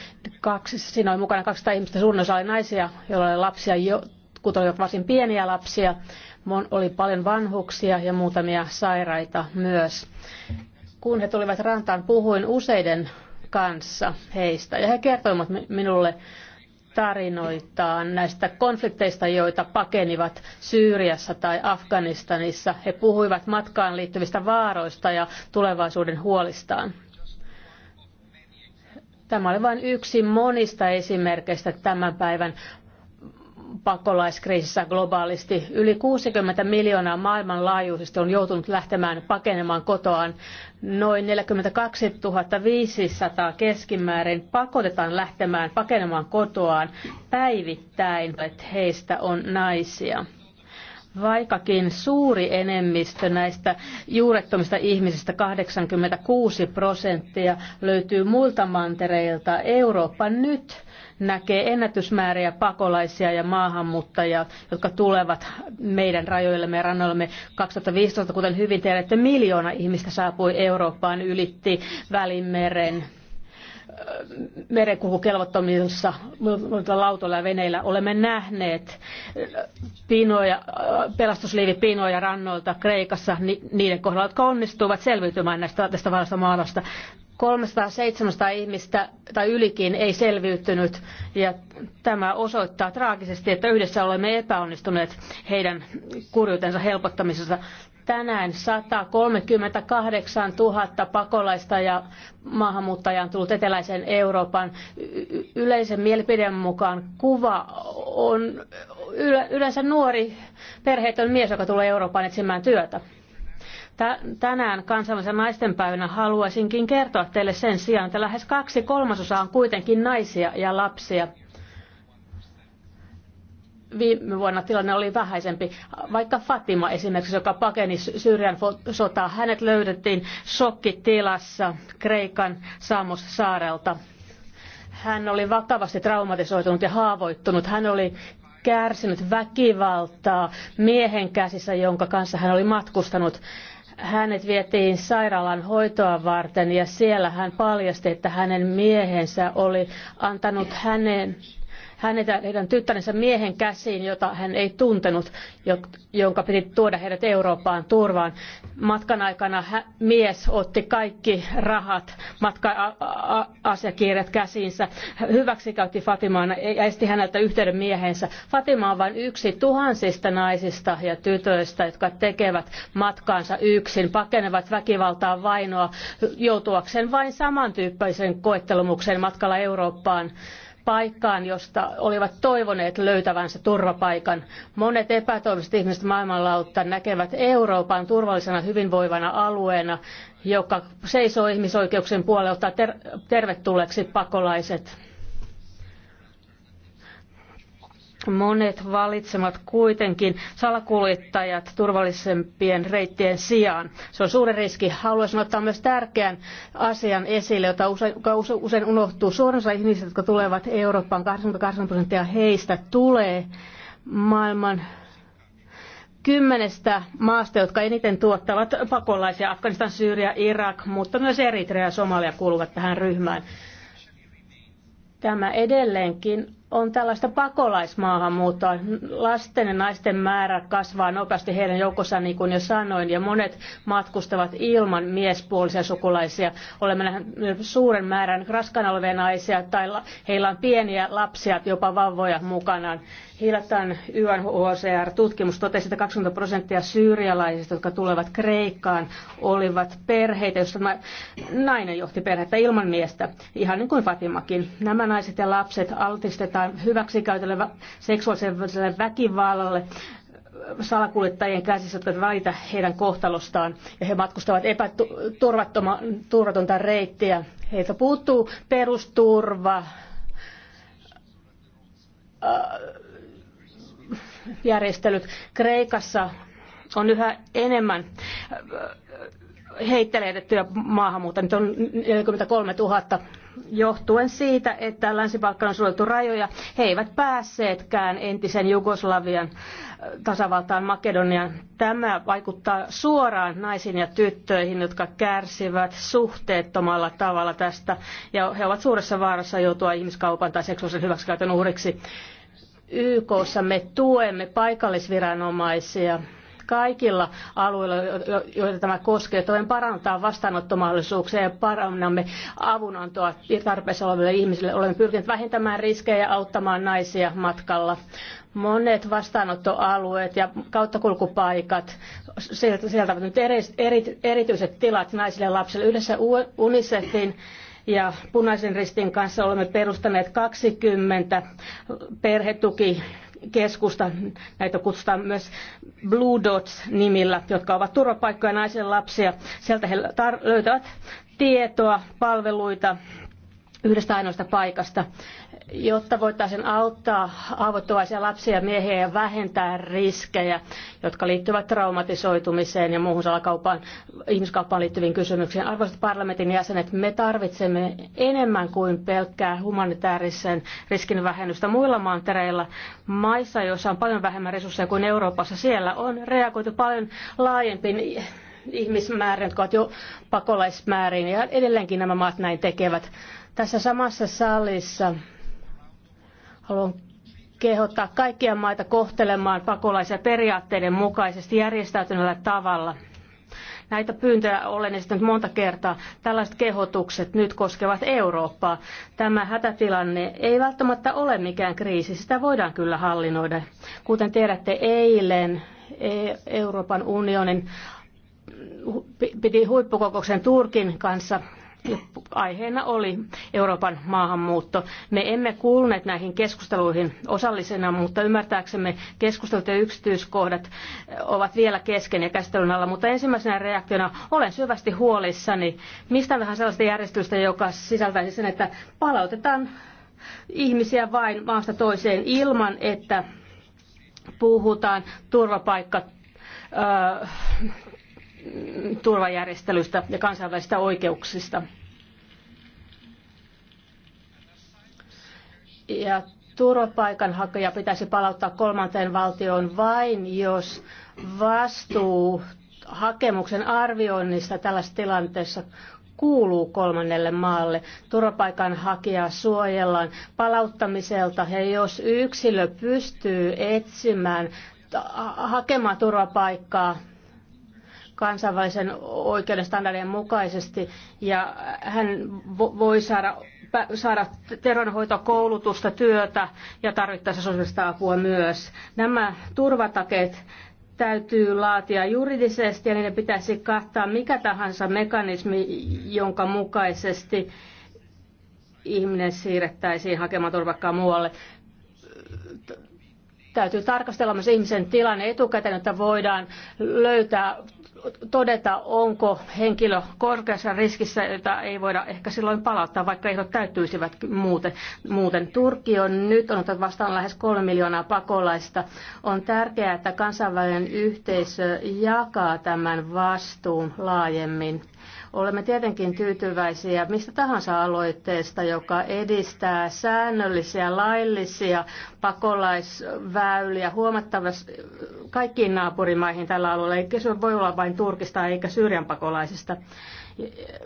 kaksi, siinä oli mukana 200 ihmistä, suurin osa oli naisia, joilla oli lapsia, jotkut olivat varsin pieniä lapsia, oli paljon vanhuksia ja muutamia sairaita myös. Kun he tulivat rantaan, puhuin useiden kanssa heistä. Ja he kertoivat minulle tarinoitaan näistä konflikteista, joita pakenivat Syyriassa tai Afganistanissa. He puhuivat matkaan liittyvistä vaaroista ja tulevaisuuden huolistaan. Tämä oli vain yksi monista esimerkkeistä tämän päivän pakolaiskriisissä globaalisti. Yli 60 miljoonaa maailmanlaajuisesti on joutunut lähtemään pakenemaan kotoaan. Noin 42 500 keskimäärin pakotetaan lähtemään pakenemaan kotoaan päivittäin, että heistä on naisia. Vaikkakin suuri enemmistö näistä juurettomista ihmisistä, 86 prosenttia, löytyy muilta mantereilta, Eurooppa nyt näkee ennätysmääriä pakolaisia ja maahanmuuttajia, jotka tulevat meidän rajoillemme ja rannoillemme 2015, kuten hyvin tiedätte, miljoona ihmistä saapui Eurooppaan, ylitti Välimeren äh, merenkulkukelvottomissa lautoilla ja veneillä olemme nähneet äh, pinoja, äh, pelastusliivipinoja rannoilta Kreikassa niiden kohdalla, jotka onnistuivat selviytymään näistä, tästä vaarasta maalasta. 300-700 ihmistä tai ylikin ei selviytynyt ja tämä osoittaa traagisesti, että yhdessä olemme epäonnistuneet heidän kurjuutensa helpottamisessa. Tänään 138 000 pakolaista ja maahanmuuttajaa on tullut eteläisen Euroopan. Yleisen mielipiden mukaan kuva on yleensä nuori perheetön mies, joka tulee Eurooppaan etsimään työtä tänään kansainvälisen naistenpäivänä haluaisinkin kertoa teille sen sijaan, että lähes kaksi kolmasosaa on kuitenkin naisia ja lapsia. Viime vuonna tilanne oli vähäisempi. Vaikka Fatima esimerkiksi, joka pakeni Syyrian sotaa, hänet löydettiin sokkitilassa Kreikan Samos saarelta. Hän oli vakavasti traumatisoitunut ja haavoittunut. Hän oli kärsinyt väkivaltaa miehen käsissä, jonka kanssa hän oli matkustanut hänet vietiin sairaalan hoitoa varten ja siellä hän paljasti, että hänen miehensä oli antanut hänen hänet ja heidän tyttärensä miehen käsiin, jota hän ei tuntenut, jonka piti tuoda heidät Eurooppaan turvaan. Matkan aikana mies otti kaikki rahat, matka-asiakirjat käsiinsä, hyväksikäytti Fatimaa ja esti häneltä yhteyden miehensä. Fatima on vain yksi tuhansista naisista ja tytöistä, jotka tekevät matkaansa yksin, pakenevat väkivaltaa vainoa, joutuakseen vain samantyyppiseen koettelumukseen matkalla Eurooppaan paikkaan, josta olivat toivoneet löytävänsä turvapaikan. Monet epätoivoiset ihmiset maailmanlautta näkevät Euroopan turvallisena hyvinvoivana alueena, joka seisoo ihmisoikeuksien puolella, ottaa ter- tervetulleeksi pakolaiset Monet valitsevat kuitenkin salakuljettajat turvallisempien reittien sijaan. Se on suuri riski. Haluaisin ottaa myös tärkeän asian esille, jota usein, usein unohtuu. Suurin osa ihmisistä, jotka tulevat Eurooppaan, 88 prosenttia heistä tulee maailman kymmenestä maasta, jotka eniten tuottavat pakolaisia. Afganistan, Syyria, Irak, mutta myös Eritrea ja Somalia kuuluvat tähän ryhmään. Tämä edelleenkin on tällaista pakolaismaahanmuuttoa. Lasten ja naisten määrä kasvaa nopeasti heidän joukossaan, niin kuin jo sanoin, ja monet matkustavat ilman miespuolisia sukulaisia. Olemme nähneet suuren määrän raskaana olevia naisia, tai heillä on pieniä lapsia, jopa vauvoja mukanaan. Hiljattain UNHCR-tutkimus totesi, että 20 prosenttia syyrialaisista, jotka tulevat Kreikkaan, olivat perheitä, joissa nainen johti perhettä ilman miestä, ihan niin kuin Fatimakin. Nämä naiset ja lapset altistetaan hyväksikäytölle seksuaaliselle väkivallalle, salakuljettajien käsissä, jotka välitä heidän kohtalostaan ja he matkustavat epäturvatonta reittiä. Heiltä puuttuu perusturva, järjestelyt. Kreikassa on yhä enemmän äh, heitteleitettyjä maahanmuuttajia, nyt on 43 000 johtuen siitä, että länsi on suljettu rajoja. He eivät päässeetkään entisen Jugoslavian äh, tasavaltaan Makedonian. Tämä vaikuttaa suoraan naisiin ja tyttöihin, jotka kärsivät suhteettomalla tavalla tästä, ja he ovat suuressa vaarassa joutua ihmiskaupan tai seksuaalisen hyväksikäytön uhriksi. YKssa me tuemme paikallisviranomaisia kaikilla alueilla, joita tämä koskee. Toden parantaa vastaanottomahdollisuuksia ja parannamme avunantoa tarpeessa oleville ihmisille. Olemme pyrkineet vähentämään riskejä ja auttamaan naisia matkalla. Monet vastaanottoalueet ja kauttakulkupaikat sieltä, sieltä nyt eri, eri, erityiset tilat naisille ja lapsille. Yhdessä UNICEFin ja punaisen ristin kanssa olemme perustaneet 20 perhetuki keskusta, näitä kutsutaan myös Blue Dots-nimillä, jotka ovat turvapaikkoja naisen lapsia. Sieltä he löytävät tietoa, palveluita yhdestä ainoasta paikasta jotta voitaisiin auttaa haavoittuvaisia lapsia ja miehiä ja vähentää riskejä, jotka liittyvät traumatisoitumiseen ja muuhun salakaupaan ihmiskauppaan liittyviin kysymyksiin. Arvoisat parlamentin jäsenet, me tarvitsemme enemmän kuin pelkkää humanitaarisen riskin vähennystä muilla mantereilla. Maissa, joissa on paljon vähemmän resursseja kuin Euroopassa, siellä on reagoitu paljon laajempiin ihmismäärin, jotka ovat jo pakolaismäärin, ja edelleenkin nämä maat näin tekevät. Tässä samassa salissa Haluan kehottaa kaikkia maita kohtelemaan pakolaisia periaatteiden mukaisesti järjestäytyneellä tavalla. Näitä pyyntöjä olen esittänyt monta kertaa. Tällaiset kehotukset nyt koskevat Eurooppaa. Tämä hätätilanne ei välttämättä ole mikään kriisi. Sitä voidaan kyllä hallinnoida. Kuten tiedätte, eilen e- Euroopan unionin piti huippukokouksen Turkin kanssa aiheena oli Euroopan maahanmuutto. Me emme kuulneet näihin keskusteluihin osallisena, mutta ymmärtääksemme keskustelut ja yksityiskohdat eh, ovat vielä kesken ja käsittelyn alla. Mutta ensimmäisenä reaktiona olen syvästi huolissani mistä vähän sellaista järjestelystä, joka sisältäisi sen, että palautetaan ihmisiä vain maasta toiseen ilman, että puhutaan turvapaikka turvajärjestelystä ja kansainvälisistä oikeuksista. Ja turvapaikanhakija pitäisi palauttaa kolmanteen valtioon vain, jos vastuu hakemuksen arvioinnista tällaisessa tilanteessa kuuluu kolmannelle maalle. Turvapaikanhakijaa suojellaan palauttamiselta ja jos yksilö pystyy etsimään hakemaan turvapaikkaa kansainvälisen oikeuden standardien mukaisesti ja hän voi saada, saada terveydenhoitokoulutusta, työtä ja tarvittaessa sosiaalista apua myös. Nämä turvatakeet täytyy laatia juridisesti ja niiden pitäisi kattaa mikä tahansa mekanismi, jonka mukaisesti ihminen siirrettäisiin hakemaan turvakkaa muualle. Täytyy tarkastella myös ihmisen tilanne etukäteen, että voidaan löytää todeta, onko henkilö korkeassa riskissä, jota ei voida ehkä silloin palauttaa, vaikka ehdot täyttyisivät muuten. muuten. Turkki on nyt on ottanut vastaan lähes kolme miljoonaa pakolaista. On tärkeää, että kansainvälinen yhteisö jakaa tämän vastuun laajemmin Olemme tietenkin tyytyväisiä mistä tahansa aloitteesta, joka edistää säännöllisiä, laillisia pakolaisväyliä huomattavasti kaikkiin naapurimaihin tällä alueella. Eikä se voi olla vain Turkista eikä Syyrian pakolaisista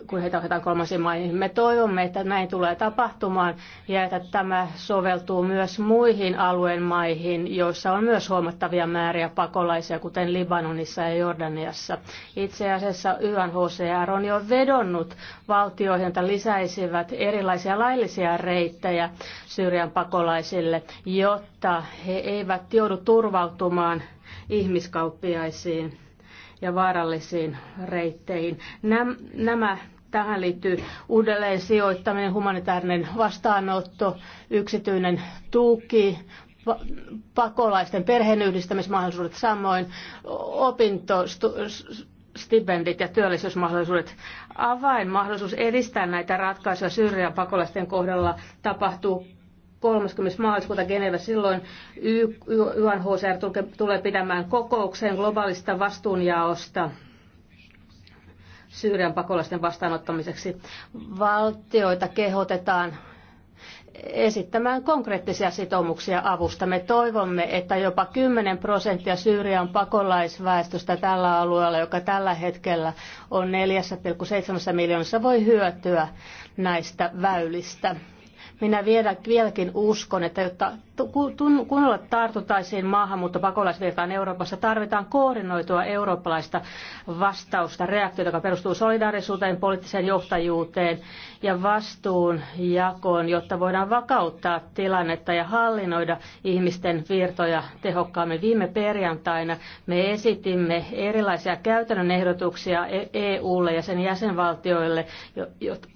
kun heitä ohjataan kolmansiin maihin. Me toivomme, että näin tulee tapahtumaan ja että tämä soveltuu myös muihin alueen maihin, joissa on myös huomattavia määriä pakolaisia, kuten Libanonissa ja Jordaniassa. Itse asiassa YNHCR on jo vedonnut valtioihin, että lisäisivät erilaisia laillisia reittejä Syyrian pakolaisille, jotta he eivät joudu turvautumaan ihmiskauppiaisiin ja vaarallisiin reitteihin. Nämä, nämä tähän liittyy uudelleen sijoittaminen, humanitaarinen vastaanotto, yksityinen tuki, pakolaisten perheenyhdistämismahdollisuudet samoin, opintostipendit ja työllisyysmahdollisuudet. Avainmahdollisuus edistää näitä ratkaisuja syrjään pakolaisten kohdalla tapahtuu 30. maaliskuuta Geneva. Silloin UNHCR tulee pitämään kokouksen globaalista vastuunjaosta Syyrian pakolaisten vastaanottamiseksi. Valtioita kehotetaan esittämään konkreettisia sitoumuksia avusta. Me toivomme, että jopa 10 prosenttia Syyrian pakolaisväestöstä tällä alueella, joka tällä hetkellä on 4,7 miljoonassa, voi hyötyä näistä väylistä. Minä vielä, vieläkin uskon, että jotta kunnolla tartutaisiin maahanmuuttopakolaisvirtaan Euroopassa, tarvitaan koordinoitua eurooppalaista vastausta, reaktiota, joka perustuu solidaarisuuteen, poliittiseen johtajuuteen ja vastuun jakoon, jotta voidaan vakauttaa tilannetta ja hallinnoida ihmisten virtoja tehokkaammin. Viime perjantaina me esitimme erilaisia käytännön ehdotuksia EUlle e ja sen jäsenvaltioille,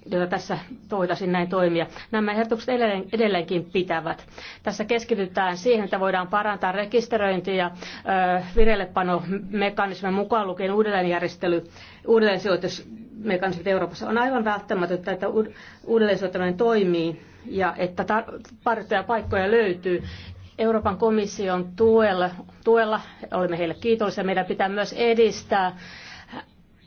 joita tässä voitaisiin näin toimia. Nämä ehdotukset edelleen, edelleenkin pitävät. Tässä keskitytään siihen, että voidaan parantaa rekisteröinti ja vireillepanomekanismin mukaan lukien uudelleenjärjestely, uudelleensijoitusmekanismit Euroopassa. On aivan välttämätöntä, että uudelleensijoittaminen toimii ja että tar- paikkoja löytyy. Euroopan komission tuella, tuella olemme heille kiitollisia. Meidän pitää myös edistää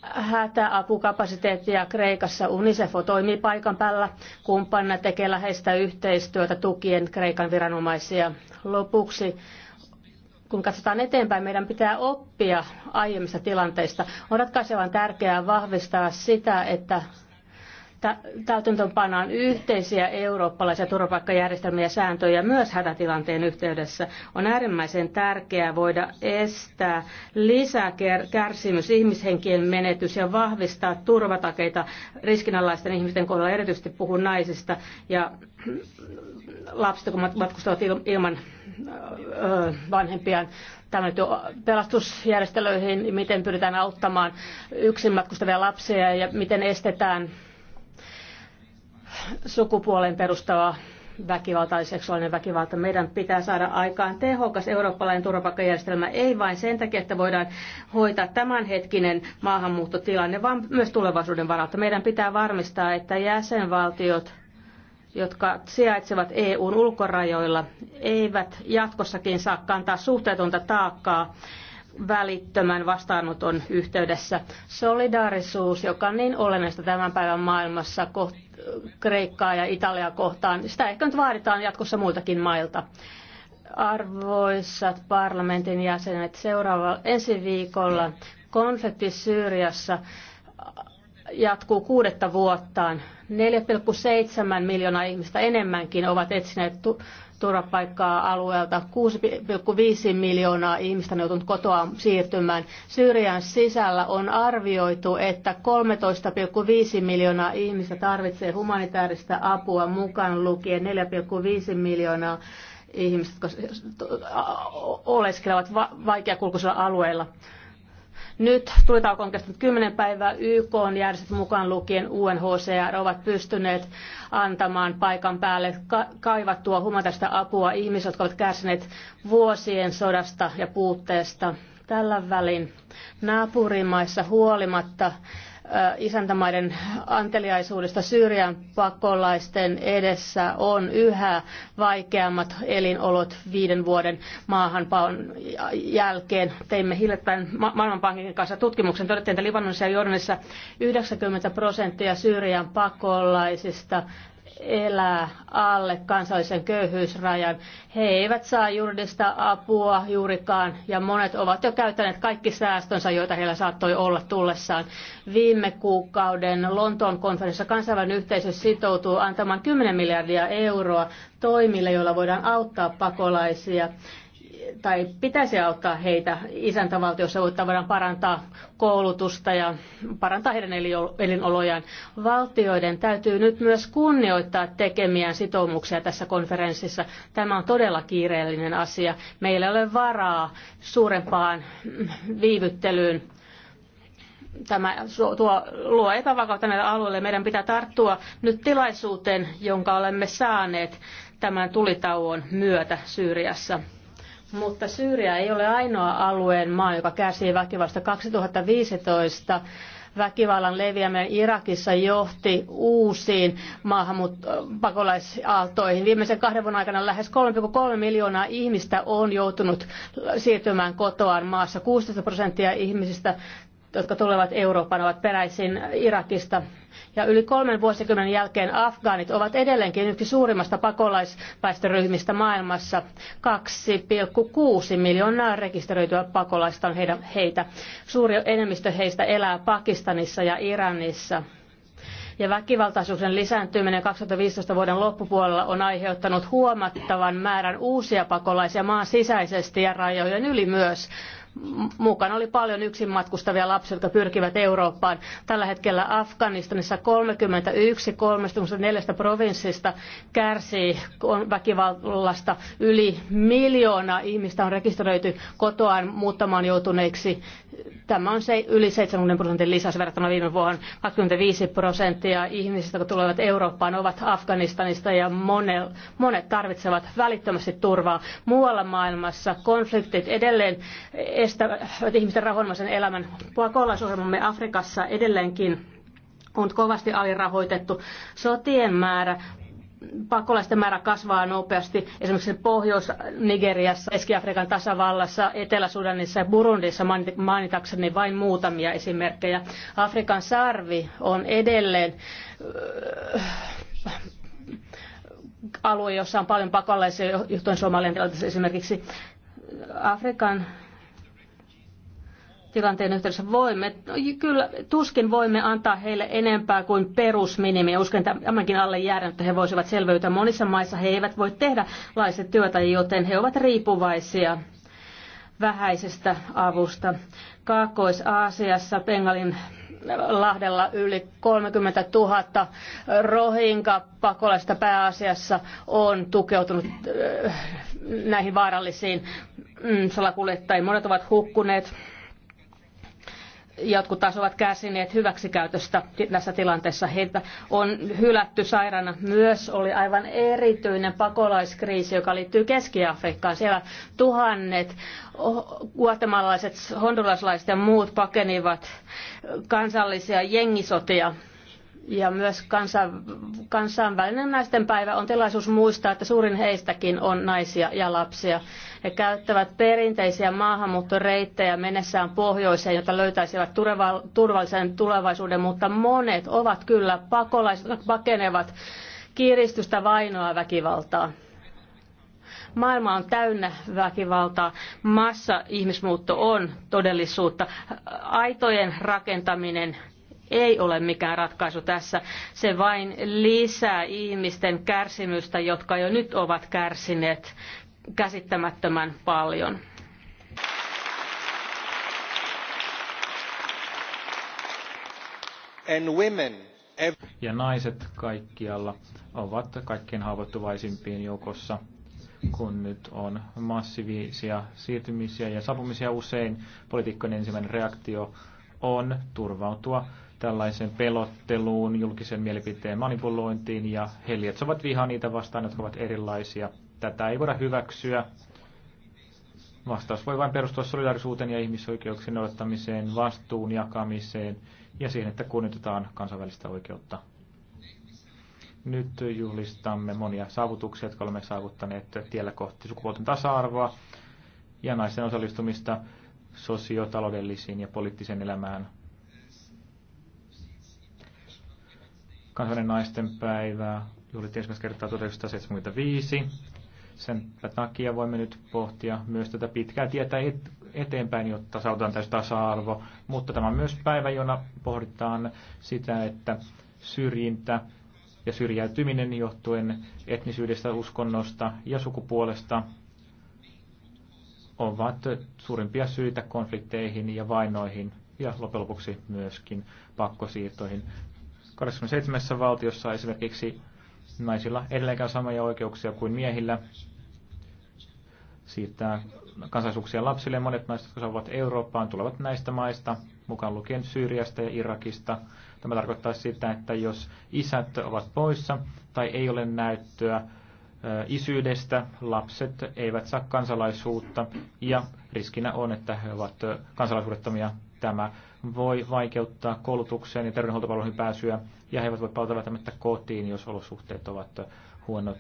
hätäapukapasiteettia Kreikassa. UNICEF toimii paikan päällä kumppanina tekee läheistä yhteistyötä tukien Kreikan viranomaisia. Lopuksi kun katsotaan eteenpäin, meidän pitää oppia aiemmista tilanteista. On ratkaisevan tärkeää vahvistaa sitä, että täytäntöön yhteisiä eurooppalaisia turvapaikkajärjestelmiä ja sääntöjä myös hätätilanteen yhteydessä. On äärimmäisen tärkeää voida estää lisäkärsimys, ihmishenkien menetys ja vahvistaa turvatakeita riskinalaisten ihmisten kohdalla. Erityisesti puhun naisista ja lapsista, kun matkustavat ilman vanhempiaan pelastusjärjestelyihin, miten pyritään auttamaan yksin matkustavia lapsia ja miten estetään sukupuolen perustava väkivalta ja seksuaalinen väkivalta. Meidän pitää saada aikaan tehokas eurooppalainen turvapaikkajärjestelmä, ei vain sen takia, että voidaan hoitaa tämänhetkinen maahanmuuttotilanne, vaan myös tulevaisuuden varalta. Meidän pitää varmistaa, että jäsenvaltiot jotka sijaitsevat EUn ulkorajoilla, eivät jatkossakin saa kantaa suhteetonta taakkaa välittömän vastaanoton yhteydessä. Solidaarisuus, joka on niin olennaista tämän päivän maailmassa, kohtaa Kreikkaa ja Italiaa kohtaan. Sitä ehkä nyt vaaditaan jatkossa muiltakin mailta. Arvoisat parlamentin jäsenet, seuraava ensi viikolla konflikti Syyriassa jatkuu kuudetta vuottaan. 4,7 miljoonaa ihmistä enemmänkin ovat etsineet turvapaikkaa alueelta. 6,5 miljoonaa ihmistä on joutunut kotoa siirtymään. Syyrian sisällä on arvioitu, että 13,5 miljoonaa ihmistä tarvitsee humanitaarista apua mukaan lukien 4,5 miljoonaa ihmistä, jotka oleskelevat vaikeakulkuisilla alueilla. Nyt tulitauko on kestänyt 10 päivää. YK on järjestöt mukaan lukien UNHCR ovat pystyneet antamaan paikan päälle kaivattua humanitaarista apua ihmisille, jotka ovat kärsineet vuosien sodasta ja puutteesta. Tällä välin naapurimaissa huolimatta isäntämaiden anteliaisuudesta Syyrian pakolaisten edessä on yhä vaikeammat elinolot viiden vuoden maahanpaon jälkeen. Teimme hiljattain Maailmanpankin kanssa tutkimuksen. Todettiin, että Libanonissa ja Jordanissa 90 prosenttia Syyrian pakolaisista elää alle kansallisen köyhyysrajan. He eivät saa juridista apua juurikaan ja monet ovat jo käyttäneet kaikki säästönsä, joita heillä saattoi olla tullessaan. Viime kuukauden Lontoon konferenssissa kansainvälinen yhteisö sitoutuu antamaan 10 miljardia euroa toimille, joilla voidaan auttaa pakolaisia tai pitäisi auttaa heitä isäntävaltiossa, jotta voidaan parantaa koulutusta ja parantaa heidän elinolojaan. Valtioiden täytyy nyt myös kunnioittaa tekemiään sitoumuksia tässä konferenssissa. Tämä on todella kiireellinen asia. Meillä ei ole varaa suurempaan viivyttelyyn tämä tuo, luo epävakautta näille alueille. Meidän pitää tarttua nyt tilaisuuteen, jonka olemme saaneet tämän tulitauon myötä Syyriassa. Mutta Syyria ei ole ainoa alueen maa, joka kärsii väkivallasta. 2015 väkivallan leviäminen Irakissa johti uusiin maahanmuuttopakolaisaaltoihin. Viimeisen kahden vuoden aikana lähes 3,3 miljoonaa ihmistä on joutunut siirtymään kotoaan maassa. 16 prosenttia ihmisistä jotka tulevat Euroopan, ovat peräisin Irakista. Ja yli kolmen vuosikymmenen jälkeen afgaanit ovat edelleenkin yksi suurimmasta pakolaisväestöryhmistä maailmassa. 2,6 miljoonaa rekisteröityä pakolaista on heitä. Suuri enemmistö heistä elää Pakistanissa ja Iranissa ja väkivaltaisuuden lisääntyminen 2015 vuoden loppupuolella on aiheuttanut huomattavan määrän uusia pakolaisia maan sisäisesti ja rajojen yli myös. Mukana oli paljon yksin matkustavia lapsia, jotka pyrkivät Eurooppaan. Tällä hetkellä Afganistanissa 31 34 provinssista kärsii väkivallasta. Yli miljoona ihmistä on rekisteröity kotoaan muuttamaan joutuneiksi. Tämä on se yli 70 prosentin lisäys verrattuna viime vuohon. 25 prosenttia ihmisistä, jotka tulevat Eurooppaan, ovat Afganistanista ja monet tarvitsevat välittömästi turvaa. Muualla maailmassa konfliktit edelleen estävät ihmisten rauhanomaisen elämän. Pakolaisohjelmamme Afrikassa edelleenkin on kovasti alirahoitettu. Sotien määrä pakolaisten määrä kasvaa nopeasti. Esimerkiksi Pohjois-Nigeriassa, Keski-Afrikan tasavallassa, Etelä-Sudanissa ja Burundissa mainitakseni vain muutamia esimerkkejä. Afrikan sarvi on edelleen äh, alue, jossa on paljon pakolaisia, johtuen Somalian tilanteessa esimerkiksi Afrikan tilanteen yhteydessä voimme, no, kyllä tuskin voimme antaa heille enempää kuin perusminimi. Uskon tämänkin alle jäädä, että he voisivat selviytyä. Monissa maissa he eivät voi tehdä laista työtä, joten he ovat riippuvaisia vähäisestä avusta. Kaakkois-Aasiassa Bengalin lahdella yli 30 000 rohinka pakolaista pääasiassa on tukeutunut äh, näihin vaarallisiin mm, salakuljettajiin. Monet ovat hukkuneet jotkut taas ovat kärsineet hyväksikäytöstä tässä tilanteessa. Heitä on hylätty sairaana. Myös oli aivan erityinen pakolaiskriisi, joka liittyy Keski-Afrikkaan. Siellä tuhannet guatemalaiset, honduraslaiset ja muut pakenivat kansallisia jengisotia ja myös kansan, kansainvälinen naisten päivä on tilaisuus muistaa, että suurin heistäkin on naisia ja lapsia. He käyttävät perinteisiä maahanmuuttoreittejä mennessään pohjoiseen, jotta löytäisivät turvallisen tulevaisuuden, mutta monet ovat kyllä pakolaiset, pakenevat kiristystä, vainoa, väkivaltaa. Maailma on täynnä väkivaltaa. Massa ihmismuutto on todellisuutta. Aitojen rakentaminen ei ole mikään ratkaisu tässä. Se vain lisää ihmisten kärsimystä, jotka jo nyt ovat kärsineet käsittämättömän paljon. Ja naiset kaikkialla ovat kaikkein haavoittuvaisimpien joukossa, kun nyt on massiivisia siirtymisiä ja saapumisia usein. Poliitikkojen ensimmäinen reaktio on turvautua tällaiseen pelotteluun, julkisen mielipiteen manipulointiin ja he lietsovat vihaa niitä vastaan, jotka ovat erilaisia. Tätä ei voida hyväksyä. Vastaus voi vain perustua solidaarisuuteen ja ihmisoikeuksien noudattamiseen, vastuun jakamiseen ja siihen, että kunnioitetaan kansainvälistä oikeutta. Nyt juhlistamme monia saavutuksia, jotka olemme saavuttaneet tiellä kohti sukupuolten tasa-arvoa ja naisten osallistumista sosiotaloudellisiin ja poliittiseen elämään – Kansainvälinen naisten päivä juhlittiin ensimmäistä kertaa 1975. Sen takia voimme nyt pohtia myös tätä pitkää tietä eteenpäin, jotta saadaan täysi tasa-arvo. Mutta tämä on myös päivä, jona pohditaan sitä, että syrjintä ja syrjäytyminen johtuen etnisyydestä, uskonnosta ja sukupuolesta ovat suurimpia syitä konflikteihin ja vainoihin ja loppujen lopuksi myöskin pakkosiirtoihin. 27 valtiossa esimerkiksi naisilla edelleenkään samoja oikeuksia kuin miehillä. Siitä kansallisuuksia lapsille monet naiset, jotka saavat Eurooppaan, tulevat näistä maista, mukaan lukien Syyriasta ja Irakista. Tämä tarkoittaa sitä, että jos isät ovat poissa tai ei ole näyttöä isyydestä, lapset eivät saa kansalaisuutta ja riskinä on, että he ovat kansalaisuudettomia Tämä voi vaikeuttaa koulutukseen ja terveydenhuoltopalveluihin pääsyä, ja he eivät voi palata välttämättä kotiin, jos olosuhteet ovat huonot.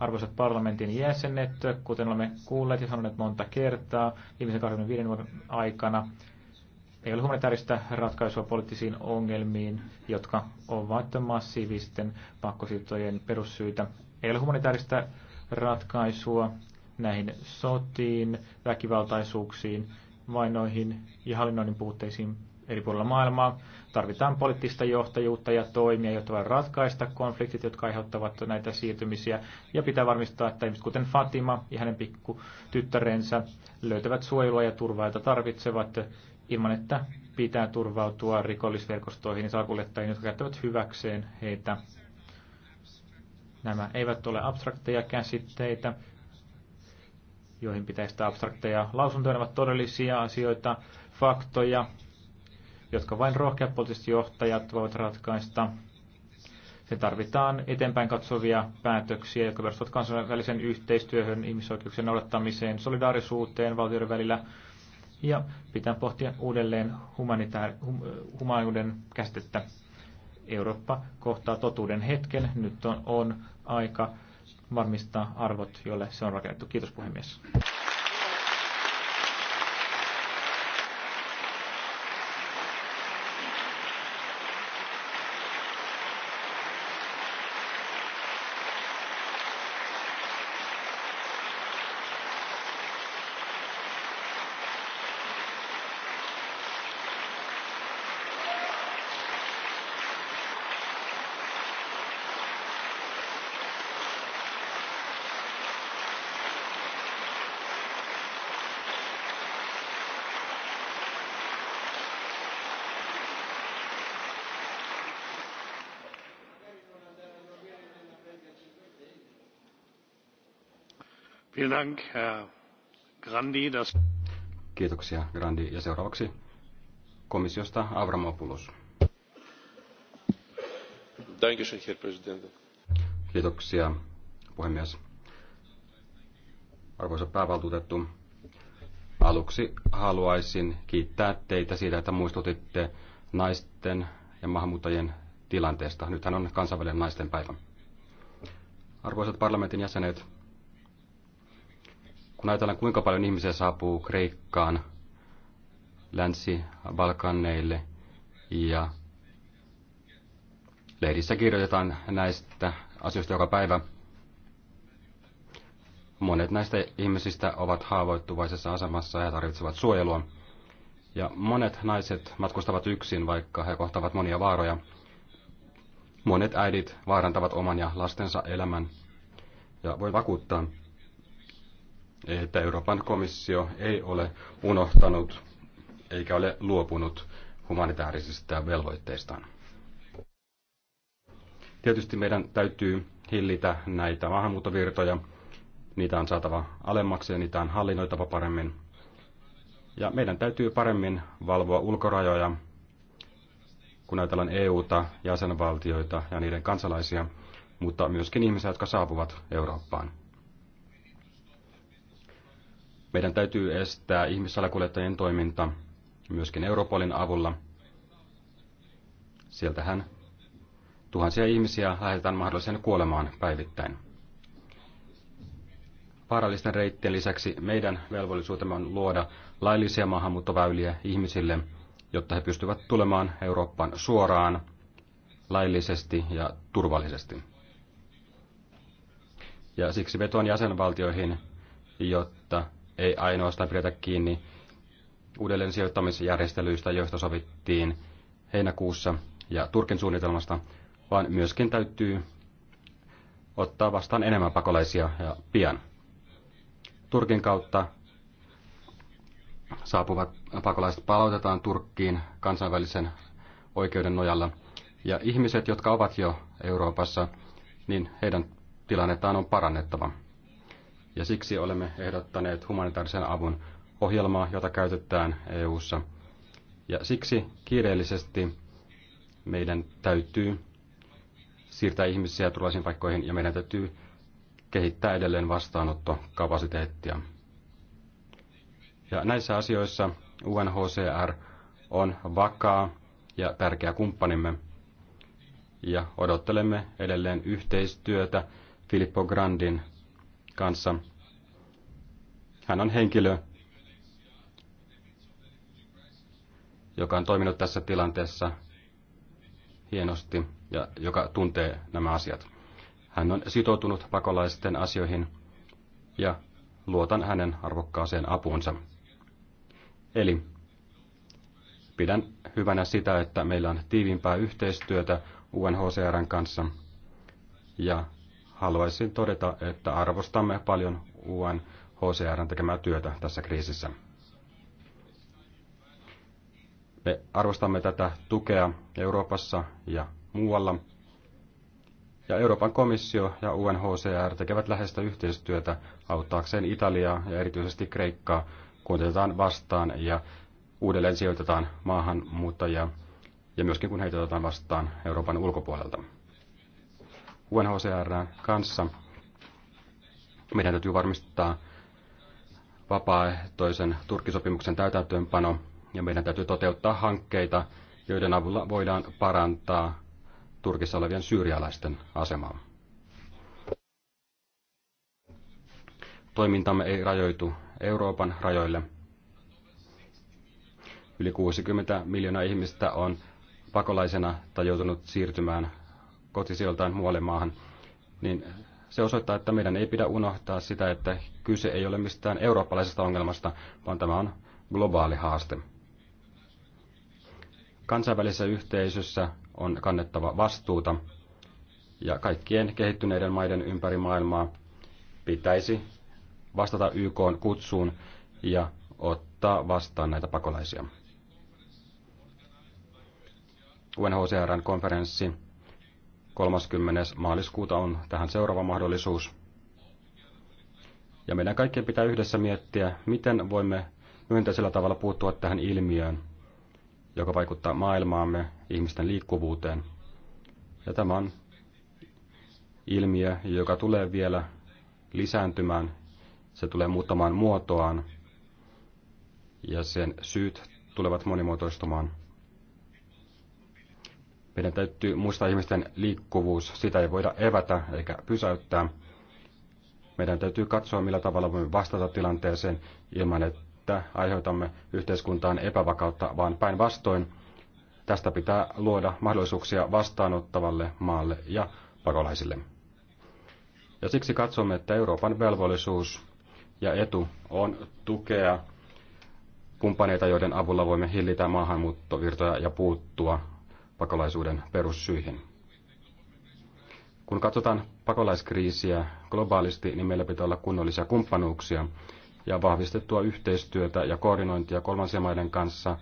Arvoisat parlamentin jäsenet, kuten olemme kuulleet ja sanoneet monta kertaa viimeisen 25 vuoden aikana, ei ole humanitaarista ratkaisua poliittisiin ongelmiin, jotka ovat massiivisten pakkosiirtojen perussyitä. Ei ole humanitaarista ratkaisua näihin sotiin, väkivaltaisuuksiin vainoihin ja hallinnoinnin puutteisiin eri puolilla maailmaa. Tarvitaan poliittista johtajuutta ja toimia, jotta voidaan ratkaista konfliktit, jotka aiheuttavat näitä siirtymisiä. Ja pitää varmistaa, että ihmiset kuten Fatima ja hänen tyttärensä löytävät suojelua ja turvaa, jota tarvitsevat ilman, että pitää turvautua rikollisverkostoihin ja saakuljettajiin, jotka käyttävät hyväkseen heitä. Nämä eivät ole abstrakteja käsitteitä, joihin pitäisi sitä abstrakteja lausuntoja, ovat todellisia asioita, faktoja, jotka vain rohkeat poliittiset johtajat voivat ratkaista. Se tarvitaan eteenpäin katsovia päätöksiä, jotka perustuvat kansainvälisen yhteistyöhön, ihmisoikeuksien noudattamiseen, solidaarisuuteen valtioiden välillä ja pitää pohtia uudelleen humanitaar- hum, humaniuden käsitettä. Eurooppa kohtaa totuuden hetken, nyt on, on aika varmistaa arvot, joille se on rakennettu. Kiitos puhemies. Kiitoksia, Grandi. Ja seuraavaksi komissiosta Avramopoulos. Kiitoksia, puhemies. Arvoisa päävaltuutettu, aluksi haluaisin kiittää teitä siitä, että muistutitte naisten ja maahanmuuttajien tilanteesta. Nythän on kansainvälinen naisten päivä. Arvoisat parlamentin jäsenet, kun ajatellaan kuinka paljon ihmisiä saapuu Kreikkaan, Länsi-Balkanneille ja lehdissä kirjoitetaan näistä asioista joka päivä. Monet näistä ihmisistä ovat haavoittuvaisessa asemassa ja tarvitsevat suojelua. Ja monet naiset matkustavat yksin, vaikka he kohtavat monia vaaroja. Monet äidit vaarantavat oman ja lastensa elämän. Ja voi vakuuttaa, että Euroopan komissio ei ole unohtanut eikä ole luopunut humanitaarisista velvoitteistaan. Tietysti meidän täytyy hillitä näitä maahanmuuttovirtoja. Niitä on saatava alemmaksi ja niitä on hallinnoitava paremmin. Ja meidän täytyy paremmin valvoa ulkorajoja, kun ajatellaan EUta, jäsenvaltioita ja niiden kansalaisia, mutta myöskin ihmisiä, jotka saapuvat Eurooppaan. Meidän täytyy estää ihmissalakuljettajien toiminta myöskin Europolin avulla. Sieltähän tuhansia ihmisiä lähetetään mahdolliseen kuolemaan päivittäin. Vaarallisten reittien lisäksi meidän velvollisuutemme on luoda laillisia maahanmuuttoväyliä ihmisille, jotta he pystyvät tulemaan Eurooppaan suoraan, laillisesti ja turvallisesti. Ja siksi vetoan jäsenvaltioihin, jotta ei ainoastaan pidetä kiinni uudelleen sijoittamisjärjestelyistä, joista sovittiin heinäkuussa ja Turkin suunnitelmasta, vaan myöskin täytyy ottaa vastaan enemmän pakolaisia ja pian. Turkin kautta saapuvat pakolaiset palautetaan Turkkiin kansainvälisen oikeuden nojalla. Ja ihmiset, jotka ovat jo Euroopassa, niin heidän tilannettaan on parannettava ja siksi olemme ehdottaneet humanitaarisen avun ohjelmaa, jota käytetään EU:ssa. Ja siksi kiireellisesti meidän täytyy siirtää ihmisiä turvallisiin paikkoihin ja meidän täytyy kehittää edelleen vastaanottokapasiteettia. Ja näissä asioissa UNHCR on vakaa ja tärkeä kumppanimme ja odottelemme edelleen yhteistyötä Filippo Grandin kanssa. Hän on henkilö, joka on toiminut tässä tilanteessa hienosti ja joka tuntee nämä asiat. Hän on sitoutunut pakolaisten asioihin ja luotan hänen arvokkaaseen apuunsa. Eli pidän hyvänä sitä, että meillä on tiivimpää yhteistyötä UNHCRn kanssa ja haluaisin todeta, että arvostamme paljon UNHCRn tekemää työtä tässä kriisissä. Me arvostamme tätä tukea Euroopassa ja muualla. Ja Euroopan komissio ja UNHCR tekevät läheistä yhteistyötä auttaakseen Italiaa ja erityisesti Kreikkaa, kun otetaan vastaan ja uudelleen sijoitetaan maahanmuuttajia ja myöskin kun heitä otetaan vastaan Euroopan ulkopuolelta. UNHCR kanssa. Meidän täytyy varmistaa vapaaehtoisen turkisopimuksen täytäntöönpano ja meidän täytyy toteuttaa hankkeita, joiden avulla voidaan parantaa Turkissa olevien syyrialaisten asemaa. Toimintamme ei rajoitu Euroopan rajoille. Yli 60 miljoonaa ihmistä on pakolaisena tai joutunut siirtymään kotisijoiltaan muualle maahan, niin se osoittaa, että meidän ei pidä unohtaa sitä, että kyse ei ole mistään eurooppalaisesta ongelmasta, vaan tämä on globaali haaste. Kansainvälisessä yhteisössä on kannettava vastuuta, ja kaikkien kehittyneiden maiden ympäri maailmaa pitäisi vastata YK kutsuun ja ottaa vastaan näitä pakolaisia. UNHCRn konferenssi 30. maaliskuuta on tähän seuraava mahdollisuus. Ja meidän kaikkien pitää yhdessä miettiä, miten voimme myönteisellä tavalla puuttua tähän ilmiöön, joka vaikuttaa maailmaamme, ihmisten liikkuvuuteen. Ja tämä on ilmiö, joka tulee vielä lisääntymään, se tulee muuttamaan muotoaan ja sen syyt tulevat monimuotoistumaan. Meidän täytyy muistaa ihmisten liikkuvuus, sitä ei voida evätä eikä pysäyttää. Meidän täytyy katsoa, millä tavalla voimme vastata tilanteeseen ilman, että aiheutamme yhteiskuntaan epävakautta, vaan päinvastoin tästä pitää luoda mahdollisuuksia vastaanottavalle maalle ja pakolaisille. Ja siksi katsomme, että Euroopan velvollisuus ja etu on tukea kumppaneita, joiden avulla voimme hillitä maahanmuuttovirtoja ja puuttua pakolaisuuden perussyihin. Kun katsotaan pakolaiskriisiä globaalisti, niin meillä pitää olla kunnollisia kumppanuuksia ja vahvistettua yhteistyötä ja koordinointia kolmansien maiden kanssa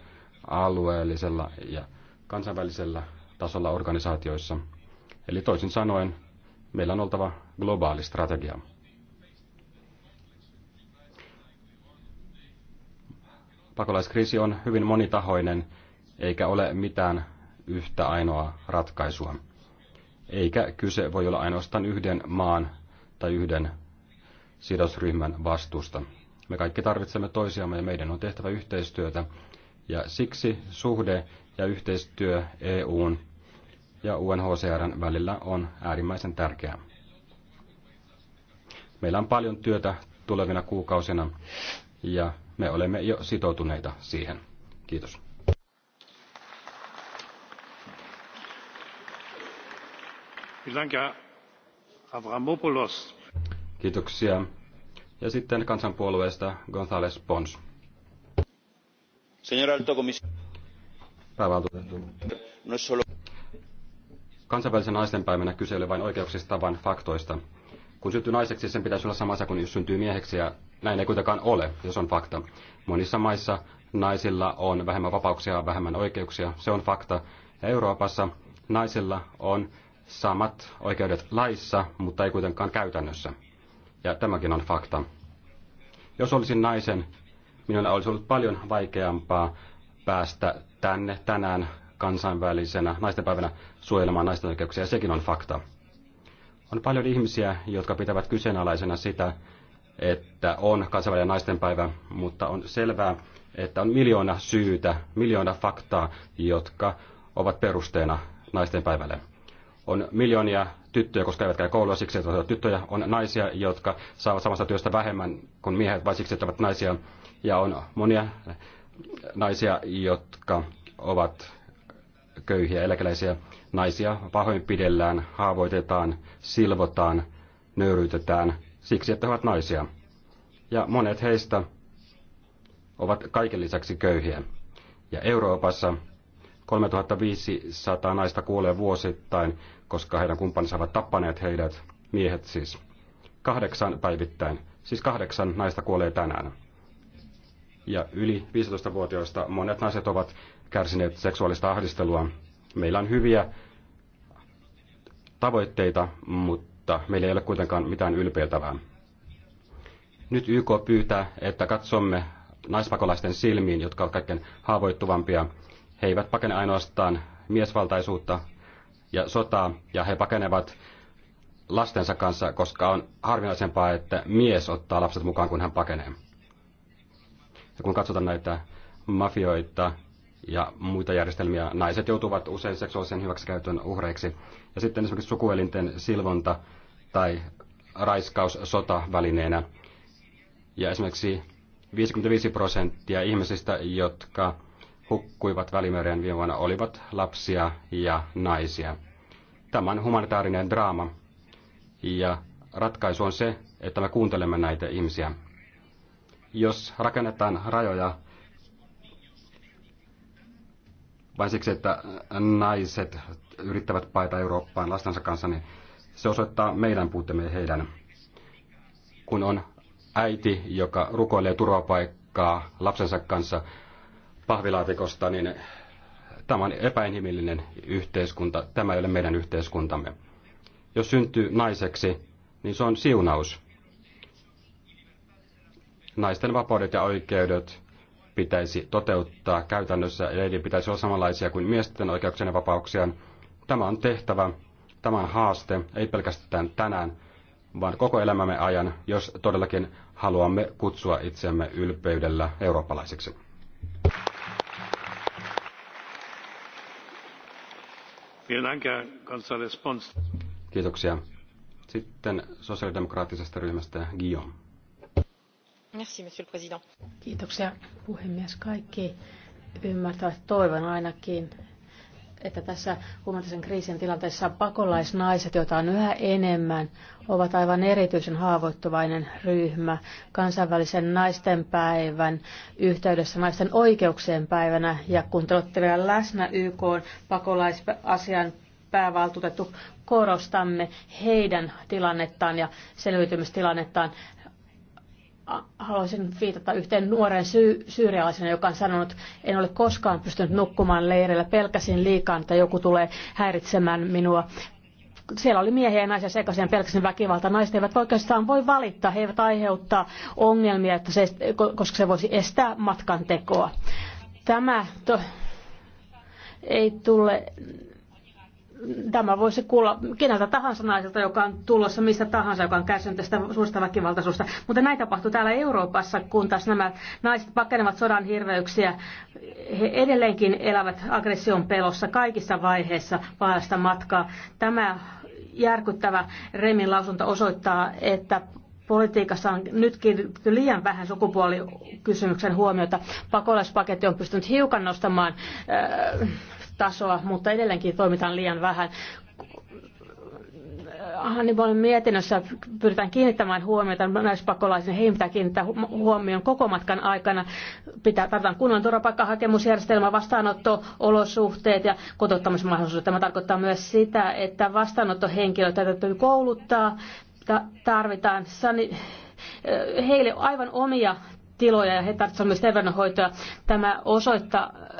alueellisella ja kansainvälisellä tasolla organisaatioissa. Eli toisin sanoen, meillä on oltava globaali strategia. Pakolaiskriisi on hyvin monitahoinen, eikä ole mitään yhtä ainoa ratkaisua. Eikä kyse voi olla ainoastaan yhden maan tai yhden sidosryhmän vastuusta. Me kaikki tarvitsemme toisiamme ja meidän on tehtävä yhteistyötä. Ja siksi suhde ja yhteistyö EUn ja UNHCRn välillä on äärimmäisen tärkeää. Meillä on paljon työtä tulevina kuukausina ja me olemme jo sitoutuneita siihen. Kiitos. Kiitoksia. Ja sitten kansanpuolueesta González Pons. Señor Alto Päävaltuutettu. No Kansainvälisen naistenpäivänä kyse oli vain oikeuksista, vaan faktoista. Kun syntyy naiseksi, sen pitäisi olla samassa kuin jos syntyy mieheksi, ja näin ei kuitenkaan ole, jos on fakta. Monissa maissa naisilla on vähemmän vapauksia, vähemmän oikeuksia, se on fakta. Ja Euroopassa naisilla on samat oikeudet laissa, mutta ei kuitenkaan käytännössä. Ja tämäkin on fakta. Jos olisin naisen, minun olisi ollut paljon vaikeampaa päästä tänne tänään kansainvälisenä naistenpäivänä suojelemaan naisten oikeuksia, ja sekin on fakta. On paljon ihmisiä, jotka pitävät kyseenalaisena sitä, että on kansainvälinen naistenpäivä, mutta on selvää, että on miljoona syytä, miljoona faktaa, jotka ovat perusteena naistenpäivälle on miljoonia tyttöjä, koska eivät käy koulua siksi, että ovat tyttöjä. On naisia, jotka saavat samasta työstä vähemmän kuin miehet, vai siksi, että ovat naisia. Ja on monia naisia, jotka ovat köyhiä eläkeläisiä naisia pahoinpidellään, haavoitetaan, silvotaan, nöyryytetään siksi, että he ovat naisia. Ja monet heistä ovat kaiken lisäksi köyhiä. Ja Euroopassa 3500 naista kuolee vuosittain, koska heidän kumppaninsa ovat tappaneet heidät, miehet siis. Kahdeksan päivittäin. Siis kahdeksan naista kuolee tänään. Ja yli 15-vuotiaista monet naiset ovat kärsineet seksuaalista ahdistelua. Meillä on hyviä tavoitteita, mutta meillä ei ole kuitenkaan mitään ylpeiltävää. Nyt YK pyytää, että katsomme naispakolaisten silmiin, jotka ovat kaikkein haavoittuvampia, he eivät pakene ainoastaan miesvaltaisuutta ja sotaa, ja he pakenevat lastensa kanssa, koska on harvinaisempaa, että mies ottaa lapset mukaan, kun hän pakenee. Ja kun katsotaan näitä mafioita ja muita järjestelmiä, naiset joutuvat usein seksuaalisen hyväksikäytön uhreiksi. Ja sitten esimerkiksi sukuelinten silvonta tai raiskaus sotavälineenä. Ja esimerkiksi 55 prosenttia ihmisistä, jotka hukkuivat Välimeren viivana olivat lapsia ja naisia. Tämä on humanitaarinen draama ja ratkaisu on se, että me kuuntelemme näitä ihmisiä. Jos rakennetaan rajoja vain siksi, että naiset yrittävät paeta Eurooppaan lastensa kanssa, niin se osoittaa meidän puutteemme heidän. Kun on äiti, joka rukoilee turvapaikkaa lapsensa kanssa, pahvilaatikosta, niin tämä on epäinhimillinen yhteiskunta, tämä ei ole meidän yhteiskuntamme. Jos syntyy naiseksi, niin se on siunaus. Naisten vapaudet ja oikeudet pitäisi toteuttaa käytännössä, ja ei pitäisi olla samanlaisia kuin miesten oikeuksien ja vapauksien. Tämä on tehtävä, tämä on haaste, ei pelkästään tänään, vaan koko elämämme ajan, jos todellakin haluamme kutsua itsemme ylpeydellä eurooppalaisiksi. Kiitoksia. Sitten sosiaalidemokraattisesta ryhmästä Guillaume. Merci, monsieur le président. Kiitoksia puhemies. Kaikki ymmärtävät toivon ainakin, että tässä humanitaarisen kriisin tilanteessa pakolaisnaiset, joita on yhä enemmän, ovat aivan erityisen haavoittuvainen ryhmä kansainvälisen naisten päivän yhteydessä naisten oikeuksien päivänä. Ja kun te olette vielä läsnä YK pakolaisasian päävaltuutettu, korostamme heidän tilannettaan ja selviytymistilannettaan haluaisin viitata yhteen nuoreen sy- syyrialaisen, joka on sanonut, en ole koskaan pystynyt nukkumaan leireillä, pelkäsin liikaa, että joku tulee häiritsemään minua. Siellä oli miehiä ja naisia sekaisin pelkäsin väkivalta. Naiset eivät oikeastaan voi valittaa, he eivät aiheuttaa ongelmia, että se, koska se voisi estää matkan tekoa. Tämä to, ei tule tämä voisi kuulla keneltä tahansa naiselta, joka on tulossa mistä tahansa, joka on kärsinyt tästä suurista väkivaltaisuudesta. Mutta näin tapahtuu täällä Euroopassa, kun taas nämä naiset pakenevat sodan hirveyksiä. He edelleenkin elävät aggression pelossa kaikissa vaiheissa vaarasta matkaa. Tämä järkyttävä Remin lausunto osoittaa, että politiikassa on nyt kiinnitetty liian vähän sukupuolikysymyksen huomiota. Pakolaispaketti on pystynyt hiukan nostamaan äh, tasoa, mutta edelleenkin toimitaan liian vähän. Hannibalin mietinnössä pyritään kiinnittämään huomiota naispakolaisen Heihin pitää kiinnittää huomioon koko matkan aikana. Pitää tarvitaan kunnon turvapaikkahakemusjärjestelmä, vastaanotto-olosuhteet ja kotouttamismahdollisuudet. Tämä tarkoittaa myös sitä, että vastaanottohenkilöitä täytyy kouluttaa. Tarvitaan eh, heille aivan omia tiloja ja he tarvitsevat myös terveydenhoitoa. Tämä osoittaa äh,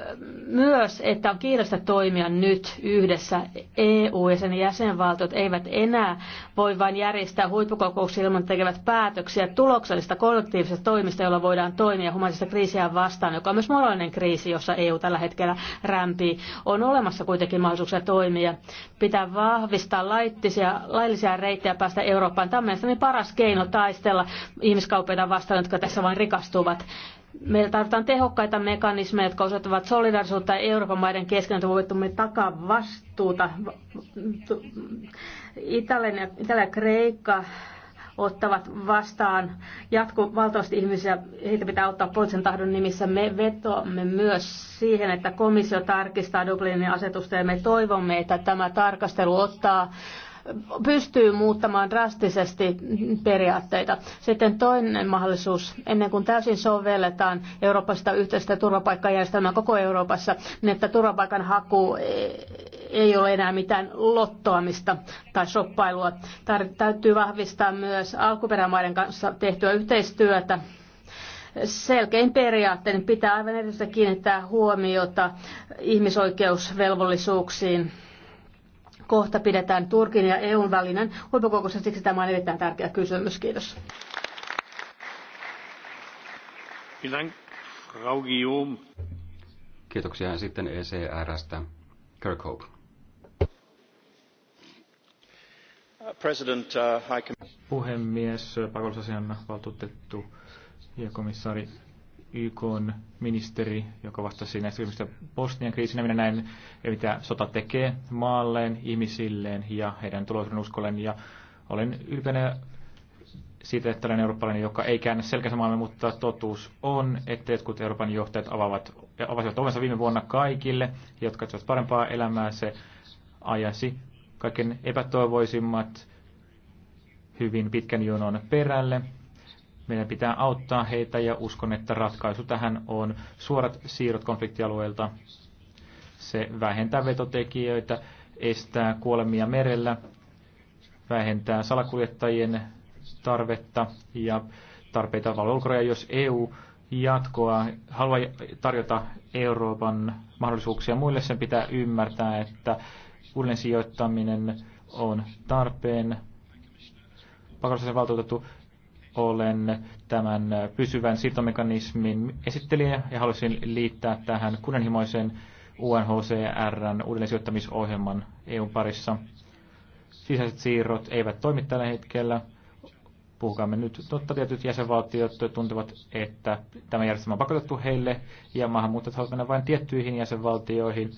myös, että on kiireistä toimia nyt yhdessä. EU ja sen jäsenvaltiot eivät enää voi vain järjestää huippukokouksia ilman tekevät päätöksiä tuloksellista kollektiivisesta toimista, jolla voidaan toimia humanitaarista kriisiä vastaan, joka on myös moraalinen kriisi, jossa EU tällä hetkellä rämpii. On olemassa kuitenkin mahdollisuuksia toimia. Pitää vahvistaa laittisia, laillisia reittejä päästä Eurooppaan. Tämä on mielestäni paras keino taistella ihmiskaupeita vastaan, jotka tässä vain rikastuvat rikastuvat. Meillä tarvitaan tehokkaita mekanismeja, jotka osoittavat solidarisuutta Euroopan maiden kesken, että voimme takaa vastuuta. Italian ja, Italian ja Kreikka ottavat vastaan jatku valtavasti ihmisiä, heitä pitää auttaa poliittisen tahdon nimissä. Me vetoamme myös siihen, että komissio tarkistaa Dublinin asetusta ja me toivomme, että tämä tarkastelu ottaa pystyy muuttamaan drastisesti periaatteita. Sitten toinen mahdollisuus, ennen kuin täysin sovelletaan Euroopasta yhteistä turvapaikkajärjestelmää koko Euroopassa, niin että turvapaikan haku e- ei ole enää mitään lottoamista tai shoppailua. Tar- täytyy vahvistaa myös alkuperämaiden kanssa tehtyä yhteistyötä selkein periaatteen pitää aivan erityisesti kiinnittää huomiota ihmisoikeusvelvollisuuksiin kohta pidetään Turkin ja EUn välinen huippukokous, siksi tämä on erittäin tärkeä kysymys. Kiitos. Kiitoksia. Sitten ECRstä Kirkhope. Uh, Puhemies, pakollisasian valtuutettu ja komissaari YK ministeri, joka vastasi näistä kysymyksistä Bosnian kriisinä. Minä näin, mitä sota tekee maalleen, ihmisilleen ja heidän tulosuuden uskolleen. Ja olen ylpeänä siitä, että olen eurooppalainen, joka ei käännä selkänsä maailman, mutta totuus on, että jotkut Euroopan johtajat avaavat, avasivat ovensa viime vuonna kaikille, jotka katsovat parempaa elämää. Se ajasi kaiken epätoivoisimmat hyvin pitkän jonon perälle meidän pitää auttaa heitä ja uskon, että ratkaisu tähän on suorat siirrot konfliktialueelta. Se vähentää vetotekijöitä, estää kuolemia merellä, vähentää salakuljettajien tarvetta ja tarpeita valvoa jos EU jatkoa, haluaa tarjota Euroopan mahdollisuuksia muille, sen pitää ymmärtää, että uuden sijoittaminen on tarpeen. Pakolaisen valtuutettu olen tämän pysyvän siirtomekanismin esittelijä ja haluaisin liittää tähän kunnianhimoisen UNHCRn uudelleensijoittamisohjelman EUn parissa. Sisäiset siirrot eivät toimi tällä hetkellä. Puhukaamme nyt totta, tietyt jäsenvaltiot tuntuvat, että tämä järjestelmä on pakotettu heille ja maahanmuuttajat haluavat mennä vain tiettyihin jäsenvaltioihin.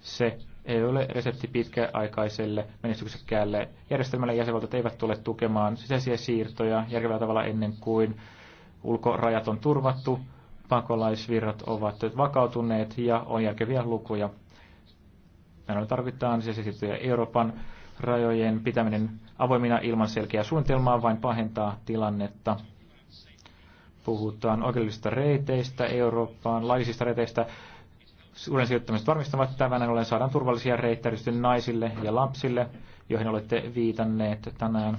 Se EUlle resepti pitkäaikaiselle menestyksekkäälle järjestelmälle jäsenvaltiot eivät tule tukemaan sisäisiä siirtoja järkevällä tavalla ennen kuin ulkorajat on turvattu, pakolaisvirrat ovat vakautuneet ja on järkeviä lukuja. on tarvitaan sisäisiä siirtoja Euroopan rajojen pitäminen avoimina ilman selkeää suunnitelmaa vain pahentaa tilannetta. Puhutaan oikeudellisista reiteistä Eurooppaan, laillisista reiteistä Uuden sijoittamiset varmistavat tämän ollen saadaan turvallisia reittejä naisille ja lapsille, joihin olette viitanneet tänään.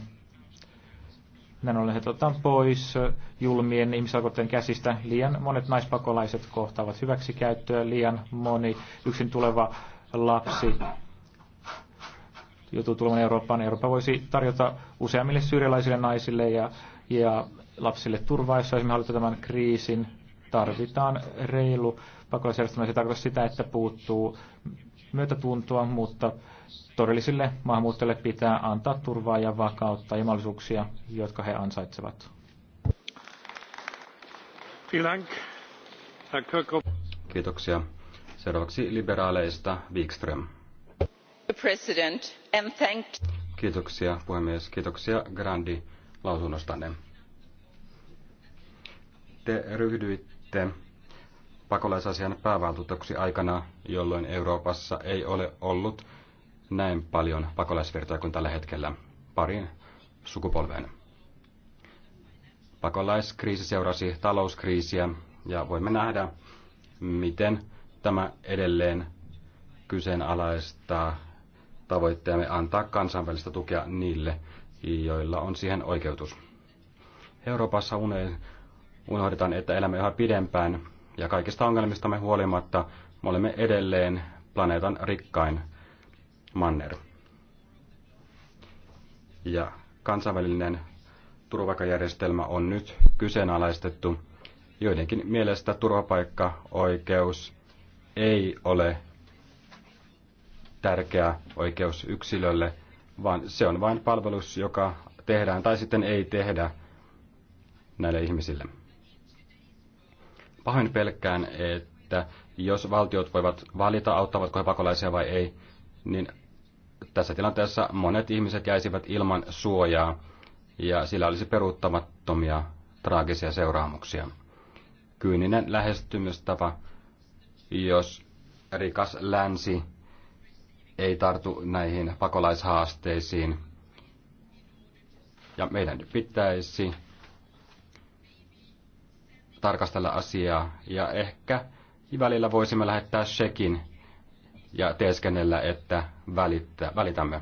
Näin ollen otetaan pois julmien ihmisarvoitteen käsistä. Liian monet naispakolaiset kohtaavat hyväksikäyttöä, liian moni yksin tuleva lapsi joutuu tulemaan Eurooppaan. Eurooppa voisi tarjota useammille syyrialaisille naisille ja, ja lapsille turvaa, jos esimerkiksi tämän kriisin tarvitaan reilu pakolaisjärjestelmä. Se tarkoittaa sitä, että puuttuu myötätuntoa, mutta todellisille maahanmuuttajille pitää antaa turvaa ja vakautta ja mahdollisuuksia, jotka he ansaitsevat. Kiitoksia. Seuraavaksi liberaaleista Wikström. Kiitoksia puhemies. Kiitoksia Grandi lausunnostanne. Te ryhdyitte sitten pakolaisasian päävaltuutoksi aikana, jolloin Euroopassa ei ole ollut näin paljon pakolaisvirtoja kuin tällä hetkellä parin sukupolven. Pakolaiskriisi seurasi talouskriisiä ja voimme nähdä, miten tämä edelleen kyseenalaistaa tavoitteemme antaa kansainvälistä tukea niille, joilla on siihen oikeutus. Euroopassa unen unohdetaan, että elämme yhä pidempään ja kaikista ongelmistamme huolimatta me olemme edelleen planeetan rikkain manner. Ja kansainvälinen turvapaikkajärjestelmä on nyt kyseenalaistettu. Joidenkin mielestä turvapaikkaoikeus ei ole tärkeä oikeus yksilölle, vaan se on vain palvelus, joka tehdään tai sitten ei tehdä näille ihmisille. Pahoin pelkään, että jos valtiot voivat valita, auttavatko he pakolaisia vai ei, niin tässä tilanteessa monet ihmiset jäisivät ilman suojaa ja sillä olisi peruuttamattomia traagisia seuraamuksia. Kyyninen lähestymistapa, jos rikas länsi ei tartu näihin pakolaishaasteisiin. Ja meidän pitäisi tarkastella asiaa ja ehkä välillä voisimme lähettää shekin ja teeskennellä, että välittä, välitämme.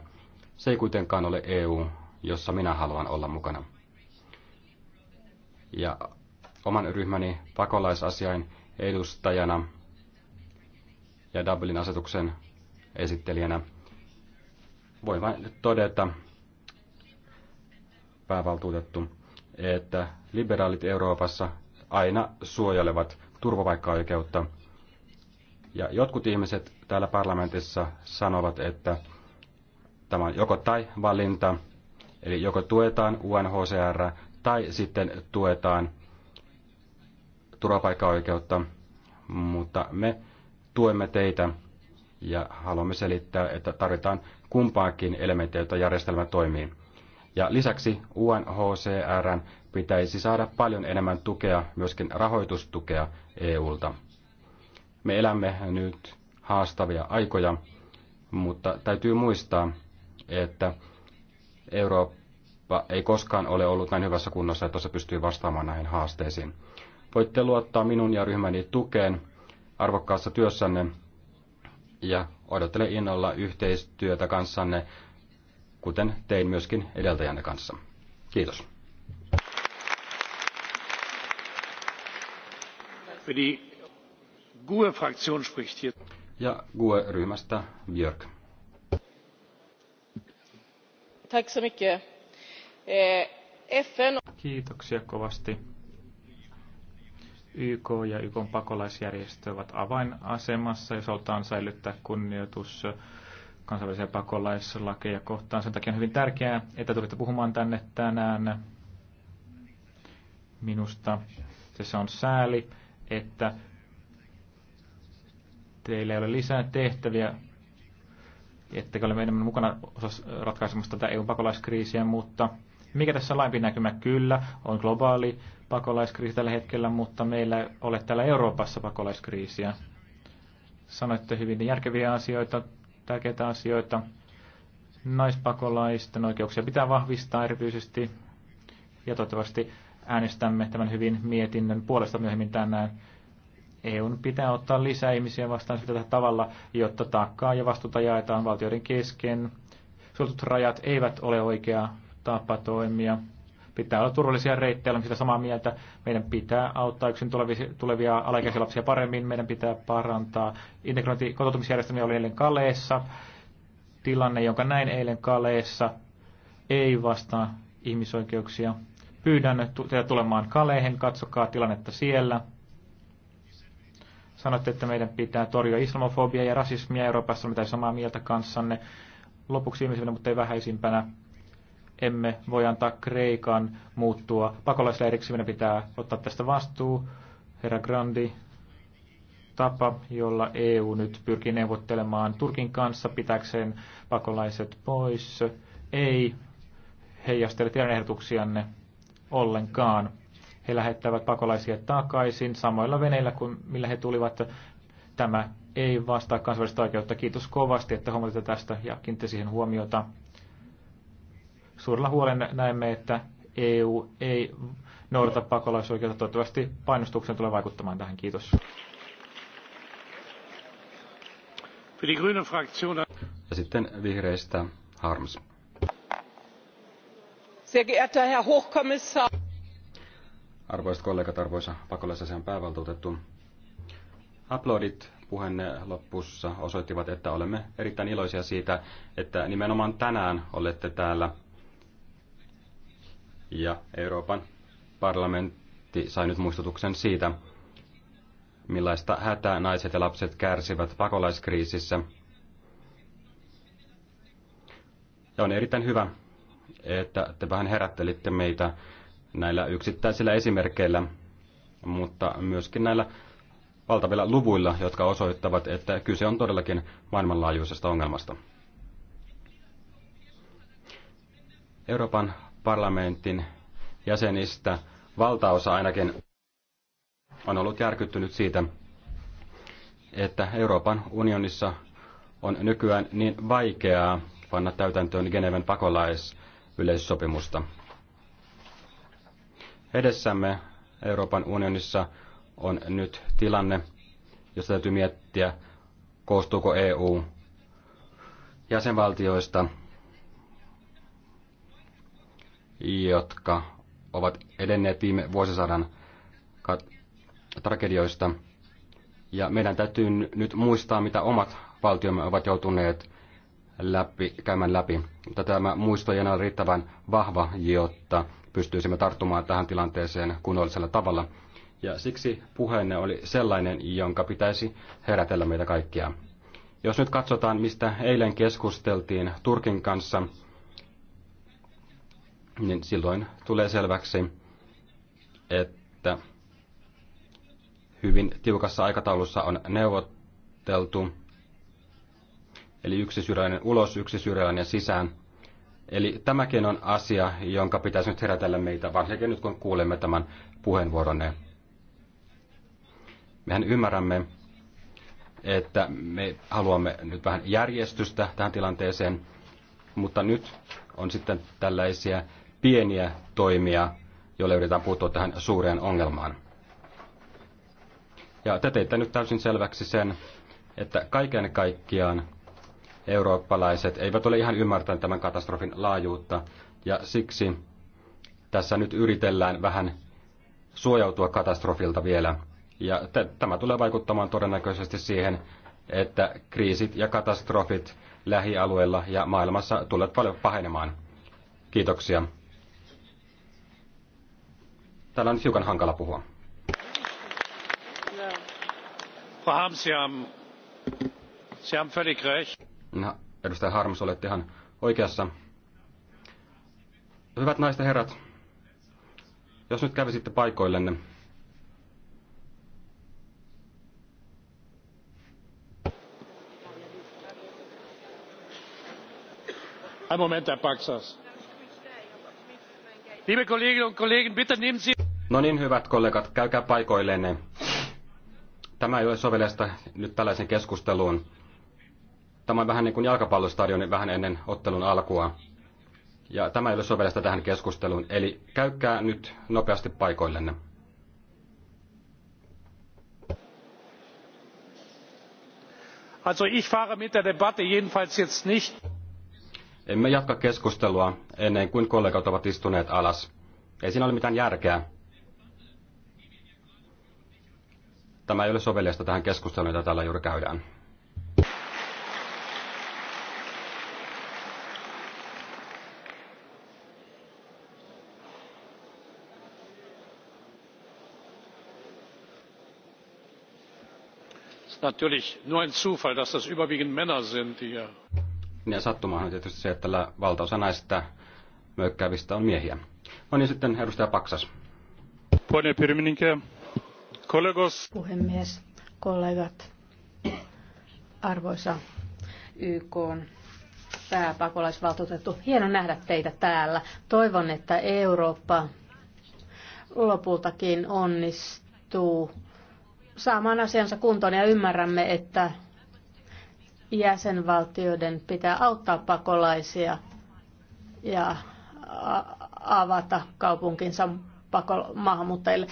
Se ei kuitenkaan ole EU, jossa minä haluan olla mukana. Ja oman ryhmäni pakolaisasiain edustajana ja Dublin asetuksen esittelijänä voin vain todeta, päävaltuutettu, että liberaalit Euroopassa aina suojelevat turvapaikkaoikeutta. Ja jotkut ihmiset täällä parlamentissa sanovat, että tämä on joko tai valinta, eli joko tuetaan UNHCR tai sitten tuetaan turvapaikkaoikeutta, mutta me tuemme teitä ja haluamme selittää, että tarvitaan kumpaakin elementtiä, jotta järjestelmä toimii. Ja lisäksi UNHCRn pitäisi saada paljon enemmän tukea, myöskin rahoitustukea EUlta. Me elämme nyt haastavia aikoja, mutta täytyy muistaa, että Eurooppa ei koskaan ole ollut näin hyvässä kunnossa, että se pystyy vastaamaan näihin haasteisiin. Voitte luottaa minun ja ryhmäni tukeen arvokkaassa työssänne ja odottele innolla yhteistyötä kanssanne, kuten tein myöskin edeltäjänne kanssa. Kiitos. Eh, Kiitoksia kovasti. YK ja YK pakolaisjärjestö ovat avainasemassa, jos halutaan säilyttää kunnioitus kansainvälisiä pakolaislakeja kohtaan. Sen takia on hyvin tärkeää, että tulitte puhumaan tänne tänään minusta. Se on sääli, että teillä ei ole lisää tehtäviä, että ole enemmän mukana ratkaisemassa tätä EU-pakolaiskriisiä, mutta mikä tässä on laimpi näkymä? Kyllä, on globaali pakolaiskriisi tällä hetkellä, mutta meillä ei ole täällä Euroopassa pakolaiskriisiä. Sanoitte hyvin järkeviä asioita, tärkeitä asioita. Naispakolaisten oikeuksia pitää vahvistaa erityisesti ja toivottavasti äänestämme tämän hyvin mietinnön puolesta myöhemmin tänään. EUn pitää ottaa lisää ihmisiä vastaan sillä tavalla, jotta taakkaa ja vastuuta jaetaan valtioiden kesken. Suotut rajat eivät ole oikea tapa toimia. Pitää olla turvallisia reittejä, olemme sitä samaa mieltä. Meidän pitää auttaa yksin tulevia, tulevia alaikäisiä lapsia paremmin. Meidän pitää parantaa integrointi kotoutumisjärjestelmä oli eilen Kaleessa. Tilanne, jonka näin eilen Kaleessa, ei vastaa ihmisoikeuksia. Pyydän teitä tulemaan Kaleihin, katsokaa tilannetta siellä. Sanoitte, että meidän pitää torjua islamofobia ja rasismia Euroopassa, mitä samaa mieltä kanssanne. Lopuksi viimeisenä, mutta ei vähäisimpänä, emme voi antaa Kreikan muuttua pakolaisleiriksi. Meidän pitää ottaa tästä vastuu. Herra Grandi, tapa, jolla EU nyt pyrkii neuvottelemaan Turkin kanssa pitääkseen pakolaiset pois, ei heijastele teidän ehdotuksianne ollenkaan. He lähettävät pakolaisia takaisin samoilla veneillä kuin millä he tulivat. Tämä ei vastaa kansainvälistä oikeutta. Kiitos kovasti, että huomasitte tästä ja kiinnitte siihen huomiota. Suurella huolen näemme, että EU ei noudata pakolaisoikeutta. Toivottavasti painostuksen tulee vaikuttamaan tähän. Kiitos. Ja sitten vihreistä Harms. Sehr geehrter Herr Hochkommissar. Arvoisat kollegat, arvoisa pakolaisasian päävaltuutettu. Aplodit puheenne lopussa osoittivat, että olemme erittäin iloisia siitä, että nimenomaan tänään olette täällä ja Euroopan parlamentti sai nyt muistutuksen siitä, millaista hätää naiset ja lapset kärsivät pakolaiskriisissä. Ja on erittäin hyvä, että te vähän herättelitte meitä näillä yksittäisillä esimerkkeillä, mutta myöskin näillä valtavilla luvuilla, jotka osoittavat, että kyse on todellakin maailmanlaajuisesta ongelmasta. Euroopan parlamentin jäsenistä valtaosa ainakin on ollut järkyttynyt siitä, että Euroopan unionissa on nykyään niin vaikeaa panna täytäntöön Geneven pakolais- yleissopimusta. Edessämme Euroopan unionissa on nyt tilanne, jossa täytyy miettiä, koostuuko EU jäsenvaltioista, jotka ovat edenneet viime vuosisadan tragedioista. Ja meidän täytyy nyt muistaa, mitä omat valtiomme ovat joutuneet läpi, käymään läpi. Mutta tämä muisto ei enää ole riittävän vahva, jotta pystyisimme tarttumaan tähän tilanteeseen kunnollisella tavalla. Ja siksi puheenne oli sellainen, jonka pitäisi herätellä meitä kaikkia. Jos nyt katsotaan, mistä eilen keskusteltiin Turkin kanssa, niin silloin tulee selväksi, että hyvin tiukassa aikataulussa on neuvoteltu Eli yksi syyrialainen ulos, yksi syyrialainen sisään. Eli tämäkin on asia, jonka pitäisi nyt herätellä meitä, varsinkin nyt kun kuulemme tämän puheenvuoronne. Mehän ymmärrämme, että me haluamme nyt vähän järjestystä tähän tilanteeseen, mutta nyt on sitten tällaisia pieniä toimia, joilla yritetään puuttua tähän suureen ongelmaan. Ja te teitte nyt täysin selväksi sen, että kaiken kaikkiaan eurooppalaiset eivät ole ihan ymmärtäneet tämän katastrofin laajuutta, ja siksi tässä nyt yritellään vähän suojautua katastrofilta vielä. Ja tämä tulee vaikuttamaan todennäköisesti siihen, että kriisit ja katastrofit lähialueilla ja maailmassa tulevat paljon pahenemaan. Kiitoksia. Täällä on hiukan hankala puhua. Frau Harms, Sie haben völlig recht. No, edustaja Harms, olette ihan oikeassa. Hyvät naiset ja herrat, jos nyt kävisitte paikoillenne, Ein Moment, Herr Paxas. Liebe Kolleginnen und Kollegen, bitte nehmen Sie... No niin, hyvät kollegat, käykää paikoilleen. Tämä ei ole sovellesta nyt tällaisen keskusteluun. Tämä on vähän niin kuin jalkapallostadion vähän ennen ottelun alkua. Ja tämä ei ole sovellusta tähän keskusteluun, eli käykää nyt nopeasti paikoillenne. Also ich fahre mit der Debatte jedenfalls jetzt nicht. Emme jatka keskustelua ennen kuin kollegat ovat istuneet alas. Ei siinä ole mitään järkeä. Tämä ei ole sovellusta tähän keskusteluun, jota täällä juuri käydään. natürlich nur ein zufall dass das überwiegend männer sind die hier. ja sattumahan on tietysti se että valtaosa näistä möykkäävistä on miehiä. No niin sitten edustaja Paksas. Puhemies, kollegat, arvoisa YK on pääpakolaisvaltuutettu. Hieno nähdä teitä täällä. Toivon, että Eurooppa lopultakin onnistuu saamaan asiansa kuntoon ja ymmärrämme, että jäsenvaltioiden pitää auttaa pakolaisia ja avata kaupunkinsa pakol- maahanmuuttajille.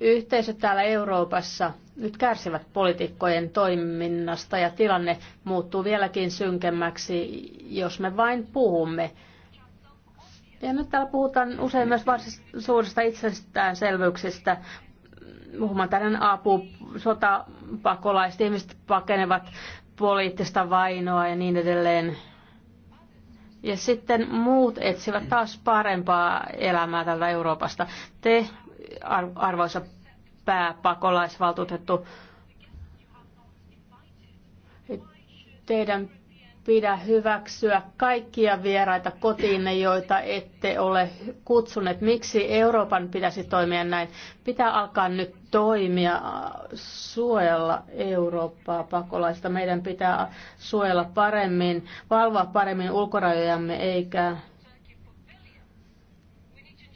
Yhteisöt täällä Euroopassa nyt kärsivät poliitikkojen toiminnasta ja tilanne muuttuu vieläkin synkemmäksi, jos me vain puhumme. Ja nyt täällä puhutaan usein myös varsin suurista itsestäänselvyyksistä, humanitaarinen apu, sotapakolaiset, ihmiset pakenevat poliittista vainoa ja niin edelleen. Ja sitten muut etsivät taas parempaa elämää tältä Euroopasta. Te, arvoisa pääpakolaisvaltuutettu, teidän pidä hyväksyä kaikkia vieraita kotiinne, joita ette ole kutsuneet. Miksi Euroopan pitäisi toimia näin? Pitää alkaa nyt toimia, äh, suojella Eurooppaa pakolaista. Meidän pitää suojella paremmin, valvoa paremmin ulkorajojamme eikä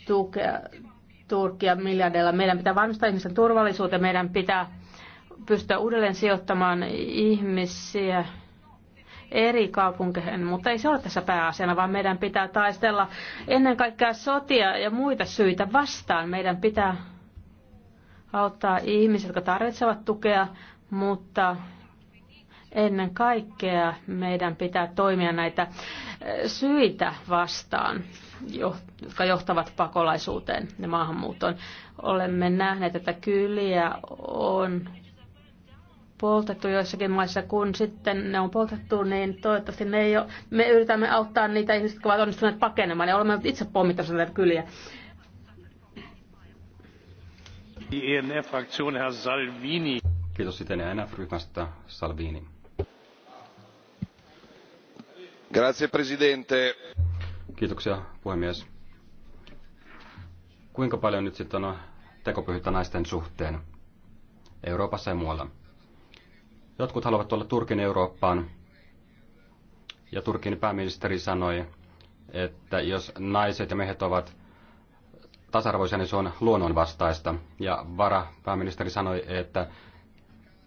tukea Turkia miljardeilla. Meidän pitää varmistaa ihmisten turvallisuuteen, meidän pitää pystyä uudelleen sijoittamaan ihmisiä eri kaupunkeihin, mutta ei se ole tässä pääasiana, vaan meidän pitää taistella ennen kaikkea sotia ja muita syitä vastaan. Meidän pitää auttaa ihmisiä, jotka tarvitsevat tukea, mutta ennen kaikkea meidän pitää toimia näitä syitä vastaan, jotka johtavat pakolaisuuteen ja maahanmuuttoon. Olemme nähneet, että kyliä on poltettu joissakin maissa. Kun sitten ne on poltettu, niin toivottavasti ne ei ole, me yritämme auttaa niitä ihmisiä, jotka ovat onnistuneet pakenemaan. Ja olemme itse pommittaneet näitä kyliä. E Salvini. Kiitos sitten ENF-ryhmästä Salvini. Grazie presidente. Kiitoksia puhemies. Kuinka paljon nyt sitten on tekopyhyyttä naisten suhteen? Euroopassa ja muualla. Jotkut haluavat tulla Turkin Eurooppaan. Ja Turkin pääministeri sanoi, että jos naiset ja miehet ovat tasa-arvoisia, niin se on luonnonvastaista. Ja vara pääministeri sanoi, että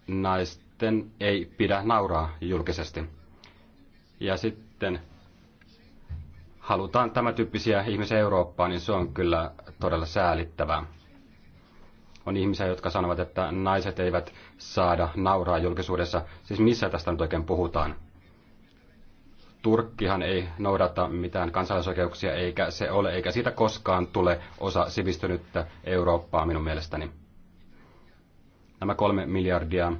naisten ei pidä nauraa julkisesti. Ja sitten halutaan tämä tyyppisiä ihmisiä Eurooppaan, niin se on kyllä todella säälittävää. On ihmisiä, jotka sanovat, että naiset eivät saada nauraa julkisuudessa. Siis missä tästä nyt oikein puhutaan? Turkkihan ei noudata mitään kansalaisoikeuksia, eikä se ole, eikä siitä koskaan tule osa sivistynyttä Eurooppaa minun mielestäni. Nämä kolme miljardia,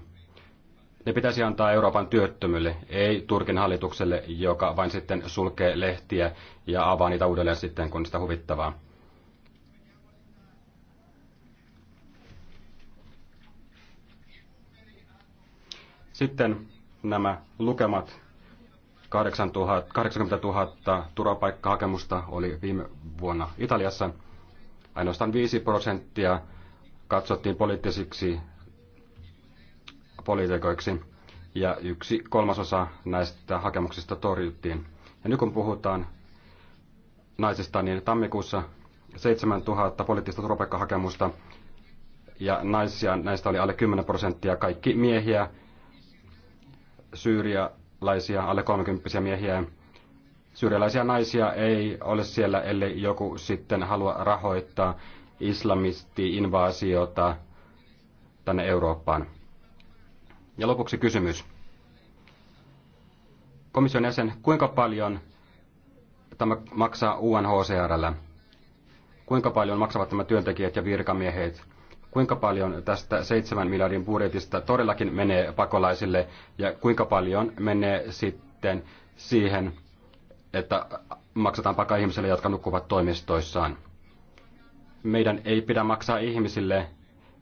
ne pitäisi antaa Euroopan työttömylle, ei Turkin hallitukselle, joka vain sitten sulkee lehtiä ja avaa niitä uudelleen sitten, kun sitä huvittavaa. Sitten nämä lukemat 80 000 turvapaikkahakemusta oli viime vuonna Italiassa. Ainoastaan 5 prosenttia katsottiin poliittisiksi poliitikoiksi ja yksi kolmasosa näistä hakemuksista torjuttiin. Ja nyt kun puhutaan naisista, niin tammikuussa 000 poliittista turvapaikkahakemusta ja naisia näistä oli alle 10 prosenttia, kaikki miehiä syyrialaisia alle 30 miehiä. Syyrialaisia naisia ei ole siellä, ellei joku sitten halua rahoittaa islamisti-invaasiota tänne Eurooppaan. Ja lopuksi kysymys. Komission jäsen, kuinka paljon tämä maksaa UNHCRllä? Kuinka paljon maksavat nämä työntekijät ja virkamiehet? kuinka paljon tästä 7 miljardin budjetista todellakin menee pakolaisille ja kuinka paljon menee sitten siihen, että maksataan paka ihmisille, jotka nukkuvat toimistoissaan. Meidän ei pidä maksaa ihmisille,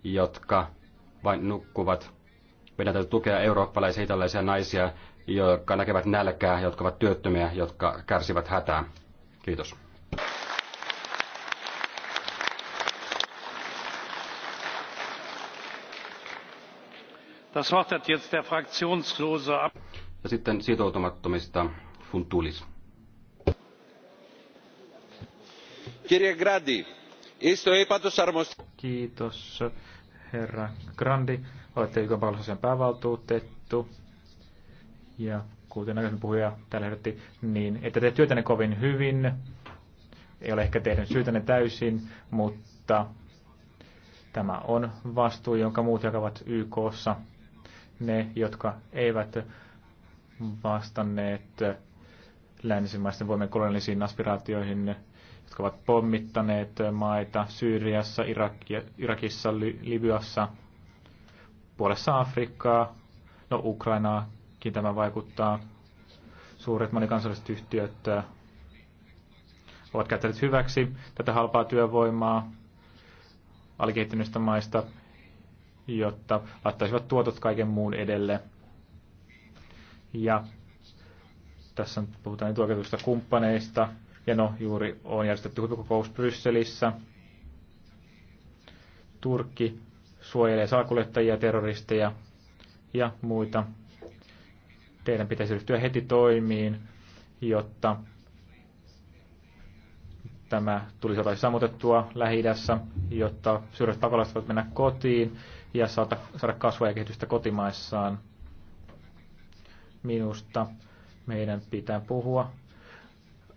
jotka vain nukkuvat. Meidän täytyy tukea eurooppalaisia italaisia naisia, jotka näkevät nälkää, jotka ovat työttömiä, jotka kärsivät hätää. Kiitos. Das Wort hat jetzt der fraktionslose Ja sitten sitoutumattomista Funtulis. Grandi, isto Kiitos, herra Grandi. Olette YKn palvelusasian päävaltuutettu. Ja kuten aikaisemmin puhuja täällä ehdotti, niin että te työtänne kovin hyvin. Ei ole ehkä tehnyt syytänne täysin, mutta tämä on vastuu, jonka muut jakavat YKssa ne, jotka eivät vastanneet länsimaisten voimien kolonialisiin aspiraatioihin, jotka ovat pommittaneet maita Syyriassa, Irakia, Irakissa, Libyassa, puolessa Afrikkaa, no Ukrainaakin tämä vaikuttaa. Suuret monikansalliset yhtiöt äh, ovat käyttäneet hyväksi tätä halpaa työvoimaa alikehittyneistä maista jotta laittaisivat tuotot kaiken muun edelle. Ja tässä on puhutaan tuoketuista kumppaneista. Ja no, juuri on järjestetty huippukokous Brysselissä. Turkki suojelee salakuljettajia, terroristeja ja muita. Teidän pitäisi ryhtyä heti toimiin, jotta tämä tulisi saataisiin sammutettua lähi jotta syrjät pakolaiset voivat mennä kotiin ja saada, saada kasvua ja kehitystä kotimaissaan. Minusta meidän pitää puhua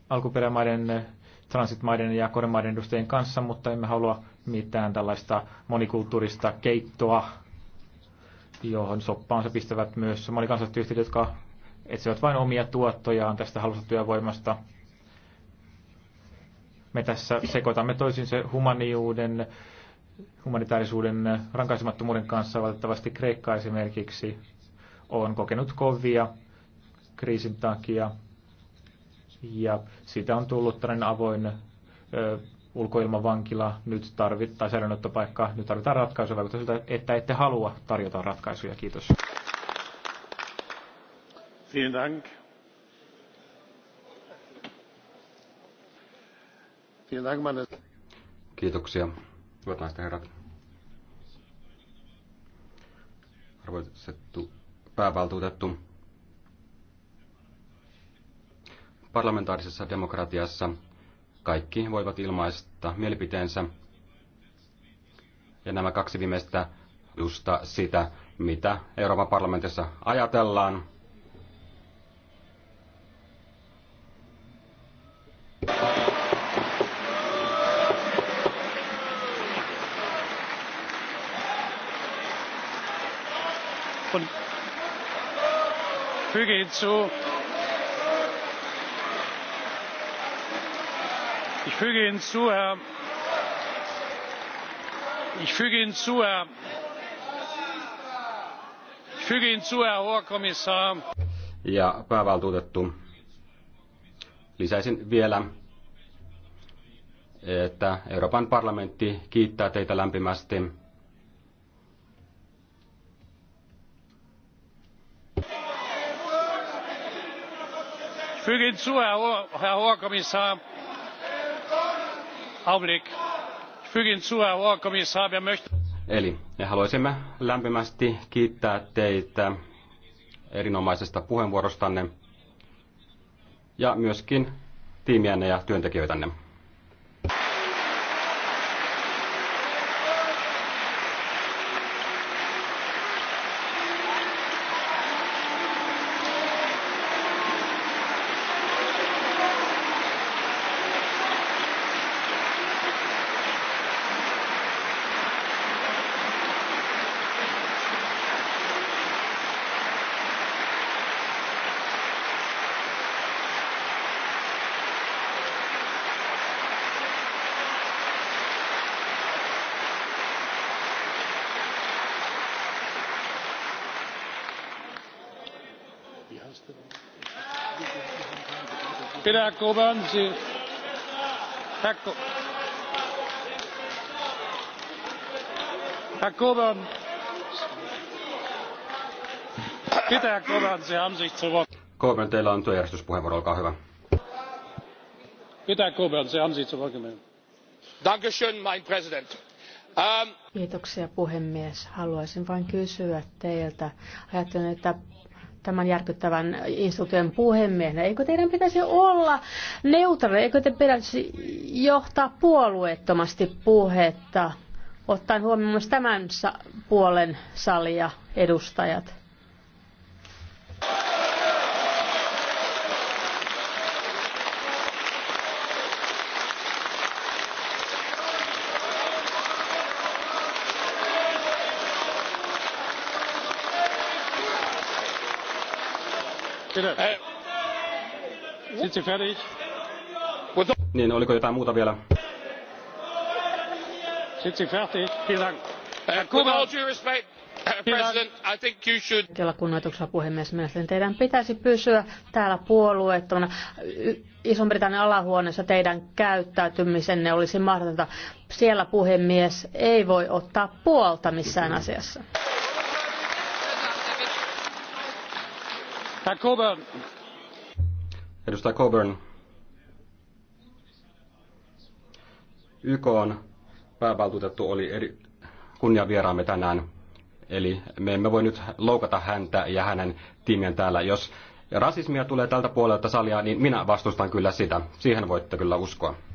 alkuperämaiden, transitmaiden ja kodemaiden edustajien kanssa, mutta emme halua mitään tällaista monikulttuurista keittoa, johon soppaansa pistävät myös monikansalliset yhtiöt, jotka etsivät vain omia tuottojaan tästä halusta työvoimasta. Me tässä sekoitamme se humaniuden humanitaarisuuden äh, rankaisemattomuuden kanssa. Valitettavasti Kreikka esimerkiksi on kokenut kovia kriisin takia ja siitä on tullut tällainen avoin äh, ulkoilmavankila, nyt tarvittaa säilönottopaikka, nyt tarvitaan ratkaisuja, vaikuttaa siltä, että ette halua tarjota ratkaisuja. Kiitos. Vielen Dank. Vielen Dank, Kiitoksia. Hyvät naiset ja herrat. Arvoisettu päävaltuutettu. Parlamentaarisessa demokratiassa kaikki voivat ilmaista mielipiteensä. Ja nämä kaksi viimeistä just sitä, mitä Euroopan parlamentissa ajatellaan füge hinzu herr hoher kommissar ja päävaltuutettu lisäisin vielä että euroopan parlamentti kiittää teitä lämpimästi füge hinzu herr hoher kommissar augenblick ich füge hinzu herr hoher kommissar wir möchten Eli me haluaisimme lämpimästi kiittää teitä erinomaisesta puheenvuorostanne ja myöskin tiimiänne ja työntekijöitänne. herr coburn sie haben sich zu wort. coburn teillä on työjärjestyspuheenvuoro olkaa hyvä. Peter Coburn, Sie haben sich zu Wort gemeldet. Kiitoksia puhemies. Haluaisin vain kysyä teiltä. Ajattelen, että tämän järkyttävän instituution puhemiehenä. Eikö teidän pitäisi olla neutraali? Eikö te pitäisi johtaa puolueettomasti puhetta, ottaen huomioon myös tämän puolen salia edustajat? Äh, niin, oliko jotain muuta vielä? Kyllä äh, kunnioituksella puhemies, mielestäni teidän pitäisi pysyä täällä puolueettomana. Iso-Britannian alahuoneessa teidän käyttäytymisenne olisi mahdotonta. Siellä puhemies ei voi ottaa puolta missään asiassa. Herr Coburn. Edustaja Coburn. YK on päävaltuutettu oli eri kunniavieraamme tänään. Eli me emme voi nyt loukata häntä ja hänen tiimien täällä. Jos rasismia tulee tältä puolelta salia, niin minä vastustan kyllä sitä. Siihen voitte kyllä uskoa.